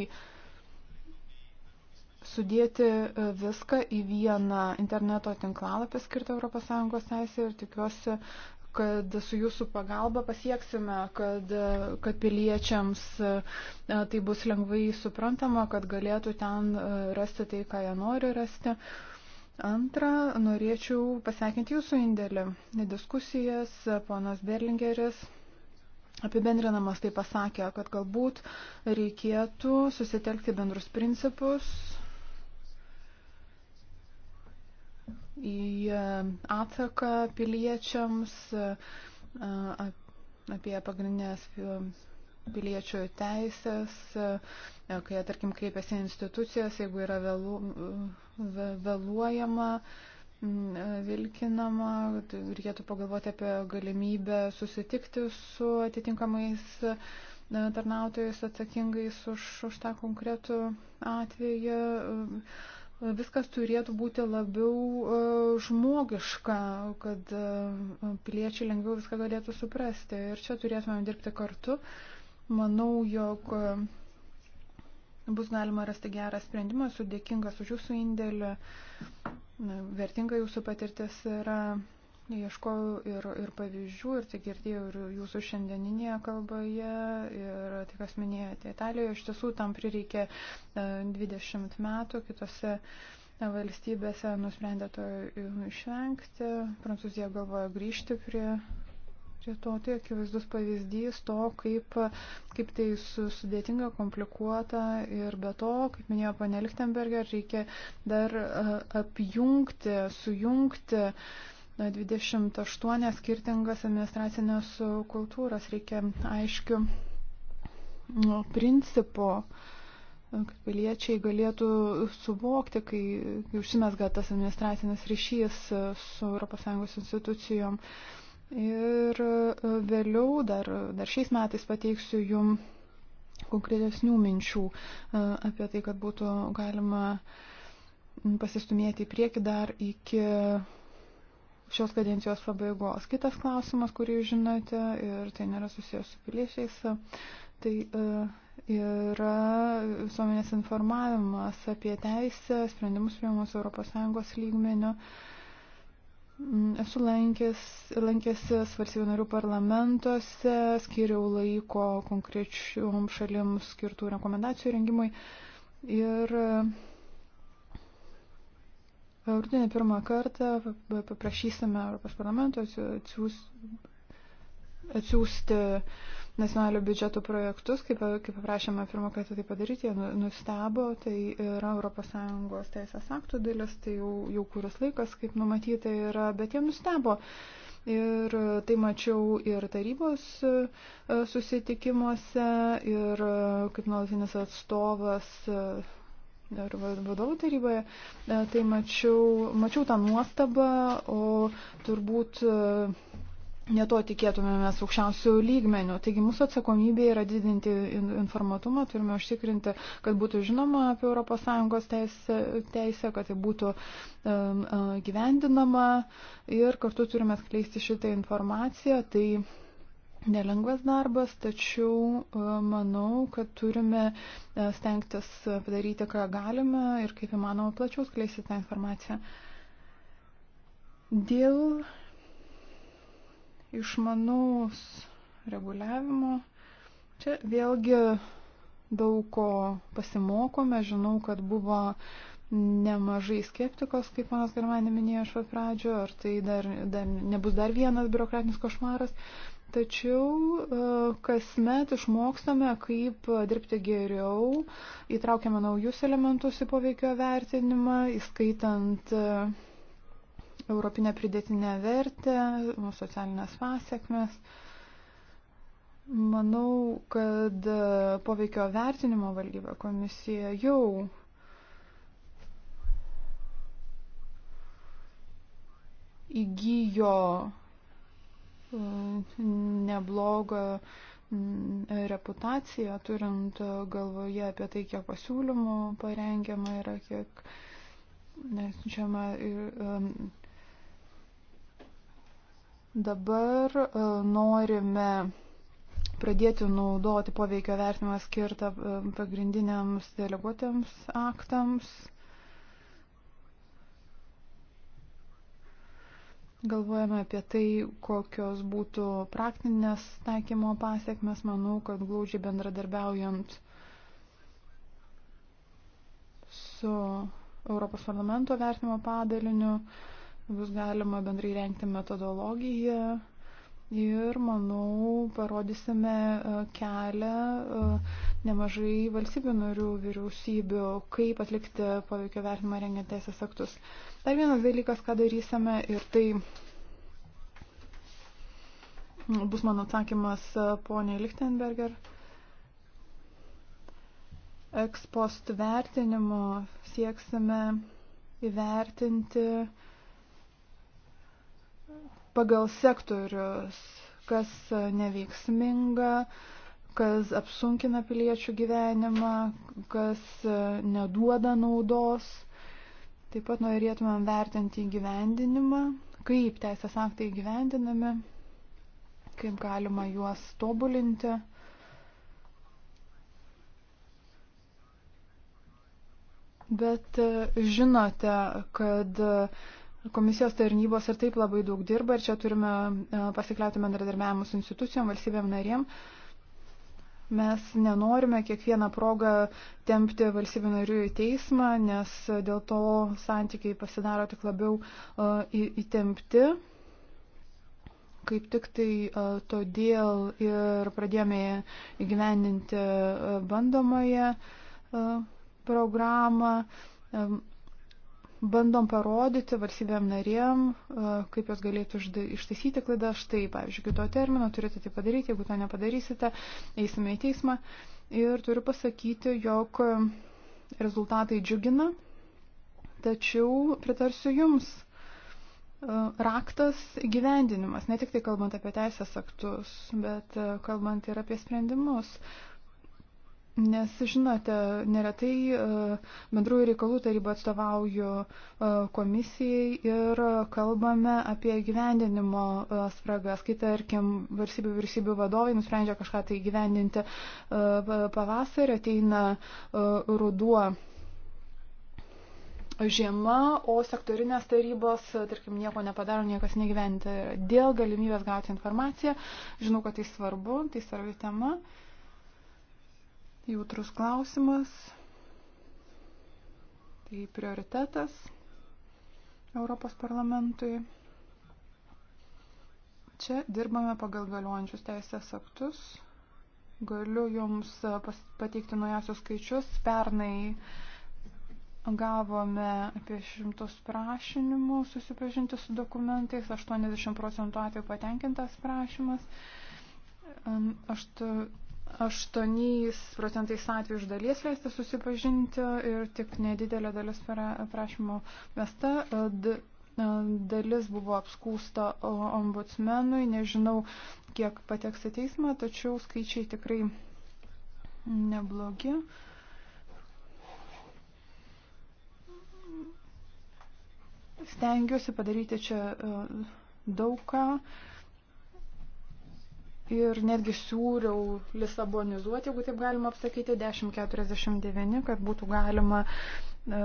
sudėti e, viską į vieną interneto tinklalapį skirtą ES teisė ir tikiuosi, kad su jūsų pagalba pasieksime, kad, e, kad piliečiams tai bus lengvai suprantama, kad galėtų ten rasti tai, ką jie nori rasti. Uh, Antra, norėčiau pasveikinti jūsų indėlį į diskusijas. Ponas Berlingeris apibendrinamas tai pasakė, kad galbūt reikėtų susitelkti bendrus principus į atsaką piliečiams apie pagrindinės piliečių teisės, kai, tarkim, kreipiasi institucijas, jeigu yra vėlu, vėluojama, vilkinama, tai reikėtų pagalvoti apie galimybę susitikti su atitinkamais e, tarnautojais atsakingais už, už tą konkretų atvejį viskas turėtų būti labiau e, žmogiška, kad e, piliečiai lengviau viską galėtų suprasti. Ir čia turėtumėm dirbti kartu, Manau, jog e, bus galima rasti gerą sprendimą, esu dėkingas už jūsų indėlį, vertinga jūsų patirtis yra, ieškojau ir, ir pavyzdžių, ir tai girdėjau ir jūsų šiandieninėje kalboje, ir tai, kas minėjote Italijoje, iš tiesų tam prireikė 20 e, metų, kitose e, valstybėse nusprendė to išvengti, Prancūzija galvoja grįžti prie plėtoti akivaizdus pavyzdys to, kaip, kaip tai sudėtinga, komplikuota ir be to, kaip minėjo panė Lichtenberger, reikia dar apjungti, sujungti 28 skirtingas administracinės kultūras, reikia aiškių nu, principų kad piliečiai galėtų suvokti, kai, kai užsimesga tas administracinis ryšys su ES institucijom. Uh, Ir e, vėliau dar, dar šiais metais pateiksiu jum konkretesnių minčių e, apie tai, kad būtų galima pasistumėti į priekį dar iki šios kadencijos pabaigos. Kitas klausimas, kurį žinote, ir tai nėra susijęs su piliečiais, tai e, yra visuomenės informavimas apie teisę, sprendimus priimus ES lygmenio. Uh, Mm, esu lankęs, lankęsis valstybių narių parlamentuose, skiriau laiko konkrečiom šalim skirtų rekomendacijų rengimui. Ir e, rudenį pirmą kartą paprašysime Europos parlamento atsiūs, atsiųsti nacionalinių biudžetų projektus, kaip, kaip paprašėme pirmą kartą tai padaryti, jie nu, nustebo, tai yra ES teisės aktų dalis, tai jau, jau kuris laikas, kaip numatyta yra, bet jie nustebo. Ir tai mačiau ir tarybos e, susitikimuose, ir e, kaip nuolatinis atstovas e, ir vadovų taryboje, tai mačiau, mačiau tą nuostabą, o turbūt Neto tikėtumėmės aukščiausių lygmenių. Taigi mūsų atsakomybė yra didinti informatumą, turime užtikrinti, kad būtų žinoma apie ES teisę, teisę kad tai būtų um, gyvendinama ir kartu turime skleisti šitą informaciją. Tai nelengvas darbas, tačiau manau, kad turime stengtis padaryti, ką galime ir kaip įmanoma plačiau skleisti tą informaciją. Dėl išmanaus reguliavimo. Čia vėlgi daug ko pasimokome. Žinau, kad buvo nemažai skeptikos, kaip panas Garmanė minėjo iš pat pradžio, ar tai dar, dar nebus dar vienas biurokratinis košmaras. Tačiau e, kasmet išmokstame, kaip dirbti geriau, įtraukiame naujus elementus į poveikio vertinimą, įskaitant uh, europinę pridėtinę vertę, socialinės pasiekmes. Manau, kad poveikio vertinimo valdyba komisija jau įgyjo mm, neblogą mm, reputaciją, turint galvoje apie tai, kiek pasiūlymų parengiama yra, kiek nesiunčiama ir um, Dabar e, norime pradėti naudoti poveikio vertinimą skirtą e, pagrindiniams deleguotėms aktams. Galvojame apie tai, kokios būtų praktinės taikymo pasiekmes. Manau, kad glaudžiai bendradarbiaujant su Europos parlamento vertinimo padaliniu, uh, bus galima bendrai renkti metodologiją ir, manau, parodysime e, kelią e, nemažai valstybių narių vyriausybių, kaip atlikti poveikio vertinimą rengiant teisės aktus. Dar vienas dalykas, ką darysime ir tai bus mano atsakymas e, poniai Lichtenberger. Ekspost vertinimu sieksime įvertinti uh, pagal sektorius, kas neveiksminga, kas apsunkina piliečių gyvenimą, kas neduoda naudos. Taip pat norėtumėm vertinti įgyvendinimą, kaip teisės aktai įgyvendinami, kaip galima juos tobulinti. Bet žinote, kad Komisijos tarnybos ir taip labai daug dirba ir čia turime e, pasikliauti bendradarbiavimu su institucijom, valstybėm narėm. Mes nenorime kiekvieną progą tempti valstybių narių į teismą, nes dėl to santykiai pasidaro tik labiau uh, įtempti. Kaip tik tai uh, todėl ir pradėjome įgyvendinti uh, bandomąją uh, programą. Um, bandom parodyti valstybėm narėm, e, kaip jos galėtų ištaisyti klaidą. Štai, pavyzdžiui, kito termino turite tai padaryti, jeigu to nepadarysite, eisime į teismą. Ir turiu pasakyti, jog e, rezultatai džiugina, tačiau pritarsiu Jums. E, raktas gyvendinimas, ne tik tai kalbant apie teisės aktus, bet kalbant ir apie sprendimus. Uh, Nes, žinote, neretai e, bendrųjų reikalų taryba atstovauju e, komisijai ir kalbame apie gyvendinimo e, spragas, kai, tarkim, varsybių virsybių vadovai nusprendžia kažką tai gyvendinti pavasarį, ateina ruduo žiema, o sektorinės tarybos, tarkim, nieko nepadaro, niekas negyventi. Dėl galimybės gauti informaciją, žinau, kad tai svarbu, tai svarbi tema. Uh, jautrus klausimas. Tai prioritetas Europos parlamentui. Čia dirbame pagal galiojančius teisės aktus. Galiu Jums e, pateikti naujasius skaičius. Pernai gavome apie šimtus prašymų susipažinti su dokumentais, 80 procentų atveju patenkintas prašymas. Aš 8 procentais atvejų iš dalies leisti susipažinti ir tik nedidelė dalis prašymų mesta. E, e, dalis buvo apskūsta ombudsmenui, nežinau, kiek pateks į teismą, tačiau skaičiai tikrai neblogi. Stengiuosi padaryti čia e, daug ką. Uh, ir netgi siūriau lisabonizuoti, jeigu taip galima apsakyti, 1049, kad būtų galima e,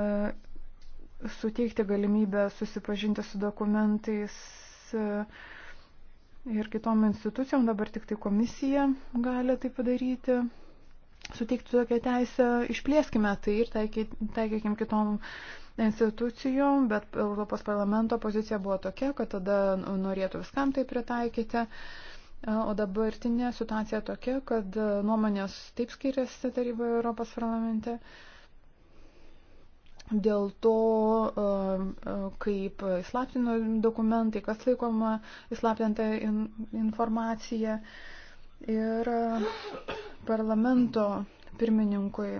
suteikti galimybę susipažinti su dokumentais e, ir kitom institucijom, dabar tik tai komisija gali tai padaryti, suteikti tokią teisę, išplėskime tai ir taikykime kitom institucijom, bet Europos parlamento pozicija buvo tokia, kad tada norėtų viskam tai pritaikyti. E, O dabartinė situacija tokia, kad nuomonės taip skiriasi taryboje Europos parlamente. Dėl to, kaip įslaptino dokumentai, kas laikoma įslaptinta informacija. Ir parlamento pirmininkui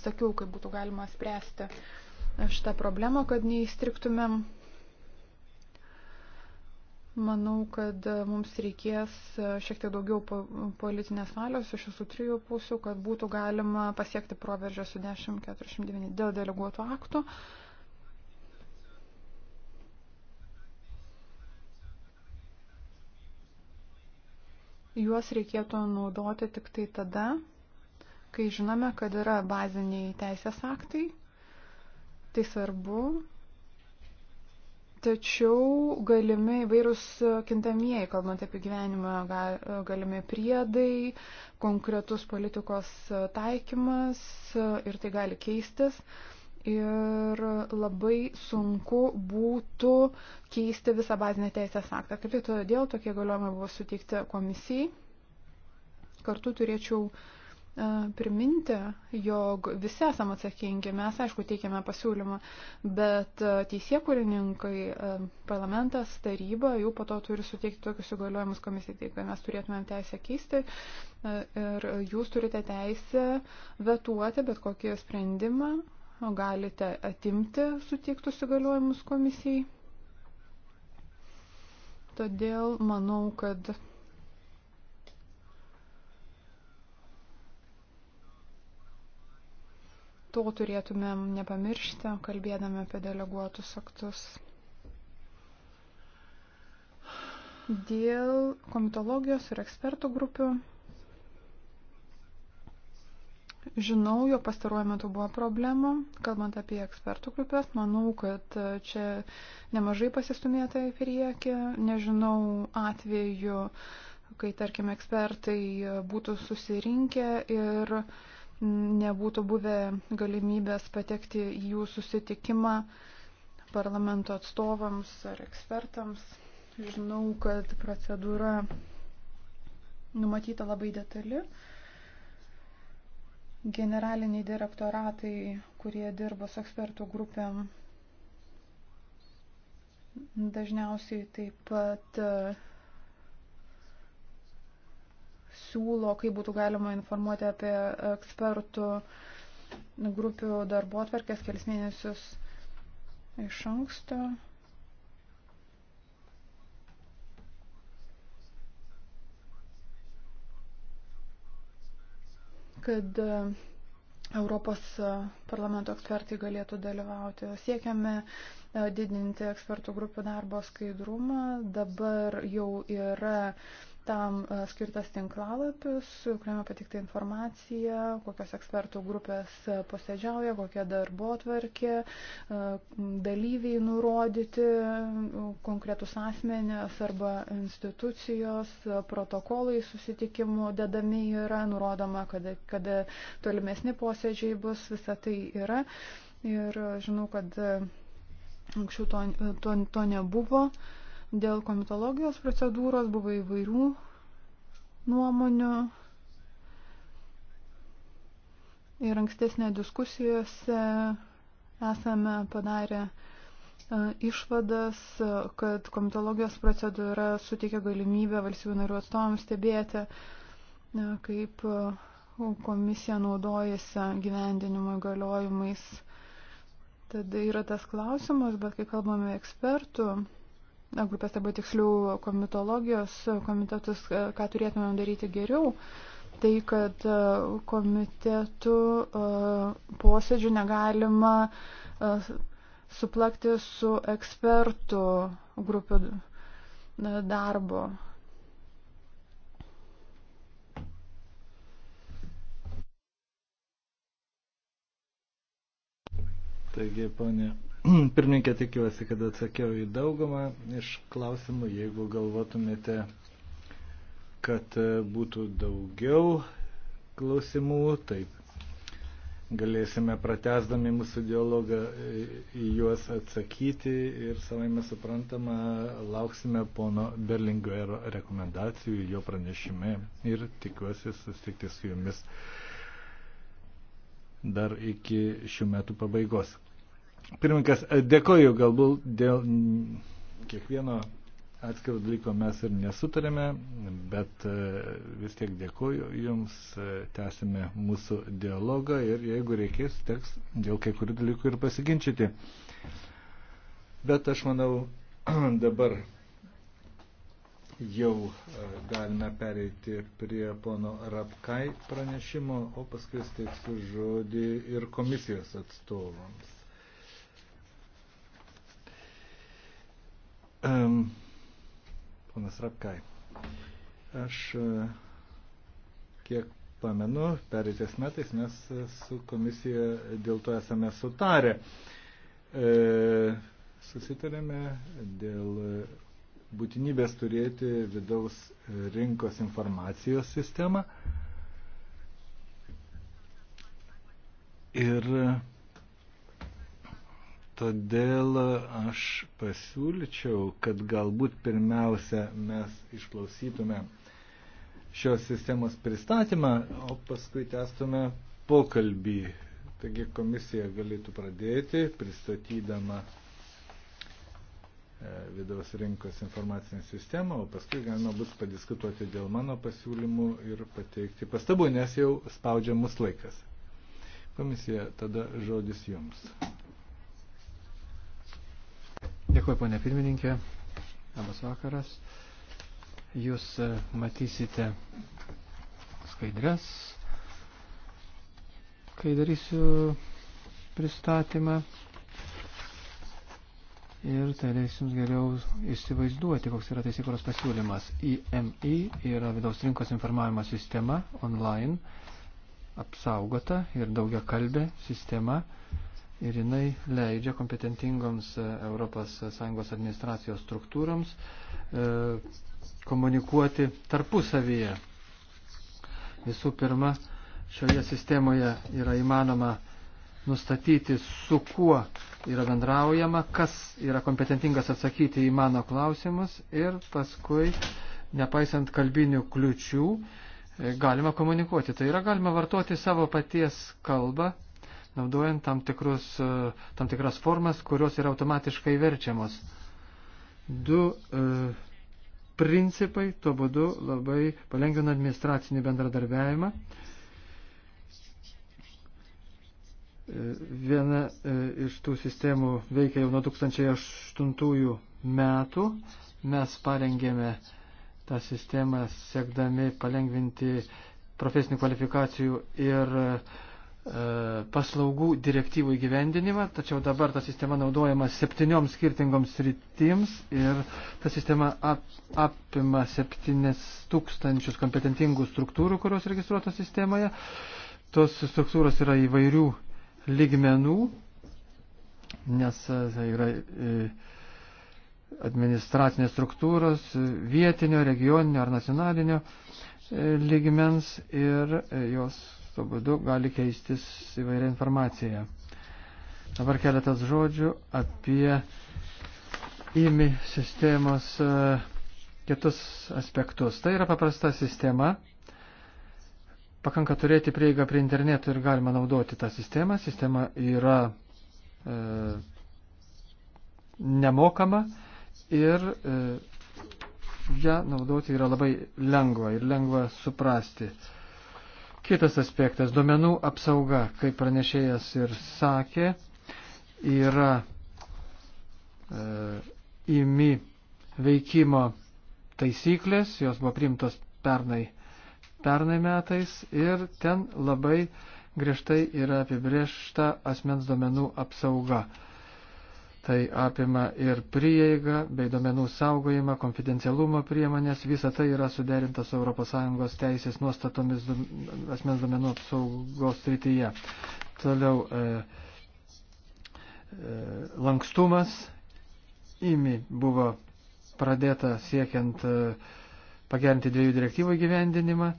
sakiau, kaip būtų galima spręsti šitą problemą, kad neįstriktumėm Manau, kad e, mums reikės e, šiek tiek daugiau politinės valios iš visų trijų pusių, kad būtų galima pasiekti proveržę su 1049 dėl deleguotų aktų. Juos reikėtų naudoti tik tai tada, kai žinome, kad yra baziniai teisės aktai. Tai svarbu, Tačiau galimi įvairūs kintamieji, kalbant apie gyvenimą, galimi priedai, konkretus politikos taikymas ir tai gali keistis. Ir labai sunku būtų keisti visą bazinę teisės aktą. Kaip tik todėl tokie galiojimai buvo suteikti komisijai. Kartu turėčiau uh, priminti, jog visi esame atsakingi, mes aišku teikiame pasiūlymą, bet teisėkurininkai, parlamentas, taryba jau po to turi suteikti tokius įgaliojimus komisijai, tai kad mes turėtumėm teisę keisti ir jūs turite teisę vetuoti bet kokį sprendimą, galite atimti suteiktus įgaliojimus komisijai. Todėl manau, kad To turėtumėm nepamiršti, kalbėdami apie deleguotus aktus. Dėl komitologijos ir ekspertų grupių Žinau, jo pastaruoju metu buvo problemų, kalbant apie ekspertų grupės. Manau, kad čia nemažai pasistumėta į priekį. Nežinau atveju, kai, tarkim, ekspertai būtų susirinkę ir uh, nebūtų buvę galimybės patekti į jų susitikimą parlamento atstovams ar ekspertams. Žinau, kad procedūra numatyta labai detali. Generaliniai direktoratai, kurie dirba su ekspertų grupėm, dažniausiai taip pat uh, siūlo, kaip būtų galima informuoti apie ekspertų grupių darbo atverkės kelis mėnesius iš anksto. kad e, Europos e, parlamento ekspertai galėtų dalyvauti. Siekiame e, didinti ekspertų grupių darbo skaidrumą. Dabar jau yra uh, tam e, skirtas tinklalapis, kuriame patikta informacija, kokios ekspertų grupės e, posėdžiauja, kokia darbo tvarkė, e, dalyviai nurodyti, konkretus asmenės arba institucijos, protokolai susitikimų dedami yra, nurodoma, kada, kada tolimesni posėdžiai bus, visa tai yra. Ir žinau, kad anksčiau to, to, to nebuvo. Uh, Dėl komitologijos procedūros buvo įvairių nuomonių. Ir ankstesnė diskusijose esame padarę e, išvadas, kad komitologijos procedūra suteikia galimybę valstybių narių atstovams stebėti, e, kaip e, komisija naudojasi gyvendinimo įgaliojimais. Tada yra tas klausimas, bet kai kalbame ekspertų grupės arba tiksliau komitologijos komitetus, e, ką turėtumėm daryti geriau, tai kad e, komitetų e, posėdžių negalima suplakti su ekspertų grupių darbo. Taigi, ponė Mm, pirmininkė, tikiuosi, kad atsakiau į daugumą iš klausimų. Jeigu galvotumėte, kad e, būtų daugiau klausimų, taip galėsime pratesdami mūsų dialogą e, į juos atsakyti ir savai mes suprantama, lauksime pono Berlinguero rekomendacijų jo pranešime ir tikiuosi susitikti su jumis dar iki šių metų pabaigos. Pirmininkas, dėkoju, galbūt dėl kiekvieno atskiro dalyko mes ir nesutarėme, bet e, vis tiek dėkoju Jums, e, tęsime mūsų dialogą ir jeigu reikės, teks dėl kai kurių dalykų ir pasiginčyti. Bet aš manau, dabar jau e, galime pereiti prie pono Rapkai pranešimo, o paskui steiksiu žodį ir komisijos atstovams. Um, ponas Rapkai, aš e, kiek pamenu, pereitais metais mes e, su komisija dėl to esame sutarę. E, susitarėme dėl e, būtinybės turėti vidaus rinkos informacijos sistemą. Ir Todėl aš pasiūlyčiau, kad galbūt pirmiausia mes išklausytume šios sistemos pristatymą, o paskui testume pokalbį. Taigi komisija galėtų pradėti pristatydama e, vidaus rinkos informacinę sistemą, o paskui galima bus padiskutuoti dėl mano pasiūlymų ir pateikti pastabų, nes jau spaudžia mus laikas. Komisija, tada žodis jums. Dėkuoju, ponė pirmininkė. Labas vakaras. Jūs e, matysite skaidres, kai darysiu pristatymą. Ir tai leis jums geriau įsivaizduoti, koks yra teisėkuros pasiūlymas. IMI yra vidaus rinkos informavimo sistema online, apsaugota ir daugia kalbė sistema, ir jinai leidžia kompetentingoms ES administracijos struktūroms e, komunikuoti tarpusavyje. Visų pirma, šioje sistemoje yra įmanoma nustatyti, su kuo yra bendraujama, kas yra kompetentingas atsakyti į mano klausimus ir paskui, nepaisant kalbinių kliučių, e, galima komunikuoti. Tai yra galima vartoti savo paties kalbą naudojant tam, tikrus, e, tam tikras formas, kurios yra automatiškai verčiamos. Du e, principai tuo būdu labai palengvina administracinį bendradarbiavimą. E, viena e, iš tų sistemų veikia jau nuo 2008 metų. Mes parengėme tą sistemą siekdami palengvinti profesinių kvalifikacijų ir uh, E, paslaugų direktyvų įgyvendinimą, tačiau dabar ta sistema naudojama septynioms skirtingoms rytims ir ta sistema ap, apima septynis tūkstančius kompetentingų struktūrų, kurios registruotos sistemoje. Tos struktūros yra įvairių lygmenų, nes e, tai yra e, administracinės struktūros vietinio, regioninio ar nacionalinio lygmens ir jos Tuo būdu gali keistis įvairia informacija. Dabar keletas žodžių apie įmi sistemos e, kitus aspektus. Tai yra paprasta sistema. Pakanka turėti prieigą prie interneto ir galima naudoti tą sistemą. Sistema yra e, nemokama ir e, ją naudoti yra labai lengva ir lengva suprasti. E, Kitas aspektas - duomenų apsauga, kaip pranešėjas ir sakė, yra e, įmi veikimo taisyklės, jos buvo priimtos pernai, pernai metais ir ten labai griežtai yra apibriešta asmens duomenų apsauga. E, Tai apima ir prieigą, bei domenų saugojimą, konfidencialumo priemonės. Visa tai yra suderinta su ES teisės nuostatomis asmens domenų apsaugos srityje. Toliau e, e, lankstumas. Imi buvo pradėta siekiant e, pagerinti dviejų direktyvų įgyvendinimą,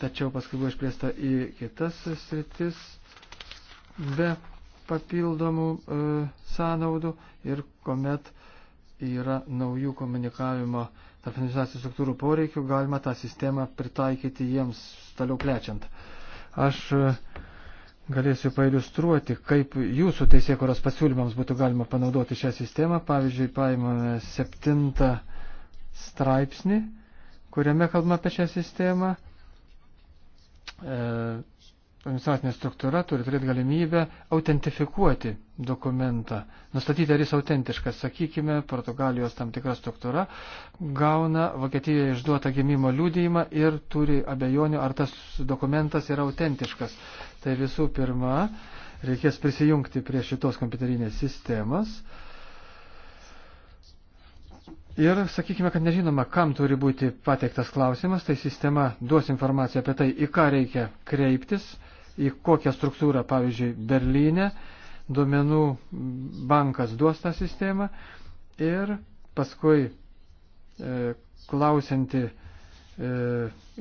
tačiau paskui buvo išplėsta į kitas sritis be papildomų e, sąnaudų ir kuomet yra naujų komunikavimo tarp administracijos struktūrų poreikių, galima tą sistemą pritaikyti jiems toliau plečiant. Aš e, galėsiu pailustruoti, kaip jūsų teisėkuros pasiūlymams būtų galima panaudoti šią sistemą. Pavyzdžiui, paimame septintą straipsnį, kuriame kalbame apie šią sistemą. E, administracinė struktūra turi turėti galimybę autentifikuoti dokumentą, nustatyti, ar jis autentiškas. Sakykime, Portugalijos tam tikra struktūra gauna Vokietijoje išduotą gimimo liūdėjimą ir turi abejonių, ar tas dokumentas yra autentiškas. Tai visų pirma, reikės prisijungti prie šitos kompiuterinės sistemos. Ir sakykime, kad nežinoma, kam turi būti pateiktas klausimas, tai sistema duos informaciją apie tai, į ką reikia kreiptis į kokią struktūrą, pavyzdžiui, Berlyne, duomenų bankas duos tą sistemą ir paskui e, klausianti e,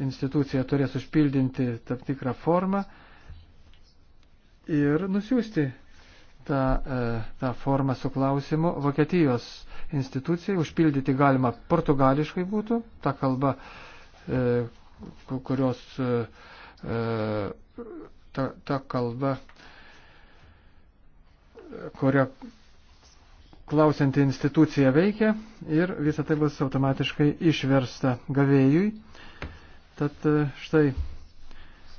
institucija turės užpildinti tam tikrą formą ir nusiųsti tą, e, tą formą su klausimu Vokietijos institucijai, užpildyti galima portugališkai būtų, ta kalba, e, kurios e, e ta, ta kalba, kurią klausianti institucija veikia ir visa tai bus automatiškai išversta gavėjui. Tad e, štai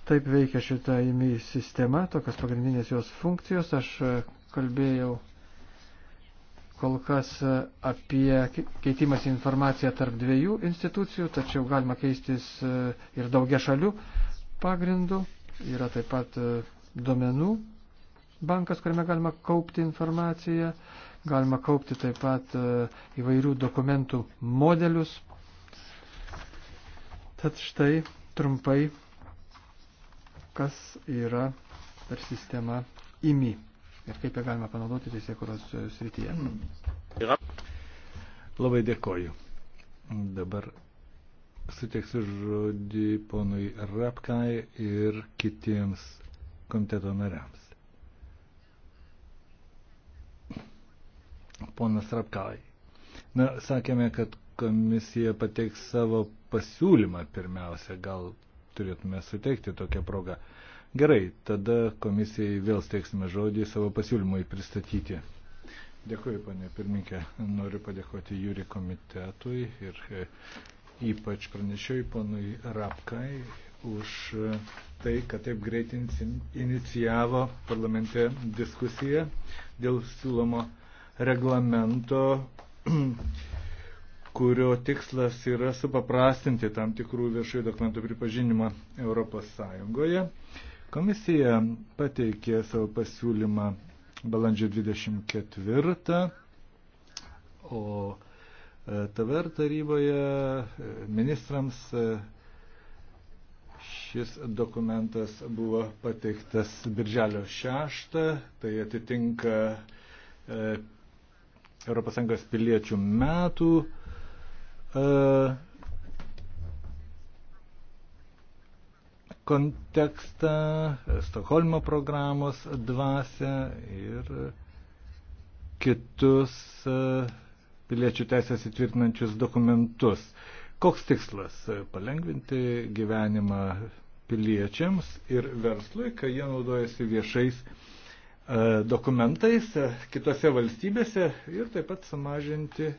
taip veikia šita įmy sistema, tokios pagrindinės jos funkcijos. Aš e, kalbėjau kol kas e, apie keitimas informaciją tarp dviejų institucijų, tačiau galima keistis ir daugia šalių pagrindų. Yra taip pat e, duomenų bankas, kuriame galima kaupti informaciją, galima kaupti taip pat e, įvairių dokumentų modelius. Tad štai trumpai, kas yra per sistemą IMI ir kaip ją galima panaudoti teisėkuros e, srityje. Labai dėkoju. Dabar suteiksiu žodį ponui Rapkai ir kitiems komiteto nariams. Ponas Rapkai. Na, sakėme, kad komisija pateiks savo pasiūlymą pirmiausia, gal turėtume suteikti tokią progą. Gerai, tada komisijai vėl steiksime žodį savo pasiūlymui pristatyti. Dėkuoju, panė pirminkė. Noriu padėkoti jūri komitetui ir e, ypač pranešioj ponui Rapkai už e, tai, kad taip greit inicijavo parlamente diskusiją dėl siūlomo reglamento, kurio tikslas yra supaprastinti tam tikrų viešųjų dokumentų pripažinimą Europos Sąjungoje. Komisija pateikė savo pasiūlymą balandžio 24, o TVR taryboje ministrams šis dokumentas buvo pateiktas birželio 6, tai atitinka ES piliečių metų e, kontekstą, Stokholmo programos dvasę ir kitus uh, piliečių teisės įtvirtinančius dokumentus. Koks tikslas? Palengvinti gyvenimą piliečiams ir verslui, kai jie naudojasi viešais e, dokumentais e, kitose valstybėse ir taip pat sumažinti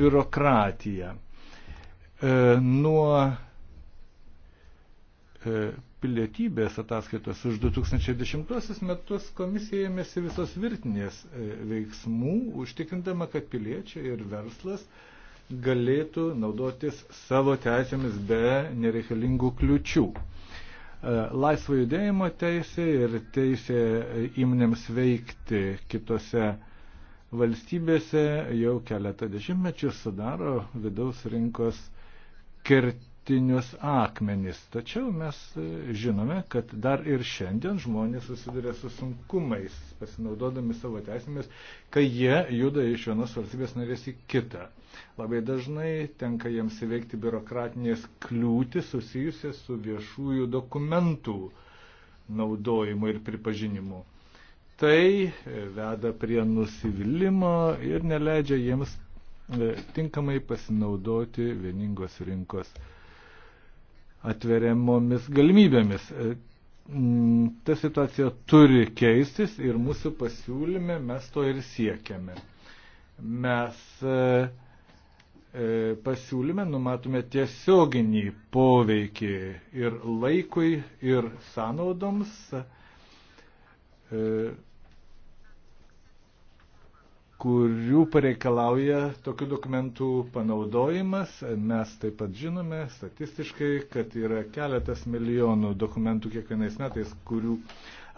biurokratiją. E, nuo pilietybės ataskaitos už 2010 metus komisija ėmėsi visos virtinės e, veiksmų, užtikrindama, kad piliečiai ir verslas galėtų naudotis savo teisėmis be nereikalingų kliučių. E, laisvo judėjimo teisė ir teisė įmonėms veikti kitose valstybėse jau keletą dešimtmečių sudaro vidaus rinkos kerti kertinius akmenis. Tačiau mes e, žinome, kad dar ir šiandien žmonės susiduria su sunkumais, pasinaudodami savo teisėmis, kai jie juda iš vienos valstybės narės į kitą. Labai dažnai tenka jiems įveikti biurokratinės kliūtis susijusias su viešųjų dokumentų naudojimu ir pripažinimu. Tai e, veda prie nusivylimą ir neleidžia jiems e, tinkamai pasinaudoti vieningos rinkos atveriamomis galimybėmis. E, ta situacija turi keistis ir mūsų pasiūlyme mes to ir siekiame. Mes e, e, pasiūlyme numatome tiesioginį poveikį ir laikui, ir sąnaudoms kurių pareikalauja tokių dokumentų panaudojimas. Mes taip pat žinome statistiškai, kad yra keletas milijonų dokumentų kiekvienais metais, kurių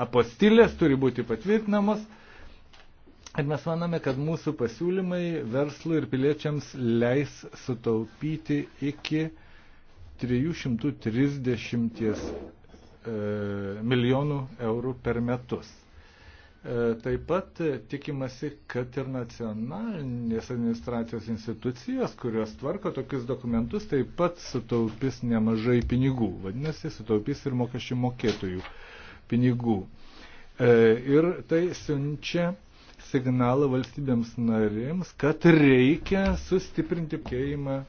apostilės turi būti patvirtinamos. Ir mes manome, kad mūsų pasiūlymai verslui ir piliečiams leis sutaupyti iki 330 e, milijonų eurų per metus. E, taip pat tikimasi, kad ir nacionalinės administracijos institucijos, kurios tvarko tokius dokumentus, taip pat sutaupys nemažai pinigų. Vadinasi, sutaupys ir mokesčių mokėtojų pinigų. E, ir tai siunčia signalą valstybėms narėms, kad reikia sustiprinti kėjimą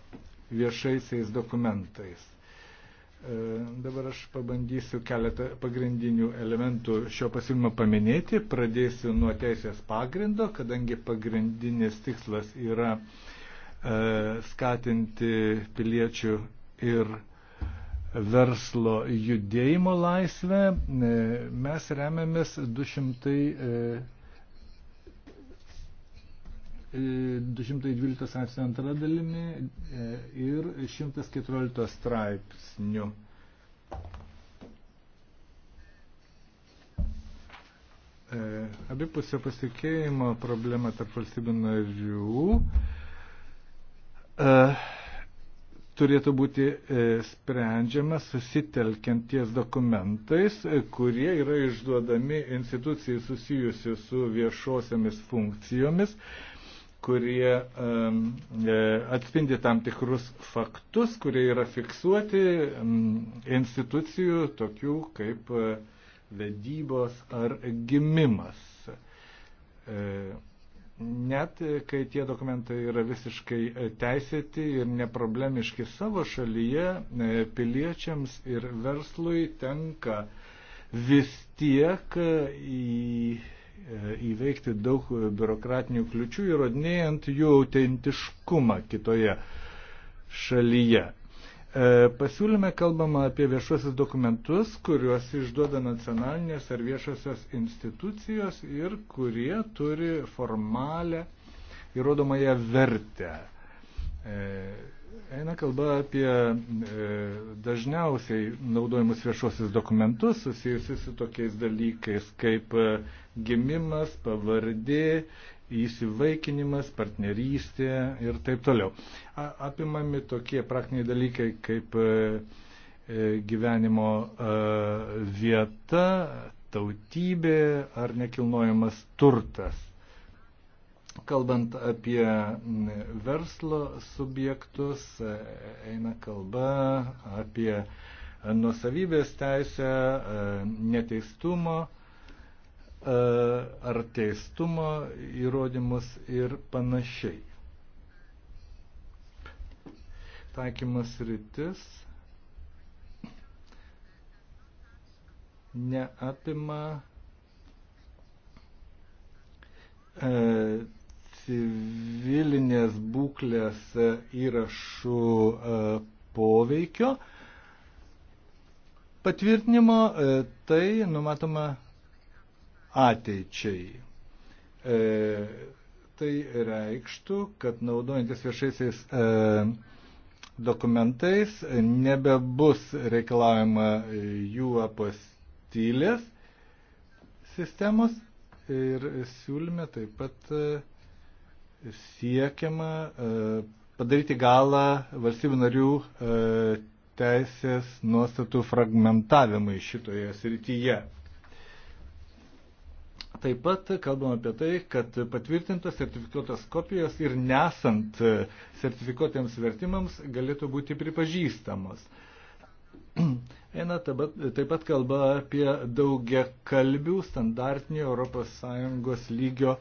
viešaisiais dokumentais. E, dabar aš pabandysiu keletą pagrindinių elementų šio pasiūlymo paminėti. Pradėsiu nuo teisės pagrindo, kadangi pagrindinis tikslas yra e, skatinti piliečių ir verslo judėjimo laisvę. E, mes remiamės 200. 212 straipsnio antra dalimi e, ir 114 straipsnių. E, abipusio pasitikėjimo problema tarp valstybių narių e, turėtų būti sprendžiama susitelkiant ties dokumentais, kurie yra išduodami institucijai susijusiu su viešosiamis funkcijomis, kurie e, atspindi tam tikrus faktus, kurie yra fiksuoti institucijų tokių kaip e, vedybos ar gimimas. E, net kai tie dokumentai yra visiškai teisėti ir neproblemiški savo šalyje, piliečiams ir verslui tenka vis tiek į E, įveikti daug biurokratinių kliučių, įrodinėjant jų autentiškumą kitoje šalyje. E, pasiūlyme kalbama apie viešuosius dokumentus, kuriuos išduoda nacionalinės ar viešosios institucijos ir kurie turi formalę įrodomąją vertę. E, eina kalba apie dažniausiai naudojimus viešuosius dokumentus susijusius su tokiais dalykais kaip gimimas, pavardė, įsivaikinimas, partnerystė ir taip toliau. Apimami tokie praktiniai dalykai kaip e, e, gyvenimo e, vieta, tautybė ar nekilnojamas turtas. Kalbant apie verslo subjektus, eina kalba apie nusavybės teisę, neteistumo, E, ar teistumo įrodymus ir panašiai. Taikymas rytis neapima e, civilinės būklės įrašų e, poveikio patvirtinimo, e, tai numatoma ateičiai. E, tai reikštų, kad naudojantis viešaisiais e, dokumentais nebebus reikalavima jų apostylės sistemos ir siūlyme taip pat e, siekiama e, padaryti galą valstybių narių e, teisės nuostatų fragmentavimui šitoje srityje. Taip pat kalbam apie tai, kad patvirtintos sertifikuotos kopijos ir nesant sertifikuotiems vertimams galėtų būti pripažįstamos. Eina taip pat kalba apie daugia kalbių standartinių ES lygio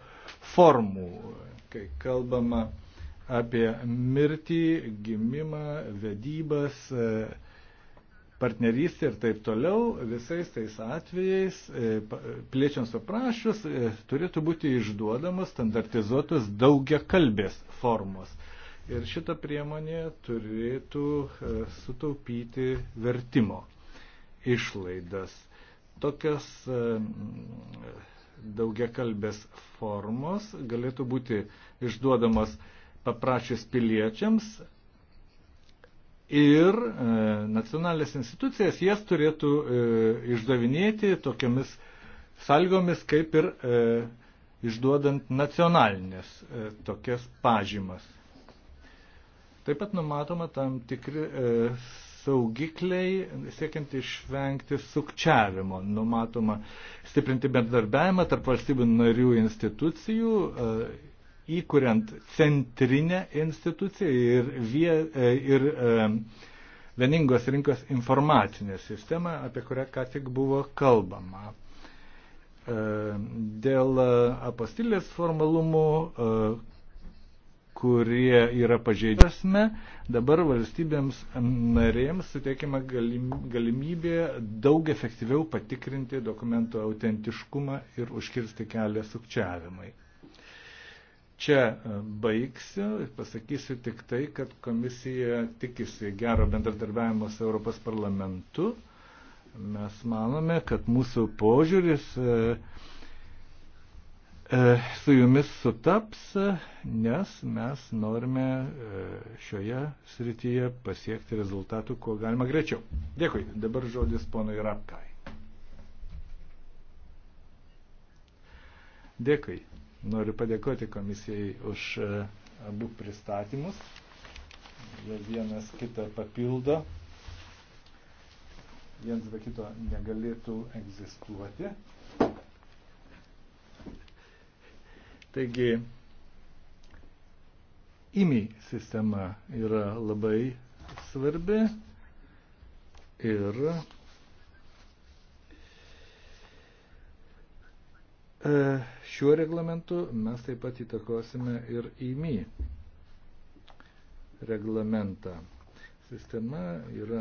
formų, kai kalbama apie mirtį, gimimą, vedybas, e, partnerystė ir taip toliau, visais tais atvejais e, piliečiams paprašius e, turėtų būti išduodamos standartizuotos daugia kalbės formos. Ir šita priemonė turėtų e, sutaupyti vertimo išlaidas. Tokios daugia kalbės formos galėtų būti išduodamos paprašęs piliečiams ir e, nacionalinės institucijas jas turėtų e, išdavinėti tokiamis sąlygomis, kaip ir e, išduodant nacionalinės tokias pažymas. Taip pat numatoma tam tikri saugikliai, siekiant išvengti sukčiavimo. Numatoma stiprinti bendarbiavimą tarp valstybių narių institucijų įkuriant centrinę instituciją ir, vie, e, ir e, vieningos rinkos informacinę sistemą, apie kurią ką tik buvo kalbama. E, dėl apostilės formalumų, kurie yra pažeidžiami, dabar valstybėms narėms suteikima galimybė daug efektyviau patikrinti dokumento autentiškumą ir užkirsti kelią sukčiavimai. Čia e, baigsiu, pasakysiu tik tai, kad komisija tikisi gero bendradarbiavimo su Europos parlamentu. Mes manome, kad mūsų požiūris e, e, su jumis sutaps, nes mes norime šioje srityje pasiekti rezultatų, kuo galima greičiau. Dėkui. Dabar žodis ponui Rapkai. Dėkui. Noriu padėkoti komisijai už e, abu pristatymus. Jie vienas kitą papildo. Jiems be kito negalėtų egzistuoti. Taigi, IMI sistema yra labai svarbi ir E, šiuo reglamentu mes taip pat įtakosime ir įmy reglamentą. Sistema yra,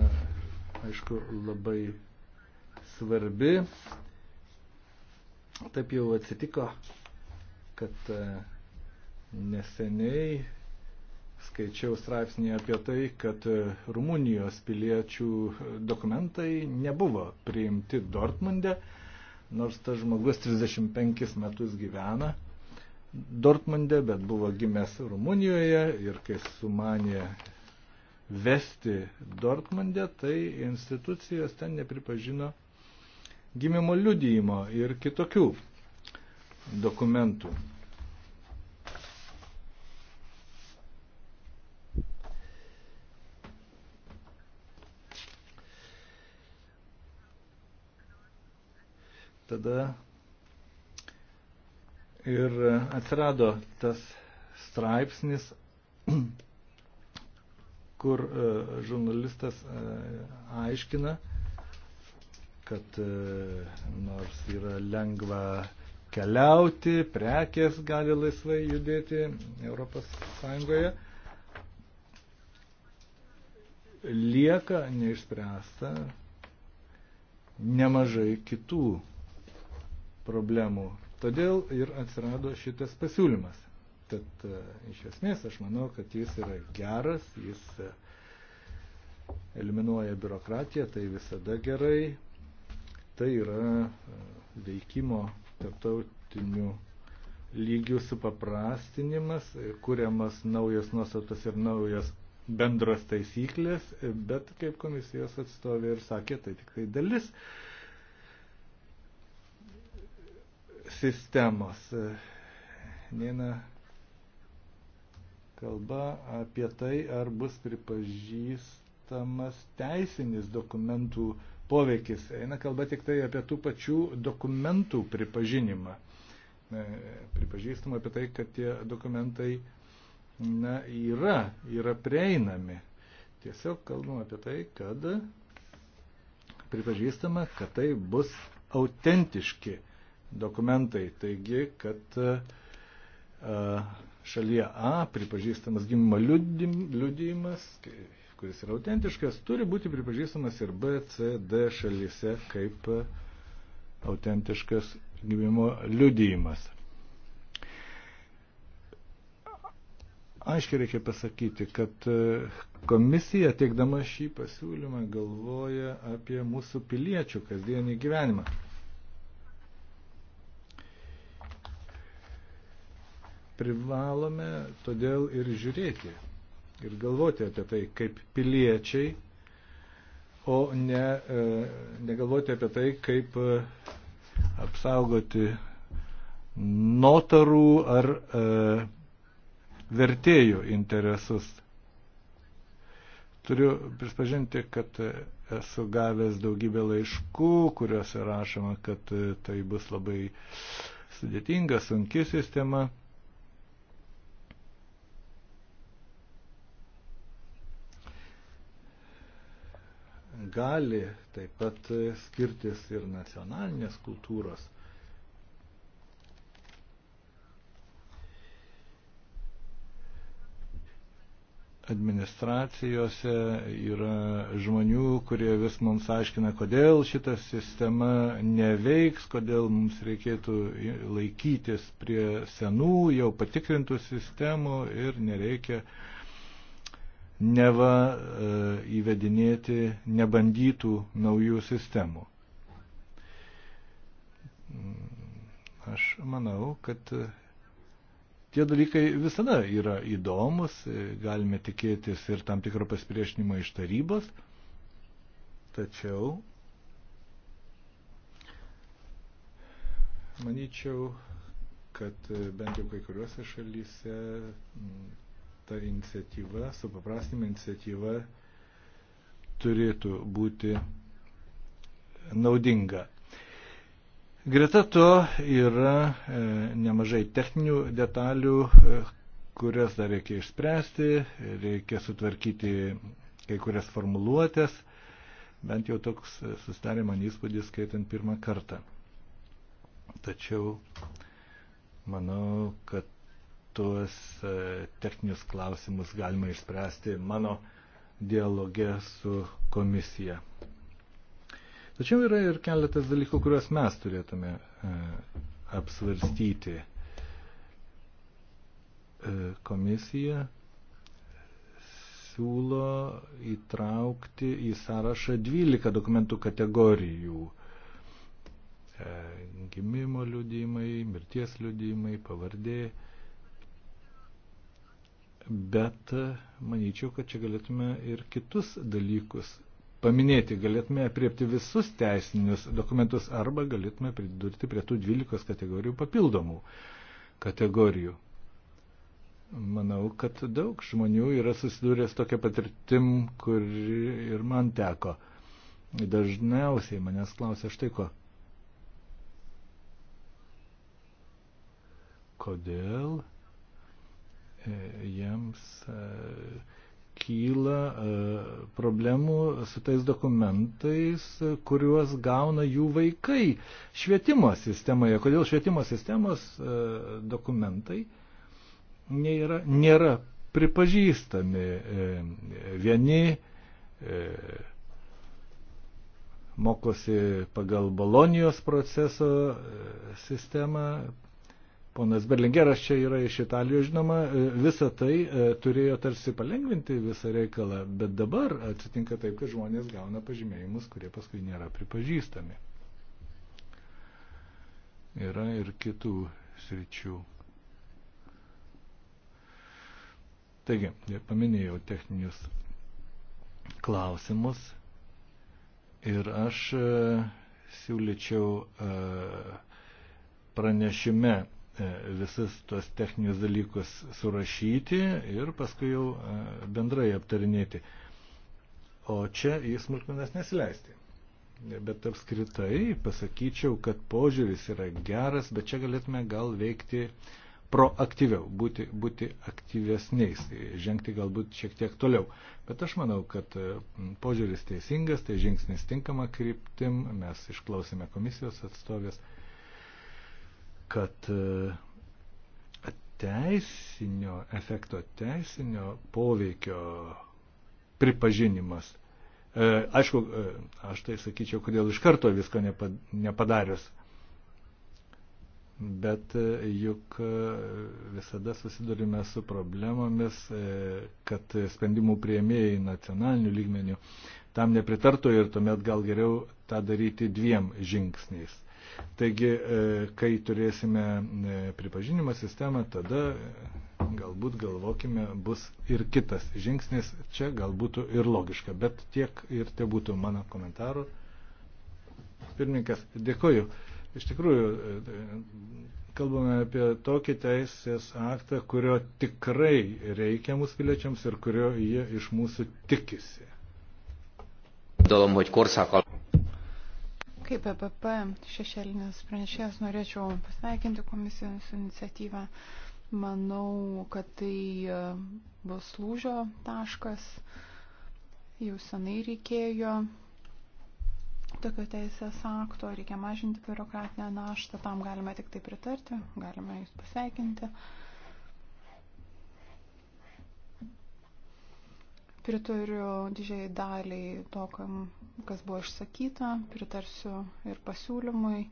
aišku, labai svarbi. Taip jau atsitiko, kad e, neseniai skaičiau straipsnį apie tai, kad e, Rumunijos piliečių dokumentai nebuvo priimti Dortmunde. E nors tas žmogus 35 metus gyvena Dortmunde, bet buvo gimęs Rumunijoje ir kai sumanė vesti Dortmunde, tai institucijos ten nepripažino gimimo liudijimo ir kitokių dokumentų. tada ir atsirado tas straipsnis, kur e, žurnalistas e, aiškina, kad e, nors yra lengva keliauti, prekės gali laisvai judėti Europos Sąjungoje, lieka neišspręsta nemažai kitų problemų. Todėl ir atsirado šitas pasiūlymas. Tad e, iš esmės aš manau, kad jis yra geras, jis e, eliminuoja biurokratiją, tai visada gerai. Tai yra e, veikimo tarptautinių lygių supaprastinimas, kuriamas naujas nuostatas ir naujas bendros taisyklės, bet kaip komisijos atstovė ir sakė, tai tik tai dalis sistemos. Nina kalba apie tai, ar bus pripažįstamas teisinis dokumentų poveikis. Eina kalba tik tai apie tų pačių dokumentų pripažinimą. E, pripažįstama apie tai, kad tie dokumentai na, yra, yra prieinami. Tiesiog kalbam apie tai, kad pripažįstama, kad tai bus autentiški dokumentai. Taigi, kad e, e, šalyje A pripažįstamas gimimo liudijimas, kuris yra autentiškas, turi būti pripažįstamas ir B, C, D šalyse kaip e, autentiškas gimimo liudijimas. Aiškiai reikia pasakyti, kad komisija teikdama šį pasiūlymą galvoja apie mūsų piliečių kasdienį gyvenimą. Privalome todėl ir žiūrėti ir galvoti apie tai kaip piliečiai, o ne, e, negalvoti apie tai, kaip e, apsaugoti notarų ar e, vertėjų interesus. Turiu prispažinti, kad e, esu gavęs daugybę laiškų, kuriuose rašoma, kad tai bus labai sudėtinga, sunki sistema. gali taip pat skirtis ir nacionalinės kultūros. Administracijose yra žmonių, kurie vis mums aiškina, kodėl šita sistema neveiks, kodėl mums reikėtų laikytis prie senų, jau patikrintų sistemų ir nereikia uh, neva e, įvedinėti nebandytų naujų sistemų. Aš manau, kad e, tie dalykai visada yra įdomus, e, galime tikėtis ir tam tikro pasipriešinimo iš tarybos, tačiau, manyčiau, kad bent jau kai kuriuose šalyse ta iniciatyva, supaprastinimo iniciatyva turėtų būti naudinga. Greta to yra e, nemažai techninių detalių, e, kurias dar reikia išspręsti, reikia sutvarkyti kai kurias formuluotės, bent jau toks e, susidarė man įspūdis skaitant pirmą kartą. Tačiau manau, kad tuos e, techninius klausimus galima išspręsti mano dialoge su komisija. Tačiau yra ir keletas dalykų, kuriuos mes turėtume e, apsvarstyti. E, komisija siūlo įtraukti į sąrašą 12 dokumentų kategorijų. Gimimo liudymai, mirties liudymai, pavardė, bet e, manyčiau, kad čia galėtume ir kitus dalykus paminėti, galėtume apriepti visus teisinius dokumentus arba galėtume pridurti prie tų 12 kategorijų papildomų kategorijų. Manau, kad daug žmonių yra susidūręs tokia patirtim, kur ir man teko. Dažniausiai manęs klausia štai ko. Kodėl E, jiems e, kyla e, problemų su tais dokumentais, kuriuos gauna jų vaikai švietimo sistemoje. Kodėl švietimo sistemos dokumentai nėra, nėra pripažįstami vieni mokosi pagal Bolonijos proceso sistemą, Ponas Berlingeras čia yra iš Italijos žinoma, e, visa tai e, turėjo tarsi palengvinti visą reikalą, bet dabar atsitinka taip, kad žmonės gauna pažymėjimus, kurie paskui nėra pripažįstami. Yra ir kitų sričių. Taigi, paminėjau techninius klausimus ir aš e, siūlyčiau pranešime E, visus tuos techninius dalykus surašyti ir paskui jau e, bendrai aptarinėti. O čia į smulkmenas nesileisti. Bet apskritai pasakyčiau, kad požiūris yra geras, bet čia galėtume gal veikti proaktyviau, būti, būti aktyvesniais, tai žengti galbūt šiek tiek toliau. Bet aš manau, kad e, požiūris teisingas, tai žingsnis tinkama kryptim, mes išklausėme komisijos atstovės kad e, teisinio efekto, teisinio poveikio pripažinimas. E, aišku, e, aš tai sakyčiau, kodėl iš karto visko nepadarius. Bet juk visada susidurime su problemomis, kad sprendimų prieimėjai nacionalinių lygmenių tam nepritartų ir tuomet gal geriau tą daryti dviem žingsniais. Taigi, e, kai turėsime e, pripažinimo sistemą, tada e, galbūt galvokime, bus ir kitas žingsnis. Čia galbūt ir logiška, bet tiek ir tai būtų mano komentarų. Pirmininkas, dėkoju. Iš tikrųjų, kalbame apie tokį teisės aktą, kurio tikrai reikia mūsų piliečiams ir kurio jie iš mūsų tikisi. Dalom, hogy korszak Kaip EPP šešėlinis pranešėjas norėčiau pasveikinti komisijos iniciatyvą. Manau, kad tai e, bus lūžio taškas. Jau senai reikėjo tokio teisės akto, reikia mažinti biurokratinę naštą, tam galime tik tai pritarti, galime jūs pasveikinti. Uh, Pritariu didžiai daliai to, kas buvo išsakyta, pritarsiu ir pasiūlymui.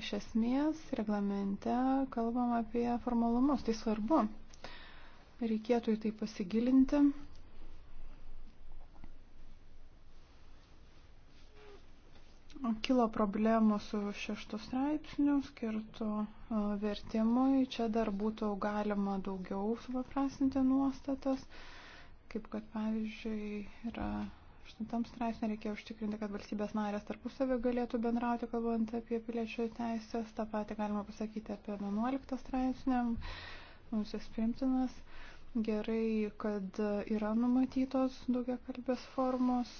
Iš esmės, reglamente kalbam apie formalumus, tai svarbu. Reikėtų į tai pasigilinti. Kilo problemų su šeštu straipsniu skirtu vertimui. Čia dar būtų galima daugiau supaprastinti nuostatas. Uh, kaip kad pavyzdžiui yra 8 straipsnė reikėjo užtikrinti, kad valstybės narės tarpusavio galėtų bendrauti, kalbant apie piliečių teisės. Ta pati galima pasakyti apie 11 straipsnį, mums jis primtinas. Gerai, kad yra numatytos daugia kalbės formos,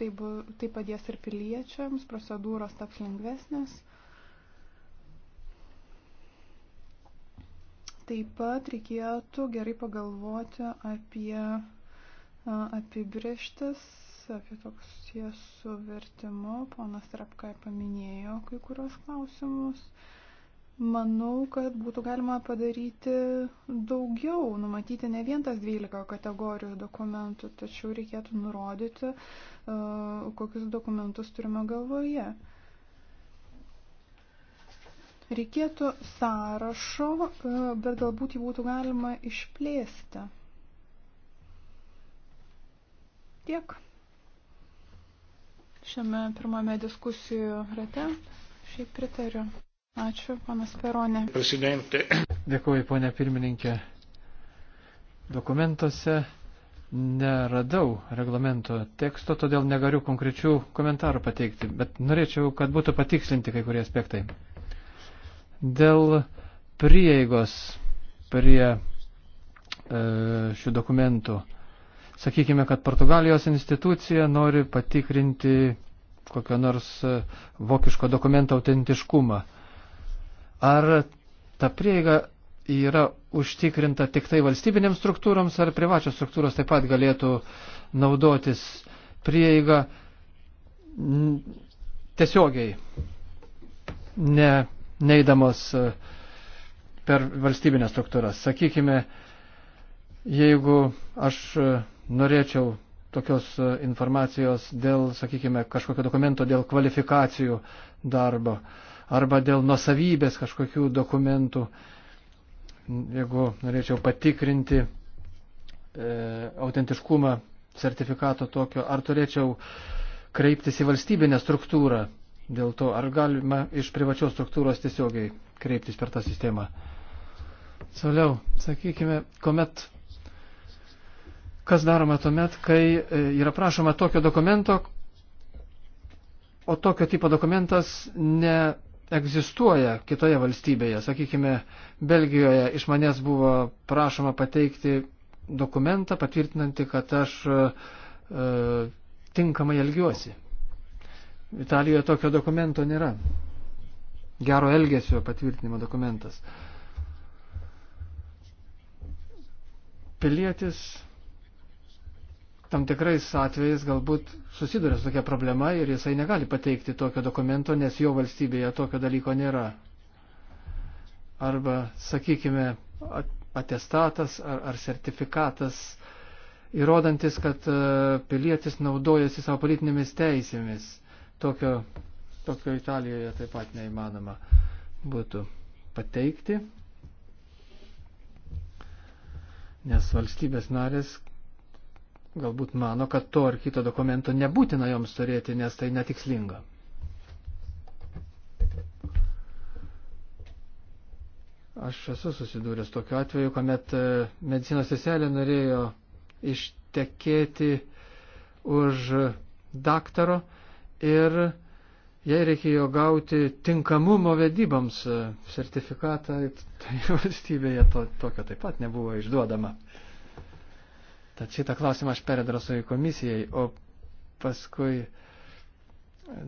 tai, bu, tai padės ir piliečiams, procedūros taps lengvesnės. Taip pat reikėtų gerai pagalvoti apie apibrieštis, apie toks ties su vertimu. Ponas Rapkai paminėjo kai kurios klausimus. Manau, kad būtų galima padaryti daugiau, numatyti ne vien tas 12 kategorijų dokumentų, tačiau reikėtų nurodyti, kokius dokumentus turime galvoje. Reikėtų sąrašo, bet galbūt jį būtų galima išplėsti. Tiek šiame pirmame diskusijų rate. Šiaip pritariu. Ačiū, panas Peronė. Presidente. Dėkuoju, ponė pirmininkė. Dokumentuose neradau reglamento teksto, todėl negaliu konkrečių komentarų pateikti, bet norėčiau, kad būtų patikslinti kai kurie aspektai. Dėl prieigos prie e, šių dokumentų. E, Sakykime, kad Portugalijos institucija nori patikrinti kokio nors e, vokiško dokumento autentiškumą. Ar ta prieiga yra užtikrinta tik tai valstybinėms struktūroms, ar privačios struktūros taip pat galėtų naudotis prieiga tiesiogiai, ne, neįdamos e, per valstybinės struktūras. Sakykime, jeigu aš e, norėčiau tokios e, informacijos dėl, sakykime, kažkokio dokumento, dėl kvalifikacijų darbo arba dėl nusavybės kažkokių dokumentų, jeigu norėčiau patikrinti e, autentiškumą sertifikato tokio, ar turėčiau kreiptis į valstybinę struktūrą dėl to, ar galima iš privačios struktūros tiesiogiai kreiptis per tą sistemą. Toliau, sakykime, kuomet kas daroma tuomet, kai e, yra prašoma tokio dokumento, o tokio tipo dokumentas neegzistuoja kitoje valstybėje. Sakykime, Belgijoje iš manęs buvo prašoma pateikti dokumentą patvirtinantį, kad aš e, e tinkamai elgiuosi. Italijoje tokio dokumento nėra. Gero elgesio patvirtinimo dokumentas. Pilietis tam tikrais atvejais galbūt susiduria su tokia problema ir jisai negali pateikti tokio dokumento, nes jo valstybėje tokio dalyko nėra. Arba, sakykime, atestatas ar, ar sertifikatas, įrodantis, kad e, pilietis naudojasi savo politinėmis teisėmis. Tokio, tokio Italijoje taip pat neįmanoma būtų pateikti, nes valstybės narės galbūt mano, kad to ar kito dokumento nebūtina joms turėti, nes tai netikslinga. Aš esu susidūręs tokiu atveju, kuomet e, medicinos seselė norėjo ištekėti už daktaro ir jai reikėjo gauti tinkamumo vedybams e, sertifikatą, tai valstybėje to, tokio taip pat nebuvo išduodama. Tad šitą klausimą aš peredrasuoju komisijai, o paskui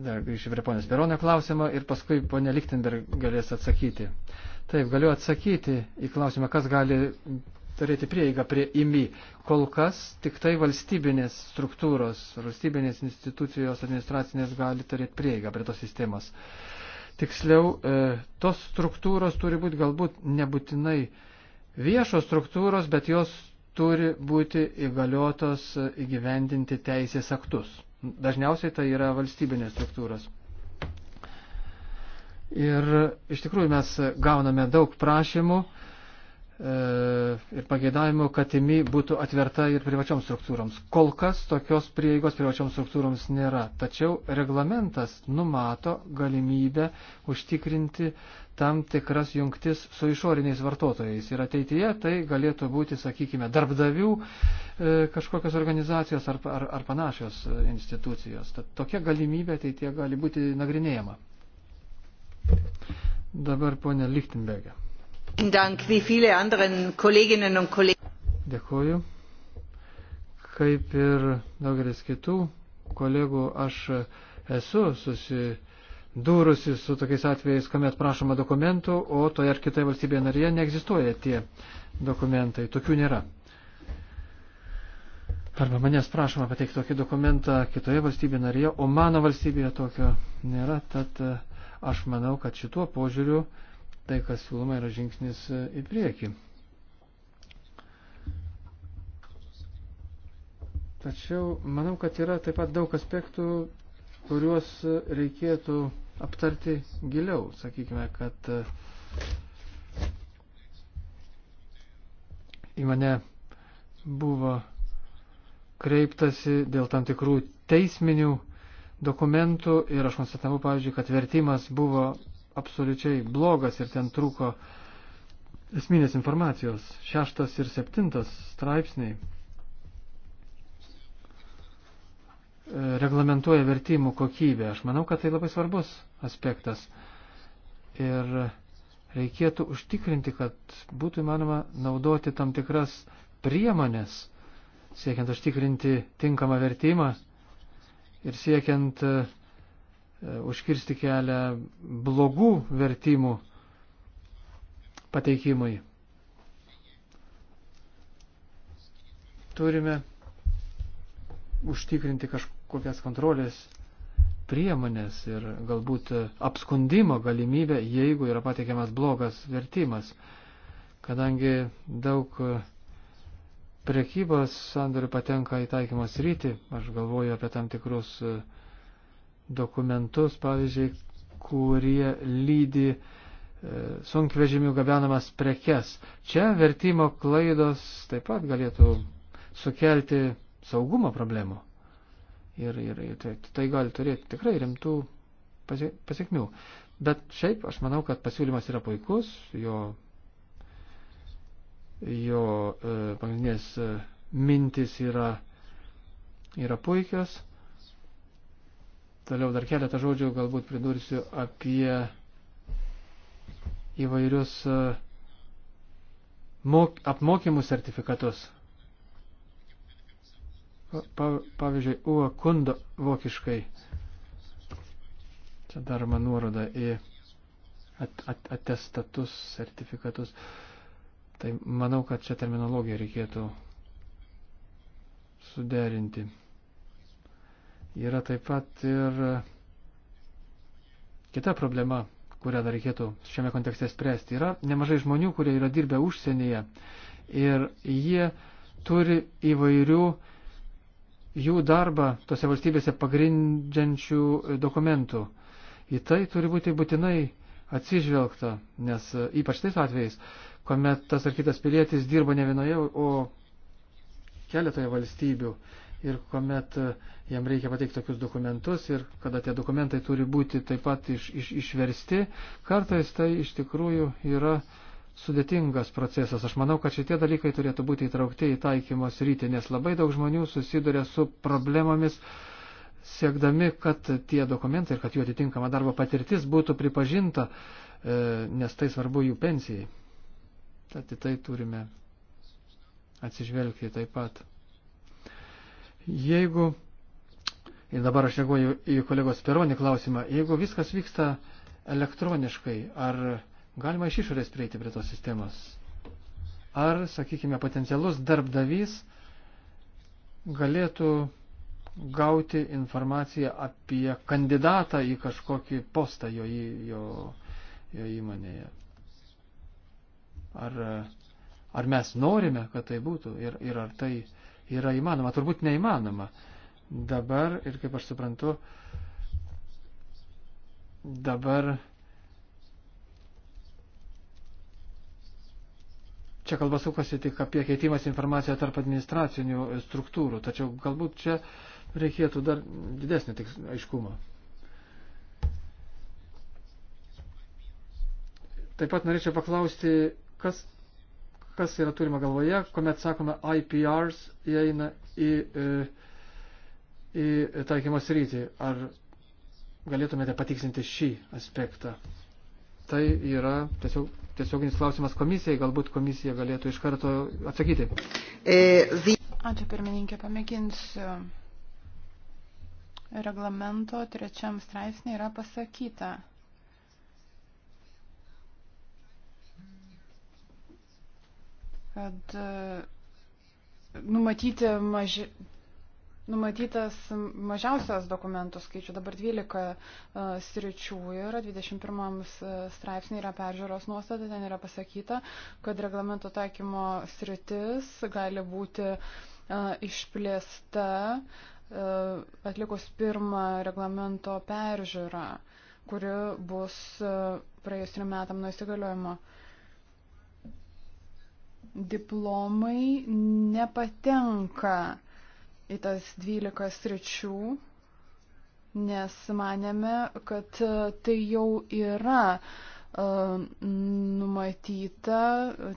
dar grįšiu prie ponios Beronio klausimo ir paskui ponė Lichtenberg galės atsakyti. Taip, galiu atsakyti į klausimą, kas gali turėti prieigą prie IMI. Kol kas tik tai valstybinės struktūros, valstybinės institucijos administracinės gali turėti prieigą prie tos sistemos. Tiksliau, e, tos struktūros turi būti galbūt nebūtinai viešos struktūros, bet jos turi būti įgaliotos įgyvendinti teisės aktus. Dažniausiai tai yra valstybinės struktūros. Ir iš tikrųjų mes gauname daug prašymų E, ir pageidavimo, kad IMI būtų atverta ir privačioms struktūroms. Kol kas tokios prieigos privačioms struktūroms nėra, tačiau reglamentas numato galimybę užtikrinti tam tikras jungtis su išoriniais vartotojais. Ir ateityje tai galėtų būti, sakykime, darbdavių e, kažkokios organizacijos ar, ar, ar panašios e, institucijos. Tad tokia galimybė ateityje gali būti nagrinėjama. Dabar ponė Lichtenberger. Dėkuoju. Kaip ir daugelis kitų kolegų, aš esu susidūrusi su tokiais atvejais, kuomet prašoma dokumentų, o toje ar kitoje valstybėje narėje neegzistuoja tie dokumentai. Tokių nėra. Arba manęs prašoma pateikti tokį dokumentą kitoje valstybėje narėje, o mano valstybėje tokio nėra. Tad e, aš manau, kad šituo požiūriu uh, tai, kas siūloma, yra žingsnis e, į priekį. Tačiau manau, kad yra taip pat daug aspektų, kuriuos reikėtų aptarti giliau. Sakykime, kad e, į mane buvo kreiptasi dėl tam tikrų teisminių dokumentų ir aš konstatavau, pavyzdžiui, kad vertimas buvo absoliučiai blogas ir ten trūko esminės informacijos. Šeštas ir septintas straipsniai e, reglamentuoja vertimų kokybę. Aš manau, kad tai labai svarbus aspektas. Ir reikėtų užtikrinti, kad būtų įmanoma naudoti tam tikras priemonės, siekiant užtikrinti tinkamą vertimą ir siekiant e, užkirsti kelią blogų vertimų pateikimui. Turime užtikrinti kažkokias kontrolės priemonės ir galbūt apskundimo galimybę, jeigu yra pateikiamas blogas vertimas. Kadangi daug prekybos sandorių patenka į taikymos rytį, aš galvoju apie tam tikrus uh, dokumentus, pavyzdžiui, kurie lydi e, sunkvežimių gabenamas prekes. Čia vertimo klaidos taip pat galėtų sukelti saugumo problemų. Ir, ir, ir tai, tai gali turėti tikrai rimtų pasiekmių. Bet šiaip aš manau, kad pasiūlymas yra puikus, jo, jo e, pagrindinės e, mintis yra, yra puikios. Toliau dar keletą žodžių galbūt pridursiu apie įvairius e, mok, apmokymų sertifikatus. Pa, pavyzdžiui, UA kundo vokiškai. Čia daroma nuoroda į at, at, atestatus, sertifikatus. Tai manau, kad čia terminologiją reikėtų suderinti yra taip pat ir kita problema, kurią dar reikėtų šiame kontekste spręsti. Yra nemažai žmonių, kurie yra dirbę užsienyje ir jie turi įvairių jų darbą tose valstybėse pagrindžiančių dokumentų. Į tai turi būti būtinai atsižvelgta, nes ypač tais atvejais, kuomet tas ar kitas pilietis dirba ne vienoje, o keletoje valstybių ir kuomet e, jam reikia pateikti tokius dokumentus ir kada tie dokumentai turi būti taip pat iš, iš, išversti, kartais tai iš tikrųjų yra sudėtingas procesas. Aš manau, kad šitie dalykai turėtų būti įtraukti į taikymos rytį, nes labai daug žmonių susiduria su problemomis, siekdami, kad tie dokumentai ir kad jų atitinkama darbo patirtis būtų pripažinta, e, nes tai svarbu jų pensijai. Tad į tai turime atsižvelgti taip pat. Jeigu, ir dabar aš reaguoju į kolegos Peronį klausimą, jeigu viskas vyksta elektroniškai, ar galima iš išorės prieiti prie tos sistemos? Ar, sakykime, potencialus darbdavys galėtų gauti informaciją apie kandidatą į kažkokį postą jo, jo, jo įmonėje. Ar, ar mes norime, kad tai būtų ir, ir ar tai yra įmanoma, turbūt neįmanoma. Dabar, ir kaip aš suprantu, dabar čia kalba sukasi tik apie keitimas informaciją tarp administracinių struktūrų, tačiau galbūt čia reikėtų dar didesnį tiks, aiškumą. Taip pat norėčiau paklausti, kas kas yra turima galvoje, kuomet sakome IPRs įeina į, e, į, į taikymos rytį. Ar galėtumėte patiksinti šį aspektą? Tai yra tiesiog, tiesioginis klausimas komisijai, galbūt komisija galėtų iš karto atsakyti. E, Ačiū pirmininkė, pamėginsiu. Reglamento trečiam straipsnė yra pasakyta, kad e, numatyti maži, numatytas mažiausias dokumentų skaičių, dabar 12 e, sričių yra, 21 e, straipsnė yra peržiūros nuostata, ten yra pasakyta, kad reglamento taikymo sritis gali būti išplėsta atlikus pirmą reglamento peržiūrą, kuri bus praėjus trim metam nuo įsigaliojimo. Uh, diplomai nepatenka į tas 12 sričių, nes manėme, kad tai jau yra e, numatyta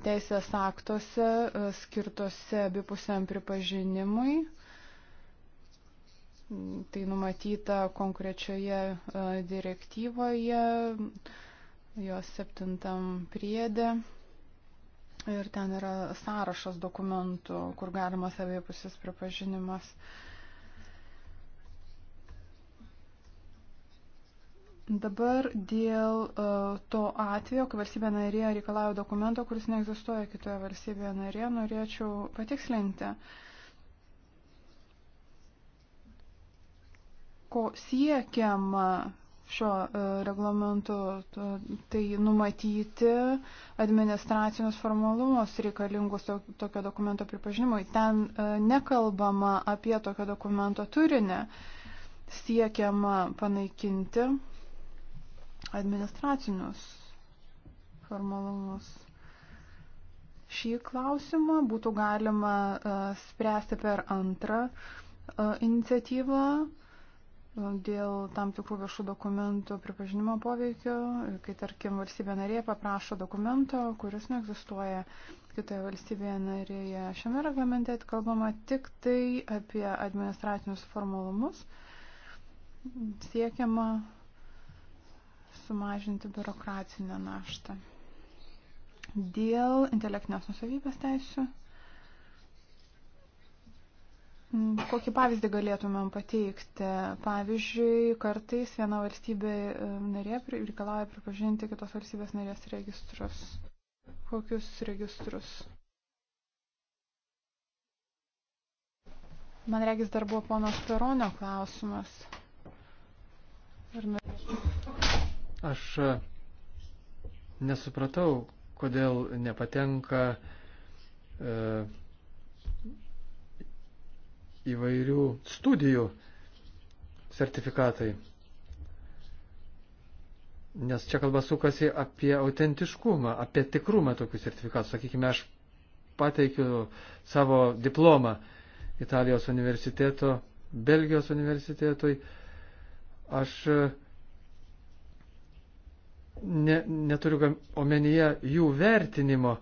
teisės aktuose e, skirtose abipusiam pripažinimui. Tai numatyta konkrečioje e, direktyvoje, jos septintam priedė. Ir ten yra sąrašas dokumentų, kur galimas abipusis pripažinimas. Dabar dėl uh, to atvejo, kai valstybė narė reikalauja dokumento, kuris neegzistuoja kitoje valstybėje narė, norėčiau patikslinti, ko siekiama šio e, reglamentu, tai numatyti administracinius formalumus reikalingus tokio dokumento pripažinimui. Ten e, nekalbama apie tokio dokumento turinį, siekiama panaikinti administracinius formalumus. Šį klausimą būtų galima e, spręsti per antrą iniciatyvą dėl tam tikrų viešų dokumentų pripažinimo poveikio, kai tarkim valstybė narė paprašo dokumento, kuris neegzistuoja kitoje valstybėje narėje. Šiame reglamente kalbama tik tai apie administracinius formalumus. Siekiama sumažinti biurokratinę naštą. Dėl intelektinės nusavybės teisų Mm, kokį pavyzdį galėtumėm pateikti? Pavyzdžiui, kartais viena valstybė e, narė reikalauja pripažinti kitos valstybės narės registrus. Kokius registrus? Man regis dar buvo ponos Peronio klausimas. Ir Aš e, nesupratau, kodėl nepatenka e, įvairių studijų sertifikatai. Nes čia kalba sukasi apie autentiškumą, apie tikrumą tokių sertifikatų. Sakykime, aš pateikiu savo diplomą Italijos universiteto, Belgijos universitetui. Aš e, ne, neturiu omenyje jų vertinimo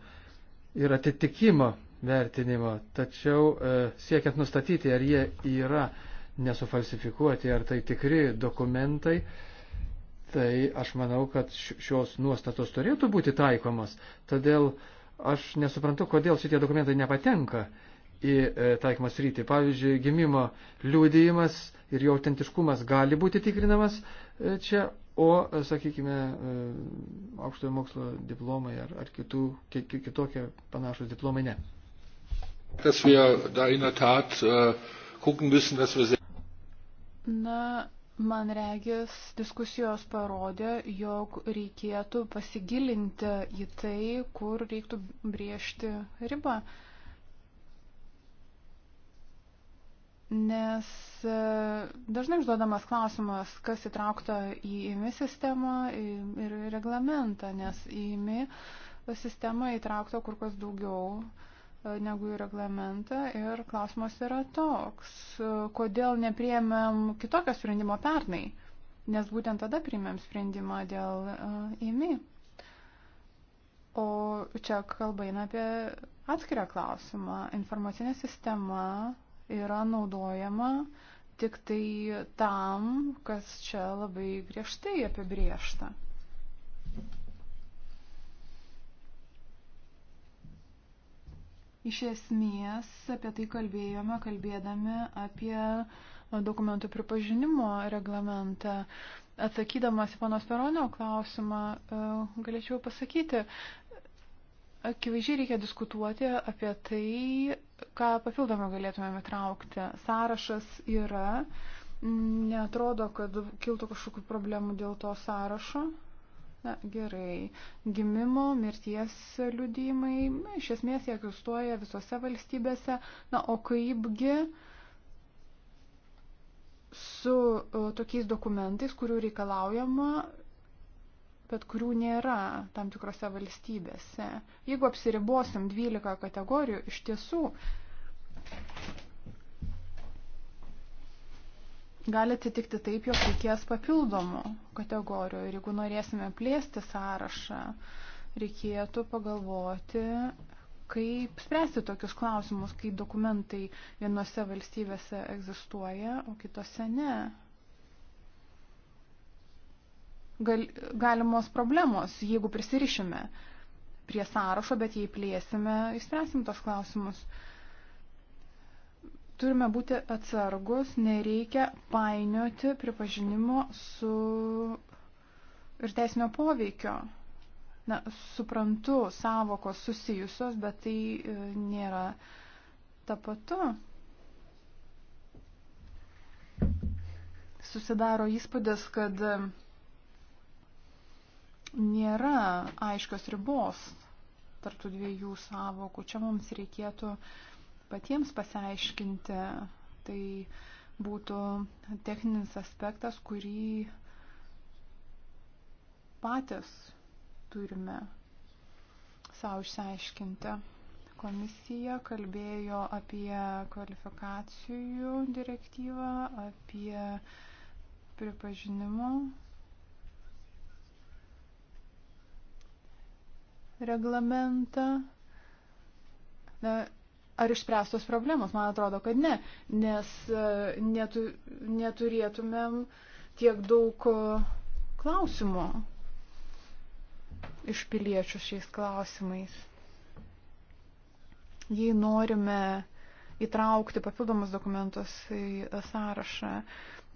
ir atitikimo vertinimo. Tačiau e, siekiant nustatyti, ar jie yra nesufalsifikuoti, ar tai tikri dokumentai, tai aš manau, kad šios nuostatos turėtų būti taikomas. Todėl aš nesuprantu, kodėl šitie dokumentai nepatenka į e, taikymas rytį. Pavyzdžiui, gimimo liūdėjimas ir jo autentiškumas gali būti tikrinamas e, čia, o, sakykime, aukštojo mokslo diplomai ar, ar kitų, kitokie panašus diplomai ne. Äh, Na, man regis, diskusijos parodė, jog reikėtų pasigilinti į tai, kur reiktų briežti ribą. Nes e, dažnai užduodamas klausimas, kas įtraukta į IMI sistemą ir reglamentą, nes į IMI sistemą įtraukta kur kas daugiau E, negu į reglamentą ir klausimas yra toks, e, kodėl nepriemėm kitokio sprendimo pernai, nes būtent tada priėmėm sprendimą dėl įmi. E, o čia kalba eina apie atskirą klausimą. Informacinė sistema yra naudojama tik tai tam, kas čia labai griežtai apibriešta. Iš esmės apie tai kalbėjome, kalbėdami apie dokumentų pripažinimo reglamentą. Atsakydamas į panos Peronio klausimą, e, galėčiau pasakyti, akivaizdžiai reikia diskutuoti apie tai, ką papildomai galėtumėme traukti. Sąrašas yra, netrodo, kad kiltų kažkokių problemų dėl to sąrašo. Na gerai, gimimo, mirties liudymai, na, iš esmės jie egzistuoja visose valstybėse. Na o kaipgi su o, tokiais dokumentais, kurių reikalaujama, bet kurių nėra tam tikrose valstybėse. Jeigu apsiribosim 12 kategorijų, iš tiesų gali atsitikti taip, jog reikės papildomų kategorijų ir jeigu norėsime plėsti sąrašą, reikėtų pagalvoti, kaip spręsti tokius klausimus, kai dokumentai vienose valstybėse egzistuoja, o kitose ne. Gal, galimos problemos, jeigu prisirišime prie sąrašo, bet jei plėsime, išspręsim tos klausimus. Uh, turime būti atsargus, nereikia painioti pripažinimo su ir teisinio poveikio. Na, suprantu savokos susijusios, bet tai e, nėra tapatu. Susidaro įspūdis, kad e, nėra aiškios ribos tarptų dviejų savokų. Čia mums reikėtų uh, patiems pasiaiškinti. Tai būtų techninis aspektas, kurį patys turime savo išsiaiškinti. Komisija kalbėjo apie kvalifikacijų direktyvą, apie pripažinimo reglamentą. Na, ar išspręstos problemos? Man atrodo, kad ne, nes e, netu, neturėtumėm tiek daug e, klausimų iš piliečių šiais klausimais. Jei norime įtraukti papildomus dokumentus į sąrašą,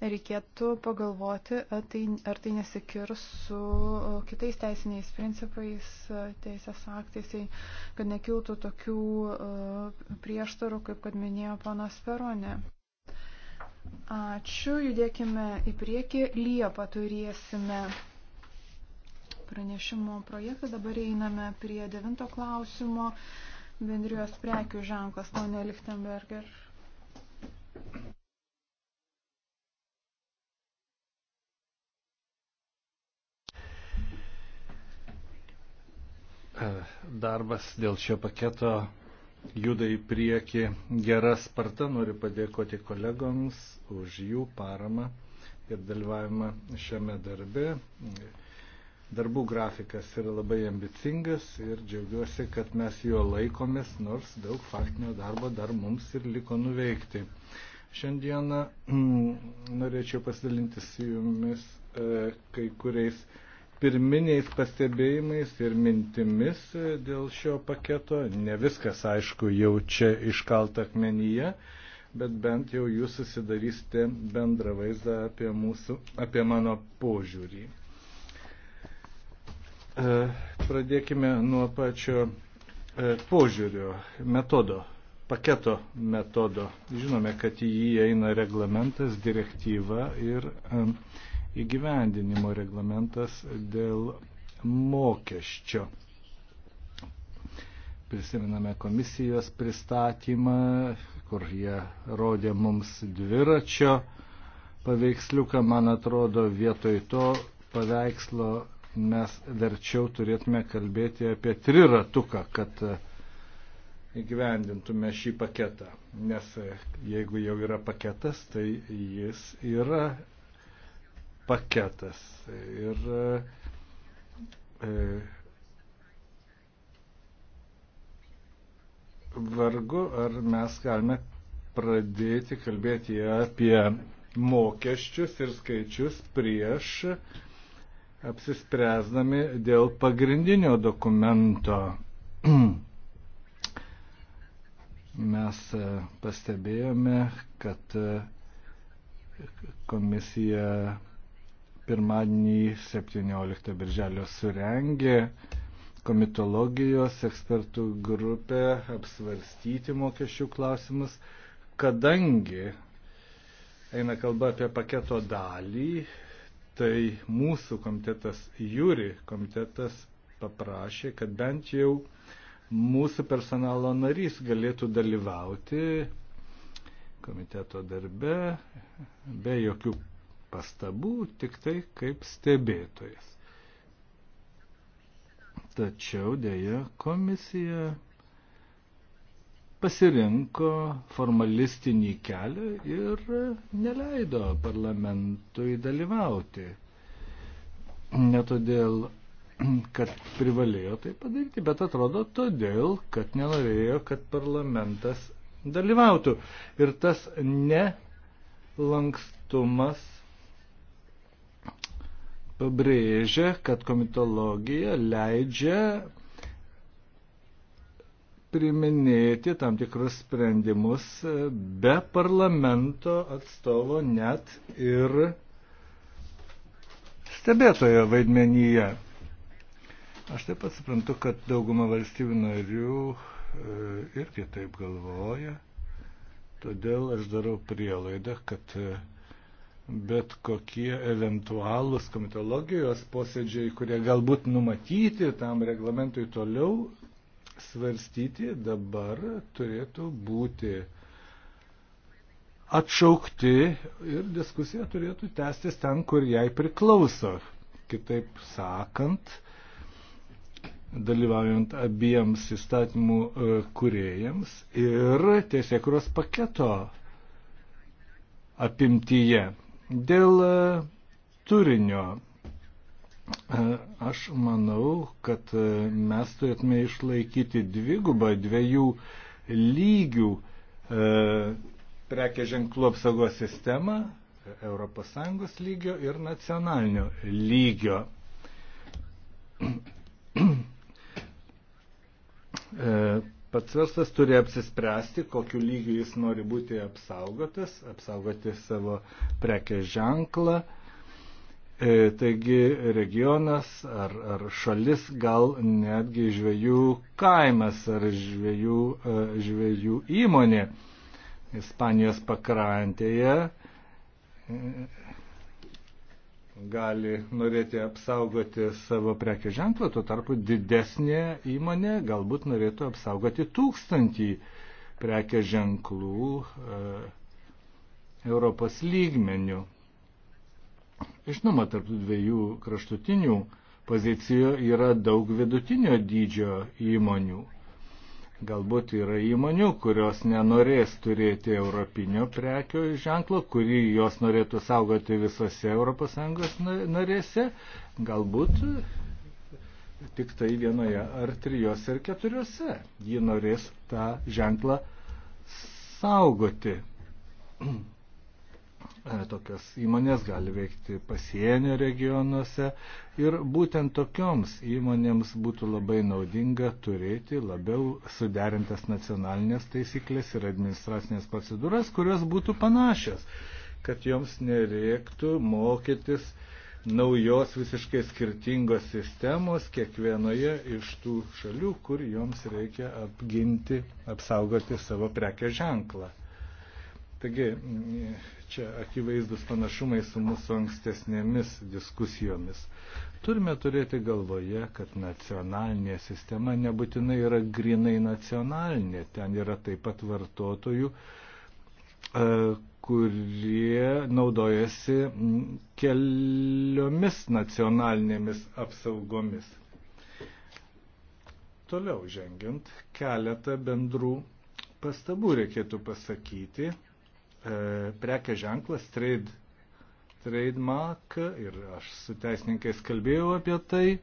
reikėtų pagalvoti, ar tai, ar tai nesikirs su kitais teisiniais principais, teisės aktais, tai kad nekiltų tokių prieštarų, kaip kad minėjo panas Peronė. Ačiū, judėkime į priekį. Liepą turėsime pranešimo projektą. Dabar einame prie devinto klausimo. Bendrijos prekių ženklas, ponė Lichtenberger. Thank you. Darbas dėl šio paketo juda į priekį gerą spartą. Noriu padėkoti kolegoms už jų paramą ir dalyvavimą šiame darbe. Darbų grafikas yra labai ambicingas ir džiaugiuosi, kad mes jo laikomės, nors daug faktinio darbo dar mums ir liko nuveikti. Šiandieną mm, norėčiau pasidalinti su jumis e, kai kuriais pirminiais pastebėjimais ir mintimis dėl šio paketo. Ne viskas, aišku, jau čia iškalta akmenyje, bet bent jau jūs susidarysite bendrą vaizdą apie, mūsų, apie mano požiūrį. E, pradėkime nuo pačio e, požiūrio, metodo, paketo metodo. Žinome, kad į jį eina reglamentas, direktyva ir um, įgyvendinimo reglamentas dėl mokesčio. Prisiminame komisijos pristatymą, kur jie rodė mums dviračio paveiksliuką, man atrodo, vietoj to paveikslo mes verčiau turėtume kalbėti apie triratuką, kad įgyvendintume šį paketą. Nes jeigu jau yra paketas, tai jis yra paketas. Ir e, e, vargu, ar mes galime pradėti kalbėti apie mokesčius ir skaičius prieš apsispręsdami dėl pagrindinio dokumento. Mes e, pastebėjome, kad komisija pirmadienį 17 birželio surengė komitologijos ekspertų grupę apsvarstyti mokesčių klausimus, kadangi eina kalba apie paketo dalį, tai mūsų komitetas, jūri komitetas paprašė, kad bent jau mūsų personalo narys galėtų dalyvauti komiteto darbe be jokių pastabų, tik tai kaip stebėtojas. Tačiau dėja komisija pasirinko formalistinį kelią ir neleido parlamentui dalyvauti. Ne todėl, kad privalėjo tai padaryti, bet atrodo todėl, kad nenorėjo, kad parlamentas dalyvautų. Ir tas nelankstumas pabrėžia, kad komitologija leidžia priminėti tam tikrus sprendimus e, be parlamento atstovo net ir stebėtojo vaidmenyje. Aš taip pat suprantu, kad dauguma valstybių narių e, irgi taip galvoja, todėl aš darau prielaidą, kad e, bet kokie eventualūs komitologijos posėdžiai, kurie galbūt numatyti tam reglamentui toliau svarstyti, dabar turėtų būti atšaukti ir diskusija turėtų tęstis ten, kur jai priklauso. Kitaip sakant, dalyvaujant abiems įstatymų e, kuriejams ir tiesiekuros paketo apimtyje. Dėl e, turinio e, aš manau, kad e, mes turėtume išlaikyti dvigubą dviejų lygių prekė ženklų apsaugos sistemą ES lygio ir nacionalinio lygio. Pats verslas turi apsispręsti, kokiu lygiu jis nori būti apsaugotas, apsaugoti savo prekės ženklą. E, taigi regionas ar, ar šalis, gal netgi žvėjų kaimas ar žvėjų, e, žvėjų įmonė Ispanijos pakrantėje e, gali norėti apsaugoti savo prekių ženklą, tuo tarpu didesnė įmonė galbūt norėtų apsaugoti tūkstantį prekių ženklų e, Europos lygmenių. Žinoma, tarp dviejų kraštutinių pozicijų yra daug vidutinio dydžio įmonių. Galbūt yra įmonių, kurios nenorės turėti europinio prekio ženklo, kurį jos norėtų saugoti visose ES narėse. Galbūt tik tai vienoje ar trijose ar keturiose. Ji norės tą ženklą saugoti. E, tokios įmonės gali veikti pasienio regionuose ir būtent tokioms įmonėms būtų labai naudinga turėti labiau suderintas nacionalinės taisyklės ir administracinės procedūras, kurios būtų panašios, kad joms nereiktų mokytis naujos visiškai skirtingos sistemos kiekvienoje iš tų šalių, kur joms reikia apginti, apsaugoti savo prekės ženklą. Taigi, mm, čia akivaizdus panašumai su mūsų ankstesnėmis diskusijomis. Turime turėti galvoje, kad nacionalinė sistema nebūtinai yra grinai nacionalinė. Ten yra taip pat vartotojų, e, kurie naudojasi mm, keliomis nacionalinėmis apsaugomis. Toliau žengiant, keletą bendrų pastabų reikėtų pasakyti E, prekė ženklas trade, trademark ir aš su teisininkais kalbėjau apie tai e,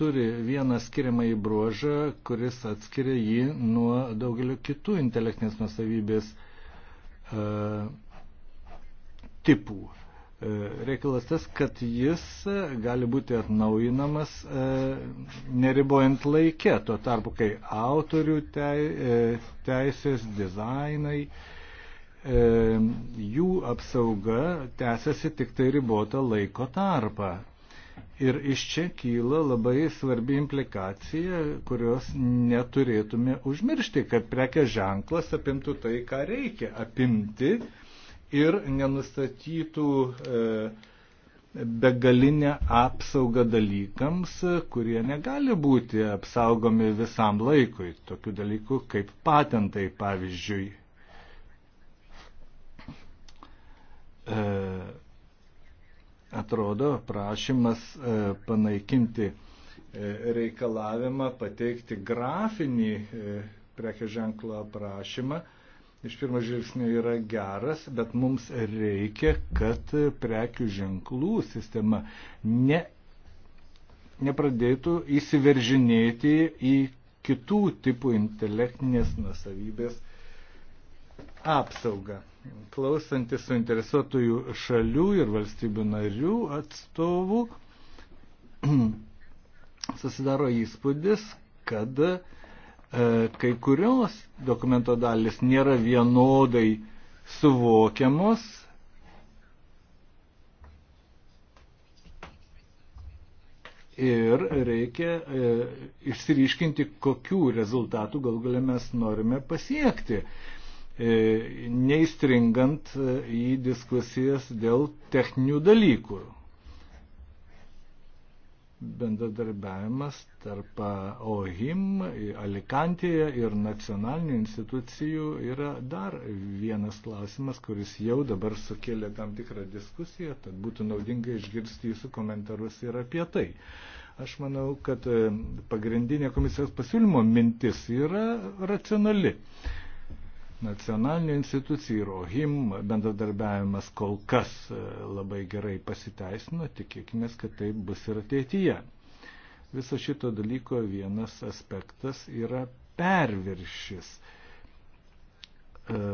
turi vieną skiriamąjį bruožą, kuris atskiria jį nuo daugelio kitų intelektinės nusavybės e, tipų. E, reikalas tas, kad jis e, gali būti atnaujinamas e, neribojant laikę, tuo tarpu, kai autorių teisės, dizainai, jų apsauga tęsiasi tik tai ribotą laiko tarpą. Ir iš čia kyla labai svarbi implikacija, kurios neturėtume užmiršti, kad prekės ženklas apimtų tai, ką reikia apimti, uh, ir nenustatytų e, begalinę apsaugą dalykams, kurie negali būti apsaugomi visam laikui, tokių dalykų kaip patentai, pavyzdžiui. E, atrodo, prašymas e, panaikinti reikalavimą pateikti grafinį prekė ženklo aprašymą iš pirmo žvilgsnio yra geras, bet mums reikia, kad prekių ženklų sistema ne, nepradėtų įsiveržinėti į kitų tipų intelektinės nusavybės apsaugą. Klausantis suinteresuotųjų šalių ir valstybių narių atstovų, susidaro įspūdis, kad uh, E, kai kurios dokumento dalis nėra vienodai suvokiamos. Ir reikia e, išsiriškinti, kokių rezultatų gal galime mes norime pasiekti, e, neįstringant e, į diskusijas dėl techninių dalykų bendradarbiavimas tarp OHIM, Alikantėje ir nacionalinių institucijų yra dar vienas klausimas, kuris jau dabar sukėlė tam tikrą diskusiją, tad būtų naudinga išgirsti jūsų komentarus ir apie tai. Aš manau, kad e, pagrindinė komisijos pasiūlymo mintis yra racionali nacionalinių institucijų ir OHIM bendradarbiavimas kol kas e, labai gerai pasiteisino, tikėkime, kad taip bus ir ateityje. Viso šito dalyko vienas aspektas yra perviršis. E,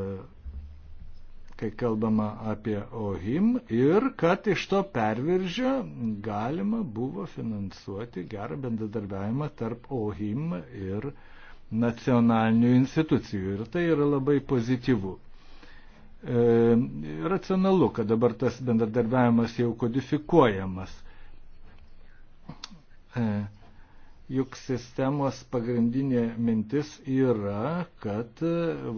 kai kalbama apie OHIM ir kad iš to perviržio galima buvo finansuoti gerą bendradarbiavimą tarp OHIM ir OHIM nacionalinių institucijų. Ir tai yra labai pozityvu. E, racionalu, kad dabar tas bendradarbiavimas jau kodifikuojamas. E, juk sistemos pagrindinė mintis yra, kad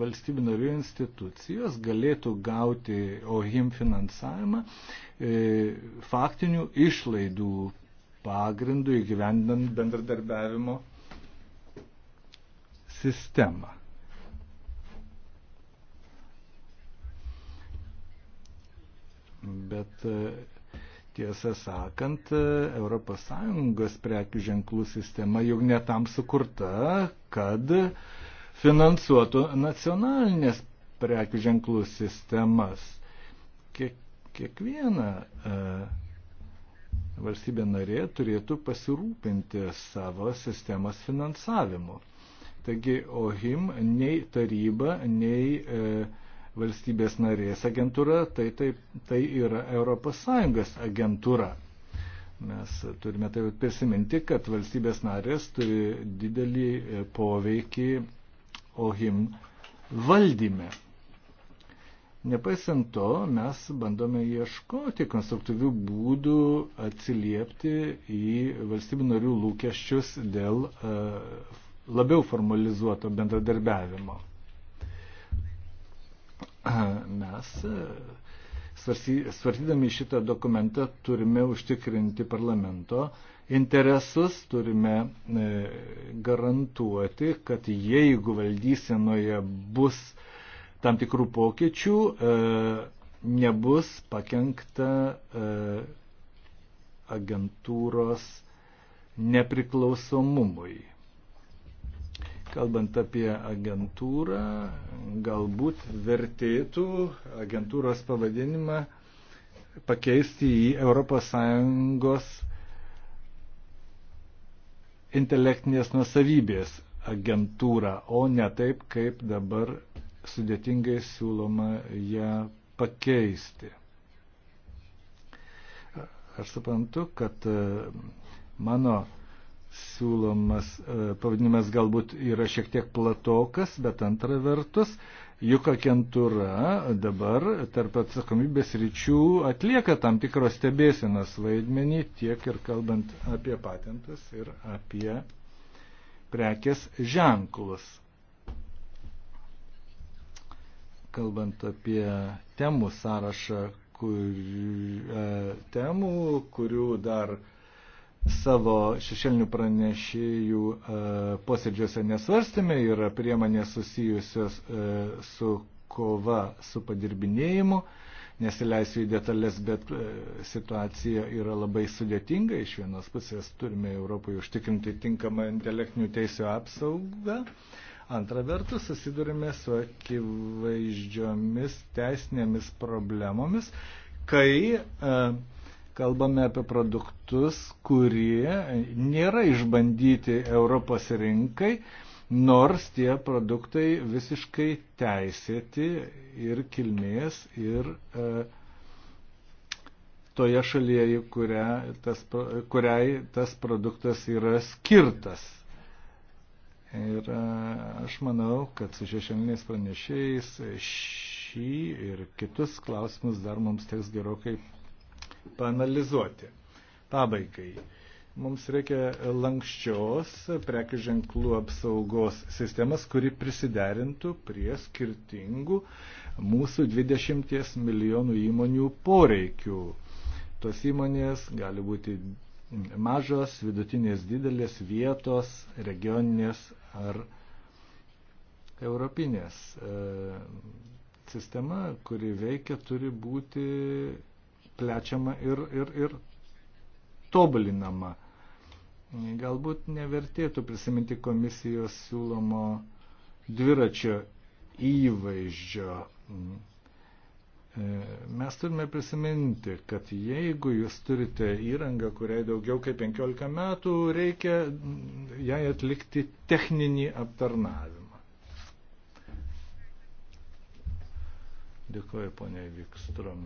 valstybių narių institucijos galėtų gauti OHIM finansavimą e, faktinių išlaidų pagrindų įgyvendinant bendradarbiavimo sistemą. Bet e, tiesą sakant, ES prekių ženklų sistema jau netam sukurta, kad finansuotų nacionalinės prekių ženklų sistemas. Kiek, kiekviena e, valstybė narė turėtų pasirūpinti savo sistemos finansavimu. Taigi OHIM nei taryba, nei e, valstybės narės agentūra, tai, tai, tai yra ES agentūra. Mes turime taip pat prisiminti, kad valstybės narės turi didelį e, poveikį OHIM valdyme. Nepaisant to, mes bandome ieškoti konstruktyvių būdų atsiliepti į valstybių narių lūkesčius dėl uh, labiau formalizuoto bendradarbiavimo. Mes e, svarstydami šitą dokumentą turime užtikrinti parlamento interesus, turime e, garantuoti, kad jeigu valdysenoje bus tam tikrų pokyčių, e, nebus pakengta agentūros nepriklausomumui. Kalbant apie agentūrą, galbūt vertėtų agentūros pavadinimą pakeisti į ES intelektinės nusavybės agentūrą, o ne taip, kaip dabar sudėtingai siūloma ją pakeisti. Aš suprantu, kad e, mano siūlomas e, pavadinimas galbūt yra šiek tiek platokas, bet antra vertus, juk agentūra dabar tarp atsakomybės ryčių atlieka tam tikros stebėsinos vaidmenį, tiek ir kalbant apie patentus ir apie prekės ženklus. Kalbant apie temų sąrašą, kur, e, temų, kurių dar uh, savo šešėlinių pranešėjų e, posėdžiuose nesvarstėme, yra priemonės susijusios e, su kova su padirbinėjimu. Nesileisiu į detalės, bet e, situacija yra labai sudėtinga. Iš vienos pusės turime Europoje užtikrinti tinkamą intelektinių teisų apsaugą. Antra vertus, susidurime su akivaizdžiomis teisinėmis problemomis, kai uh, kalbame apie produktus, kurie nėra išbandyti Europos rinkai, nors tie produktai visiškai teisėti ir kilmės ir e, toje šalyje, kuria tas, kuriai tas produktas yra skirtas. Ir e, aš manau, kad su šešėliniais pranešėjais šį ir kitus klausimus dar mums teks gerokai panalizuoti. Pabaigai. Mums reikia lankščios prekių ženklų apsaugos sistemas, kuri prisiderintų prie skirtingų mūsų 20 milijonų įmonių poreikių. Tos įmonės gali būti mažos, vidutinės didelės vietos, regioninės ar europinės. E, sistema, kuri veikia, turi būti plečiama ir, ir, ir tobulinama. Galbūt nevertėtų prisiminti komisijos siūlomo dviračio įvaizdžio. Mes turime prisiminti, kad jeigu jūs turite įrangą, kuriai daugiau kaip 15 metų, reikia jai atlikti techninį aptarnavimą. Dėkuoju, ponia Vikstrom.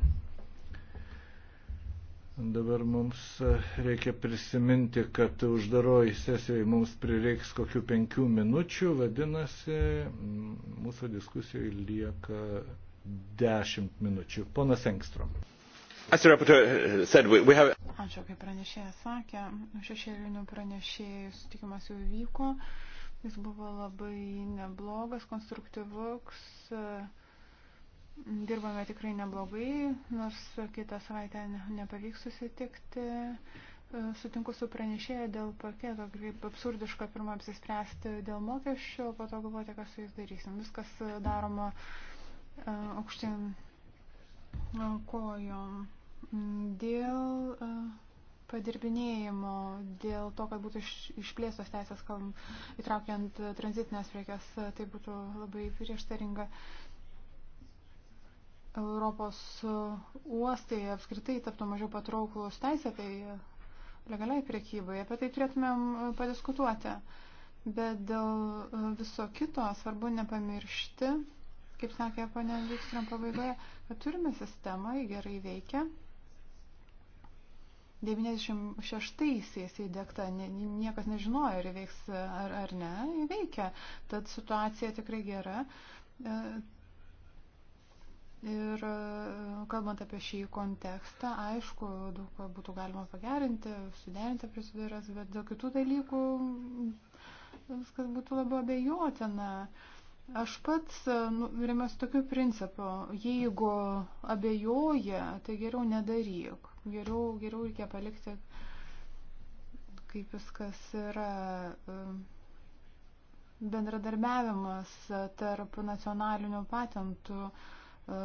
Dabar mums e, reikia prisiminti, kad uždaroji sesijai mums prireiks kokių penkių minučių, vadinasi, mūsų diskusijai lieka dešimt minučių. Ponas Engstrom. Uh, Ačiū, kaip pranešėjas sakė, šešėlinių pranešėjų sutikimas jau vyko, jis buvo labai neblogas, konstruktyvus. Uh, Dirbame tikrai neblogai, nors kitą savaitę nepavyks susitikti. E, sutinku su pranešėja dėl paketo, kaip absurdiška pirmą apsispręsti dėl mokesčio, po to galvoti, ką su jais darysim. Viskas daroma e, aukštyn e, kojom. Dėl padirbinėjimo, dėl to, kad būtų išplėstos teisės, kalbant, įtraukiant tranzitinės priekes, tai būtų labai prieštaringa Europos uostai apskritai taptų mažiau patrauklus teisėtai legaliai priekybai. Apie tai turėtumėm e, padiskutuoti. Bet dėl e, viso kito svarbu nepamiršti, kaip sakė ponia Vikstrom pabaigoje, kad turime sistemą, ji gerai veikia. 96-aisiais įdėkta, niekas nežinojo, ar įveiks ar, ar ne, įveikia. Tad situacija tikrai gera e, Ir e, kalbant apie šį kontekstą, aišku, daug ką būtų galima pagerinti, suderinti prisidėras, bet dėl kitų dalykų viskas būtų labiau abejotina. Aš pats e, nu, remiuosi tokiu principu, jeigu abejoja, tai geriau nedaryk. Geriau, geriau reikia palikti, kaip viskas yra. Um, bendradarbiavimas tarp nacionalinių patentų uh, E,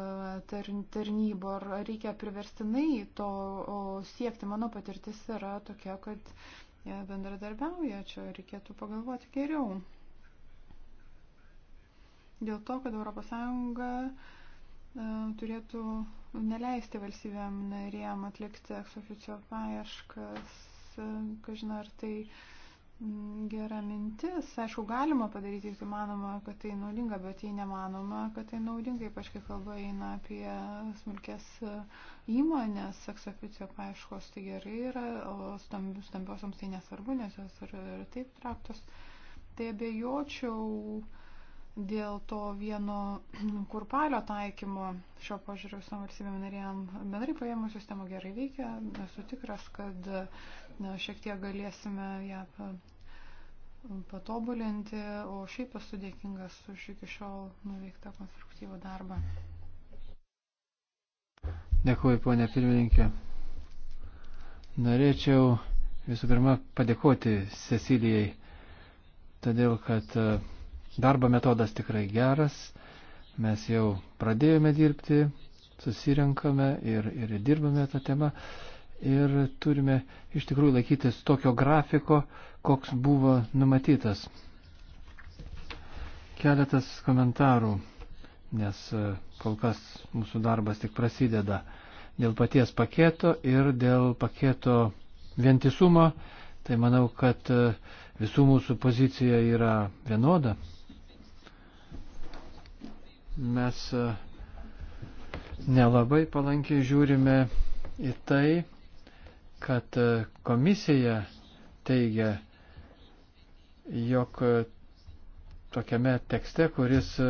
tarnybų, ar reikia priverstinai to siekti. Mano patirtis yra tokia, kad jie bendradarbiauja, čia reikėtų pagalvoti geriau. Dėl to, kad ES e, turėtų neleisti valstybėm narėm atlikti eksoficio paieškas, e, kažin ar tai uh, gera mintis. Aišku, galima padaryti, jeigu tai manoma, kad tai naudinga, bet jei nemanoma, kad tai naudinga, ypač kai kalba eina apie smulkės įmonės, eksaficio paieškos tai gerai yra, o stambiosiams tai nesvarbu, nes jos yra ir taip traktos. Tai abejočiau dėl to vieno kurpalio taikymo šio požiūrio visam valstybėm narėm bendrai paėmų sistema gerai veikia. Esu tikras, kad šiek tiek galėsime ją patobulinti, o šiaip esu dėkingas už iki šiol nuveiktą konstruktyvų darbą. Dėkuoju, ponė pirmininkė. Norėčiau visų pirma padėkoti Cecilijai, todėl kad e, darbo metodas tikrai geras, mes jau pradėjome dirbti, susirenkame ir, ir dirbame tą temą ir turime iš tikrųjų laikytis tokio grafiko, koks buvo numatytas. Keletas komentarų, nes e, kol kas mūsų darbas tik prasideda dėl paties paketo ir dėl paketo vientisumo. Tai manau, kad e, visų mūsų pozicija yra vienoda. Mes e, nelabai palankiai žiūrime į tai, kad e, komisija teigia, jog e, tokiame tekste, kuris e,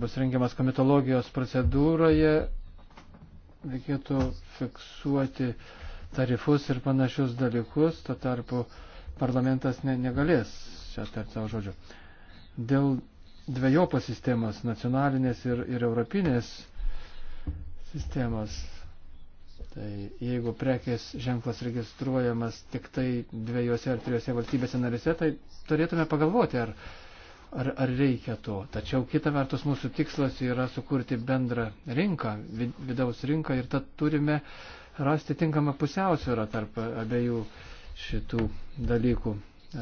bus rengiamas komitologijos procedūroje, reikėtų fiksuoti tarifus ir panašius dalykus, to tarpu parlamentas ne, negalės čia tarti savo žodžių. Dėl dviejopos sistemos, nacionalinės ir, ir europinės sistemos, Tai jeigu prekės ženklas registruojamas tik tai dviejose ar trijose valstybėse narise, tai turėtume pagalvoti, ar, ar, ar reikia to. Tačiau kita vertus mūsų tikslas yra sukurti bendrą rinką, vidaus rinką ir tad turime rasti tinkamą pusiausvyrą tarp abiejų šitų dalykų,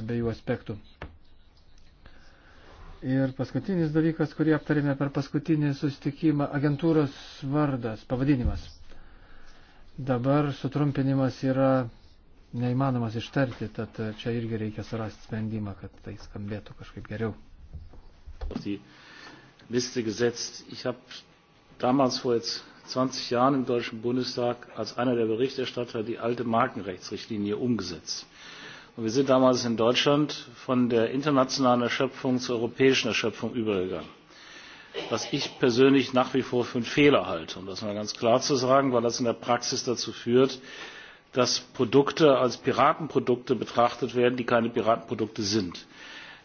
abiejų aspektų. Ir paskutinis dalykas, kurį aptarėme per paskutinį sustikimą, agentūros vardas, pavadinimas. Dabar sutrumpinimas yra neįmanomas ištarti, tad čia irgi reikia surasti sprendimą, kad tai skambėtų kažkaip geriau. Liste gesetzt. Ich habe damals vor jetzt 20 Jahren im Deutschen Bundestag als einer der Berichterstatter die alte Markenrechtsrichtlinie umgesetzt. Und wir sind damals in Deutschland von der internationalen Erschöpfung zur europäischen Erschöpfung übergegangen was ich persönlich nach wie vor für einen fehler halte um das mal ganz klar zu sagen weil das in der praxis dazu führt dass produkte als piratenprodukte betrachtet werden die keine piratenprodukte sind.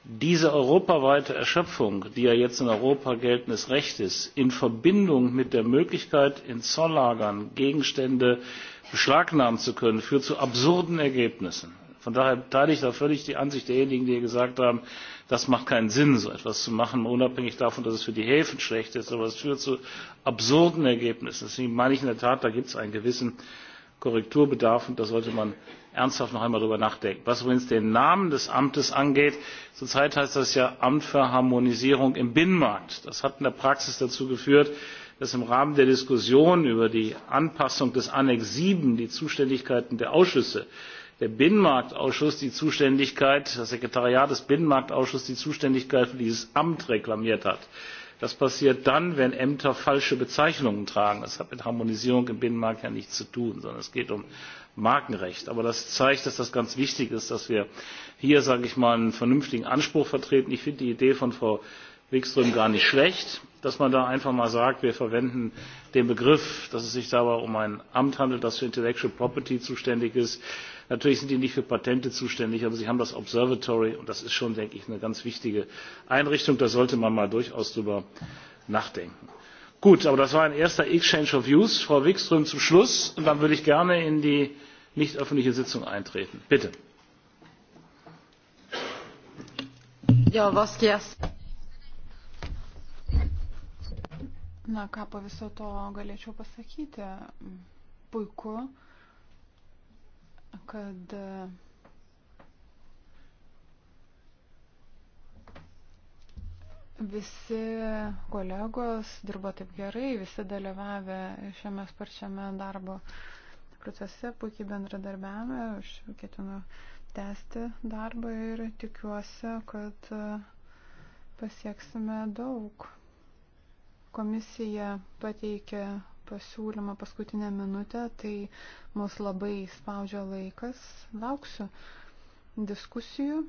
diese europaweite erschöpfung die ja jetzt in europa geltendes recht ist in verbindung mit der möglichkeit in zolllagern gegenstände beschlagnahmen zu können führt zu absurden ergebnissen. von daher teile ich da völlig die ansicht derjenigen die hier gesagt haben das macht keinen sinn so etwas zu machen unabhängig davon dass es für die häfen schlecht ist aber es führt zu absurden ergebnissen. deswegen meine ich in der tat da gibt es einen gewissen korrekturbedarf und da sollte man ernsthaft noch einmal darüber nachdenken. was übrigens den namen des amtes angeht zurzeit heißt das ja amt für harmonisierung im binnenmarkt. das hat in der praxis dazu geführt dass im rahmen der diskussion über die anpassung des anhang vii die zuständigkeiten der ausschüsse der binnenmarktausschuss die zuständigkeit das sekretariat des binnenmarktausschusses die zuständigkeit für dieses amt reklamiert hat. das passiert dann wenn ämter falsche bezeichnungen tragen. das hat mit harmonisierung im binnenmarkt ja nichts zu tun sondern es geht um markenrecht. aber das zeigt dass es das ganz wichtig ist dass wir hier mal, einen vernünftigen anspruch vertreten. ich finde die idee von frau wikström gar nicht schlecht dass man da einfach mal sagt wir verwenden den begriff dass es sich dabei um ein amt handelt das für intellectual property zuständig ist Natürlich sind die nicht für Patente zuständig, aber sie haben das Observatory und das ist schon, denke ich, eine ganz wichtige Einrichtung. Da sollte man mal durchaus drüber nachdenken. Gut, aber das war ein erster Exchange of Views. Frau Wikström zum Schluss und dann würde ich gerne in die nicht öffentliche Sitzung eintreten. Bitte. Jo, vos ties. Na ką po viso to galėčiau pasakyti? Puiku, kad e, visi kolegos dirbo taip gerai, visi dalyvavę šiame sparčiame darbo procese, puikiai bendradarbiavome, aš ketinu tęsti darbą ir tikiuosi, kad e, pasieksime daug. Komisija pateikė pasiūlymą paskutinę minutę, tai mus labai spaudžia laikas. Lauksiu diskusijų.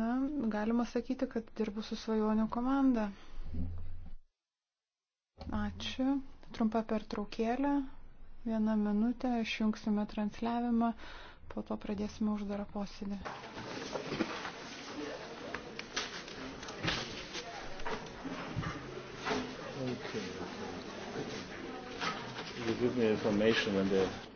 Na, galima sakyti, kad dirbu su svajonių komanda. Ačiū. Trumpa pertraukėlė. Vieną minutę išjungsime transliavimą, po to pradėsime uždarą posėdį. you give me information when the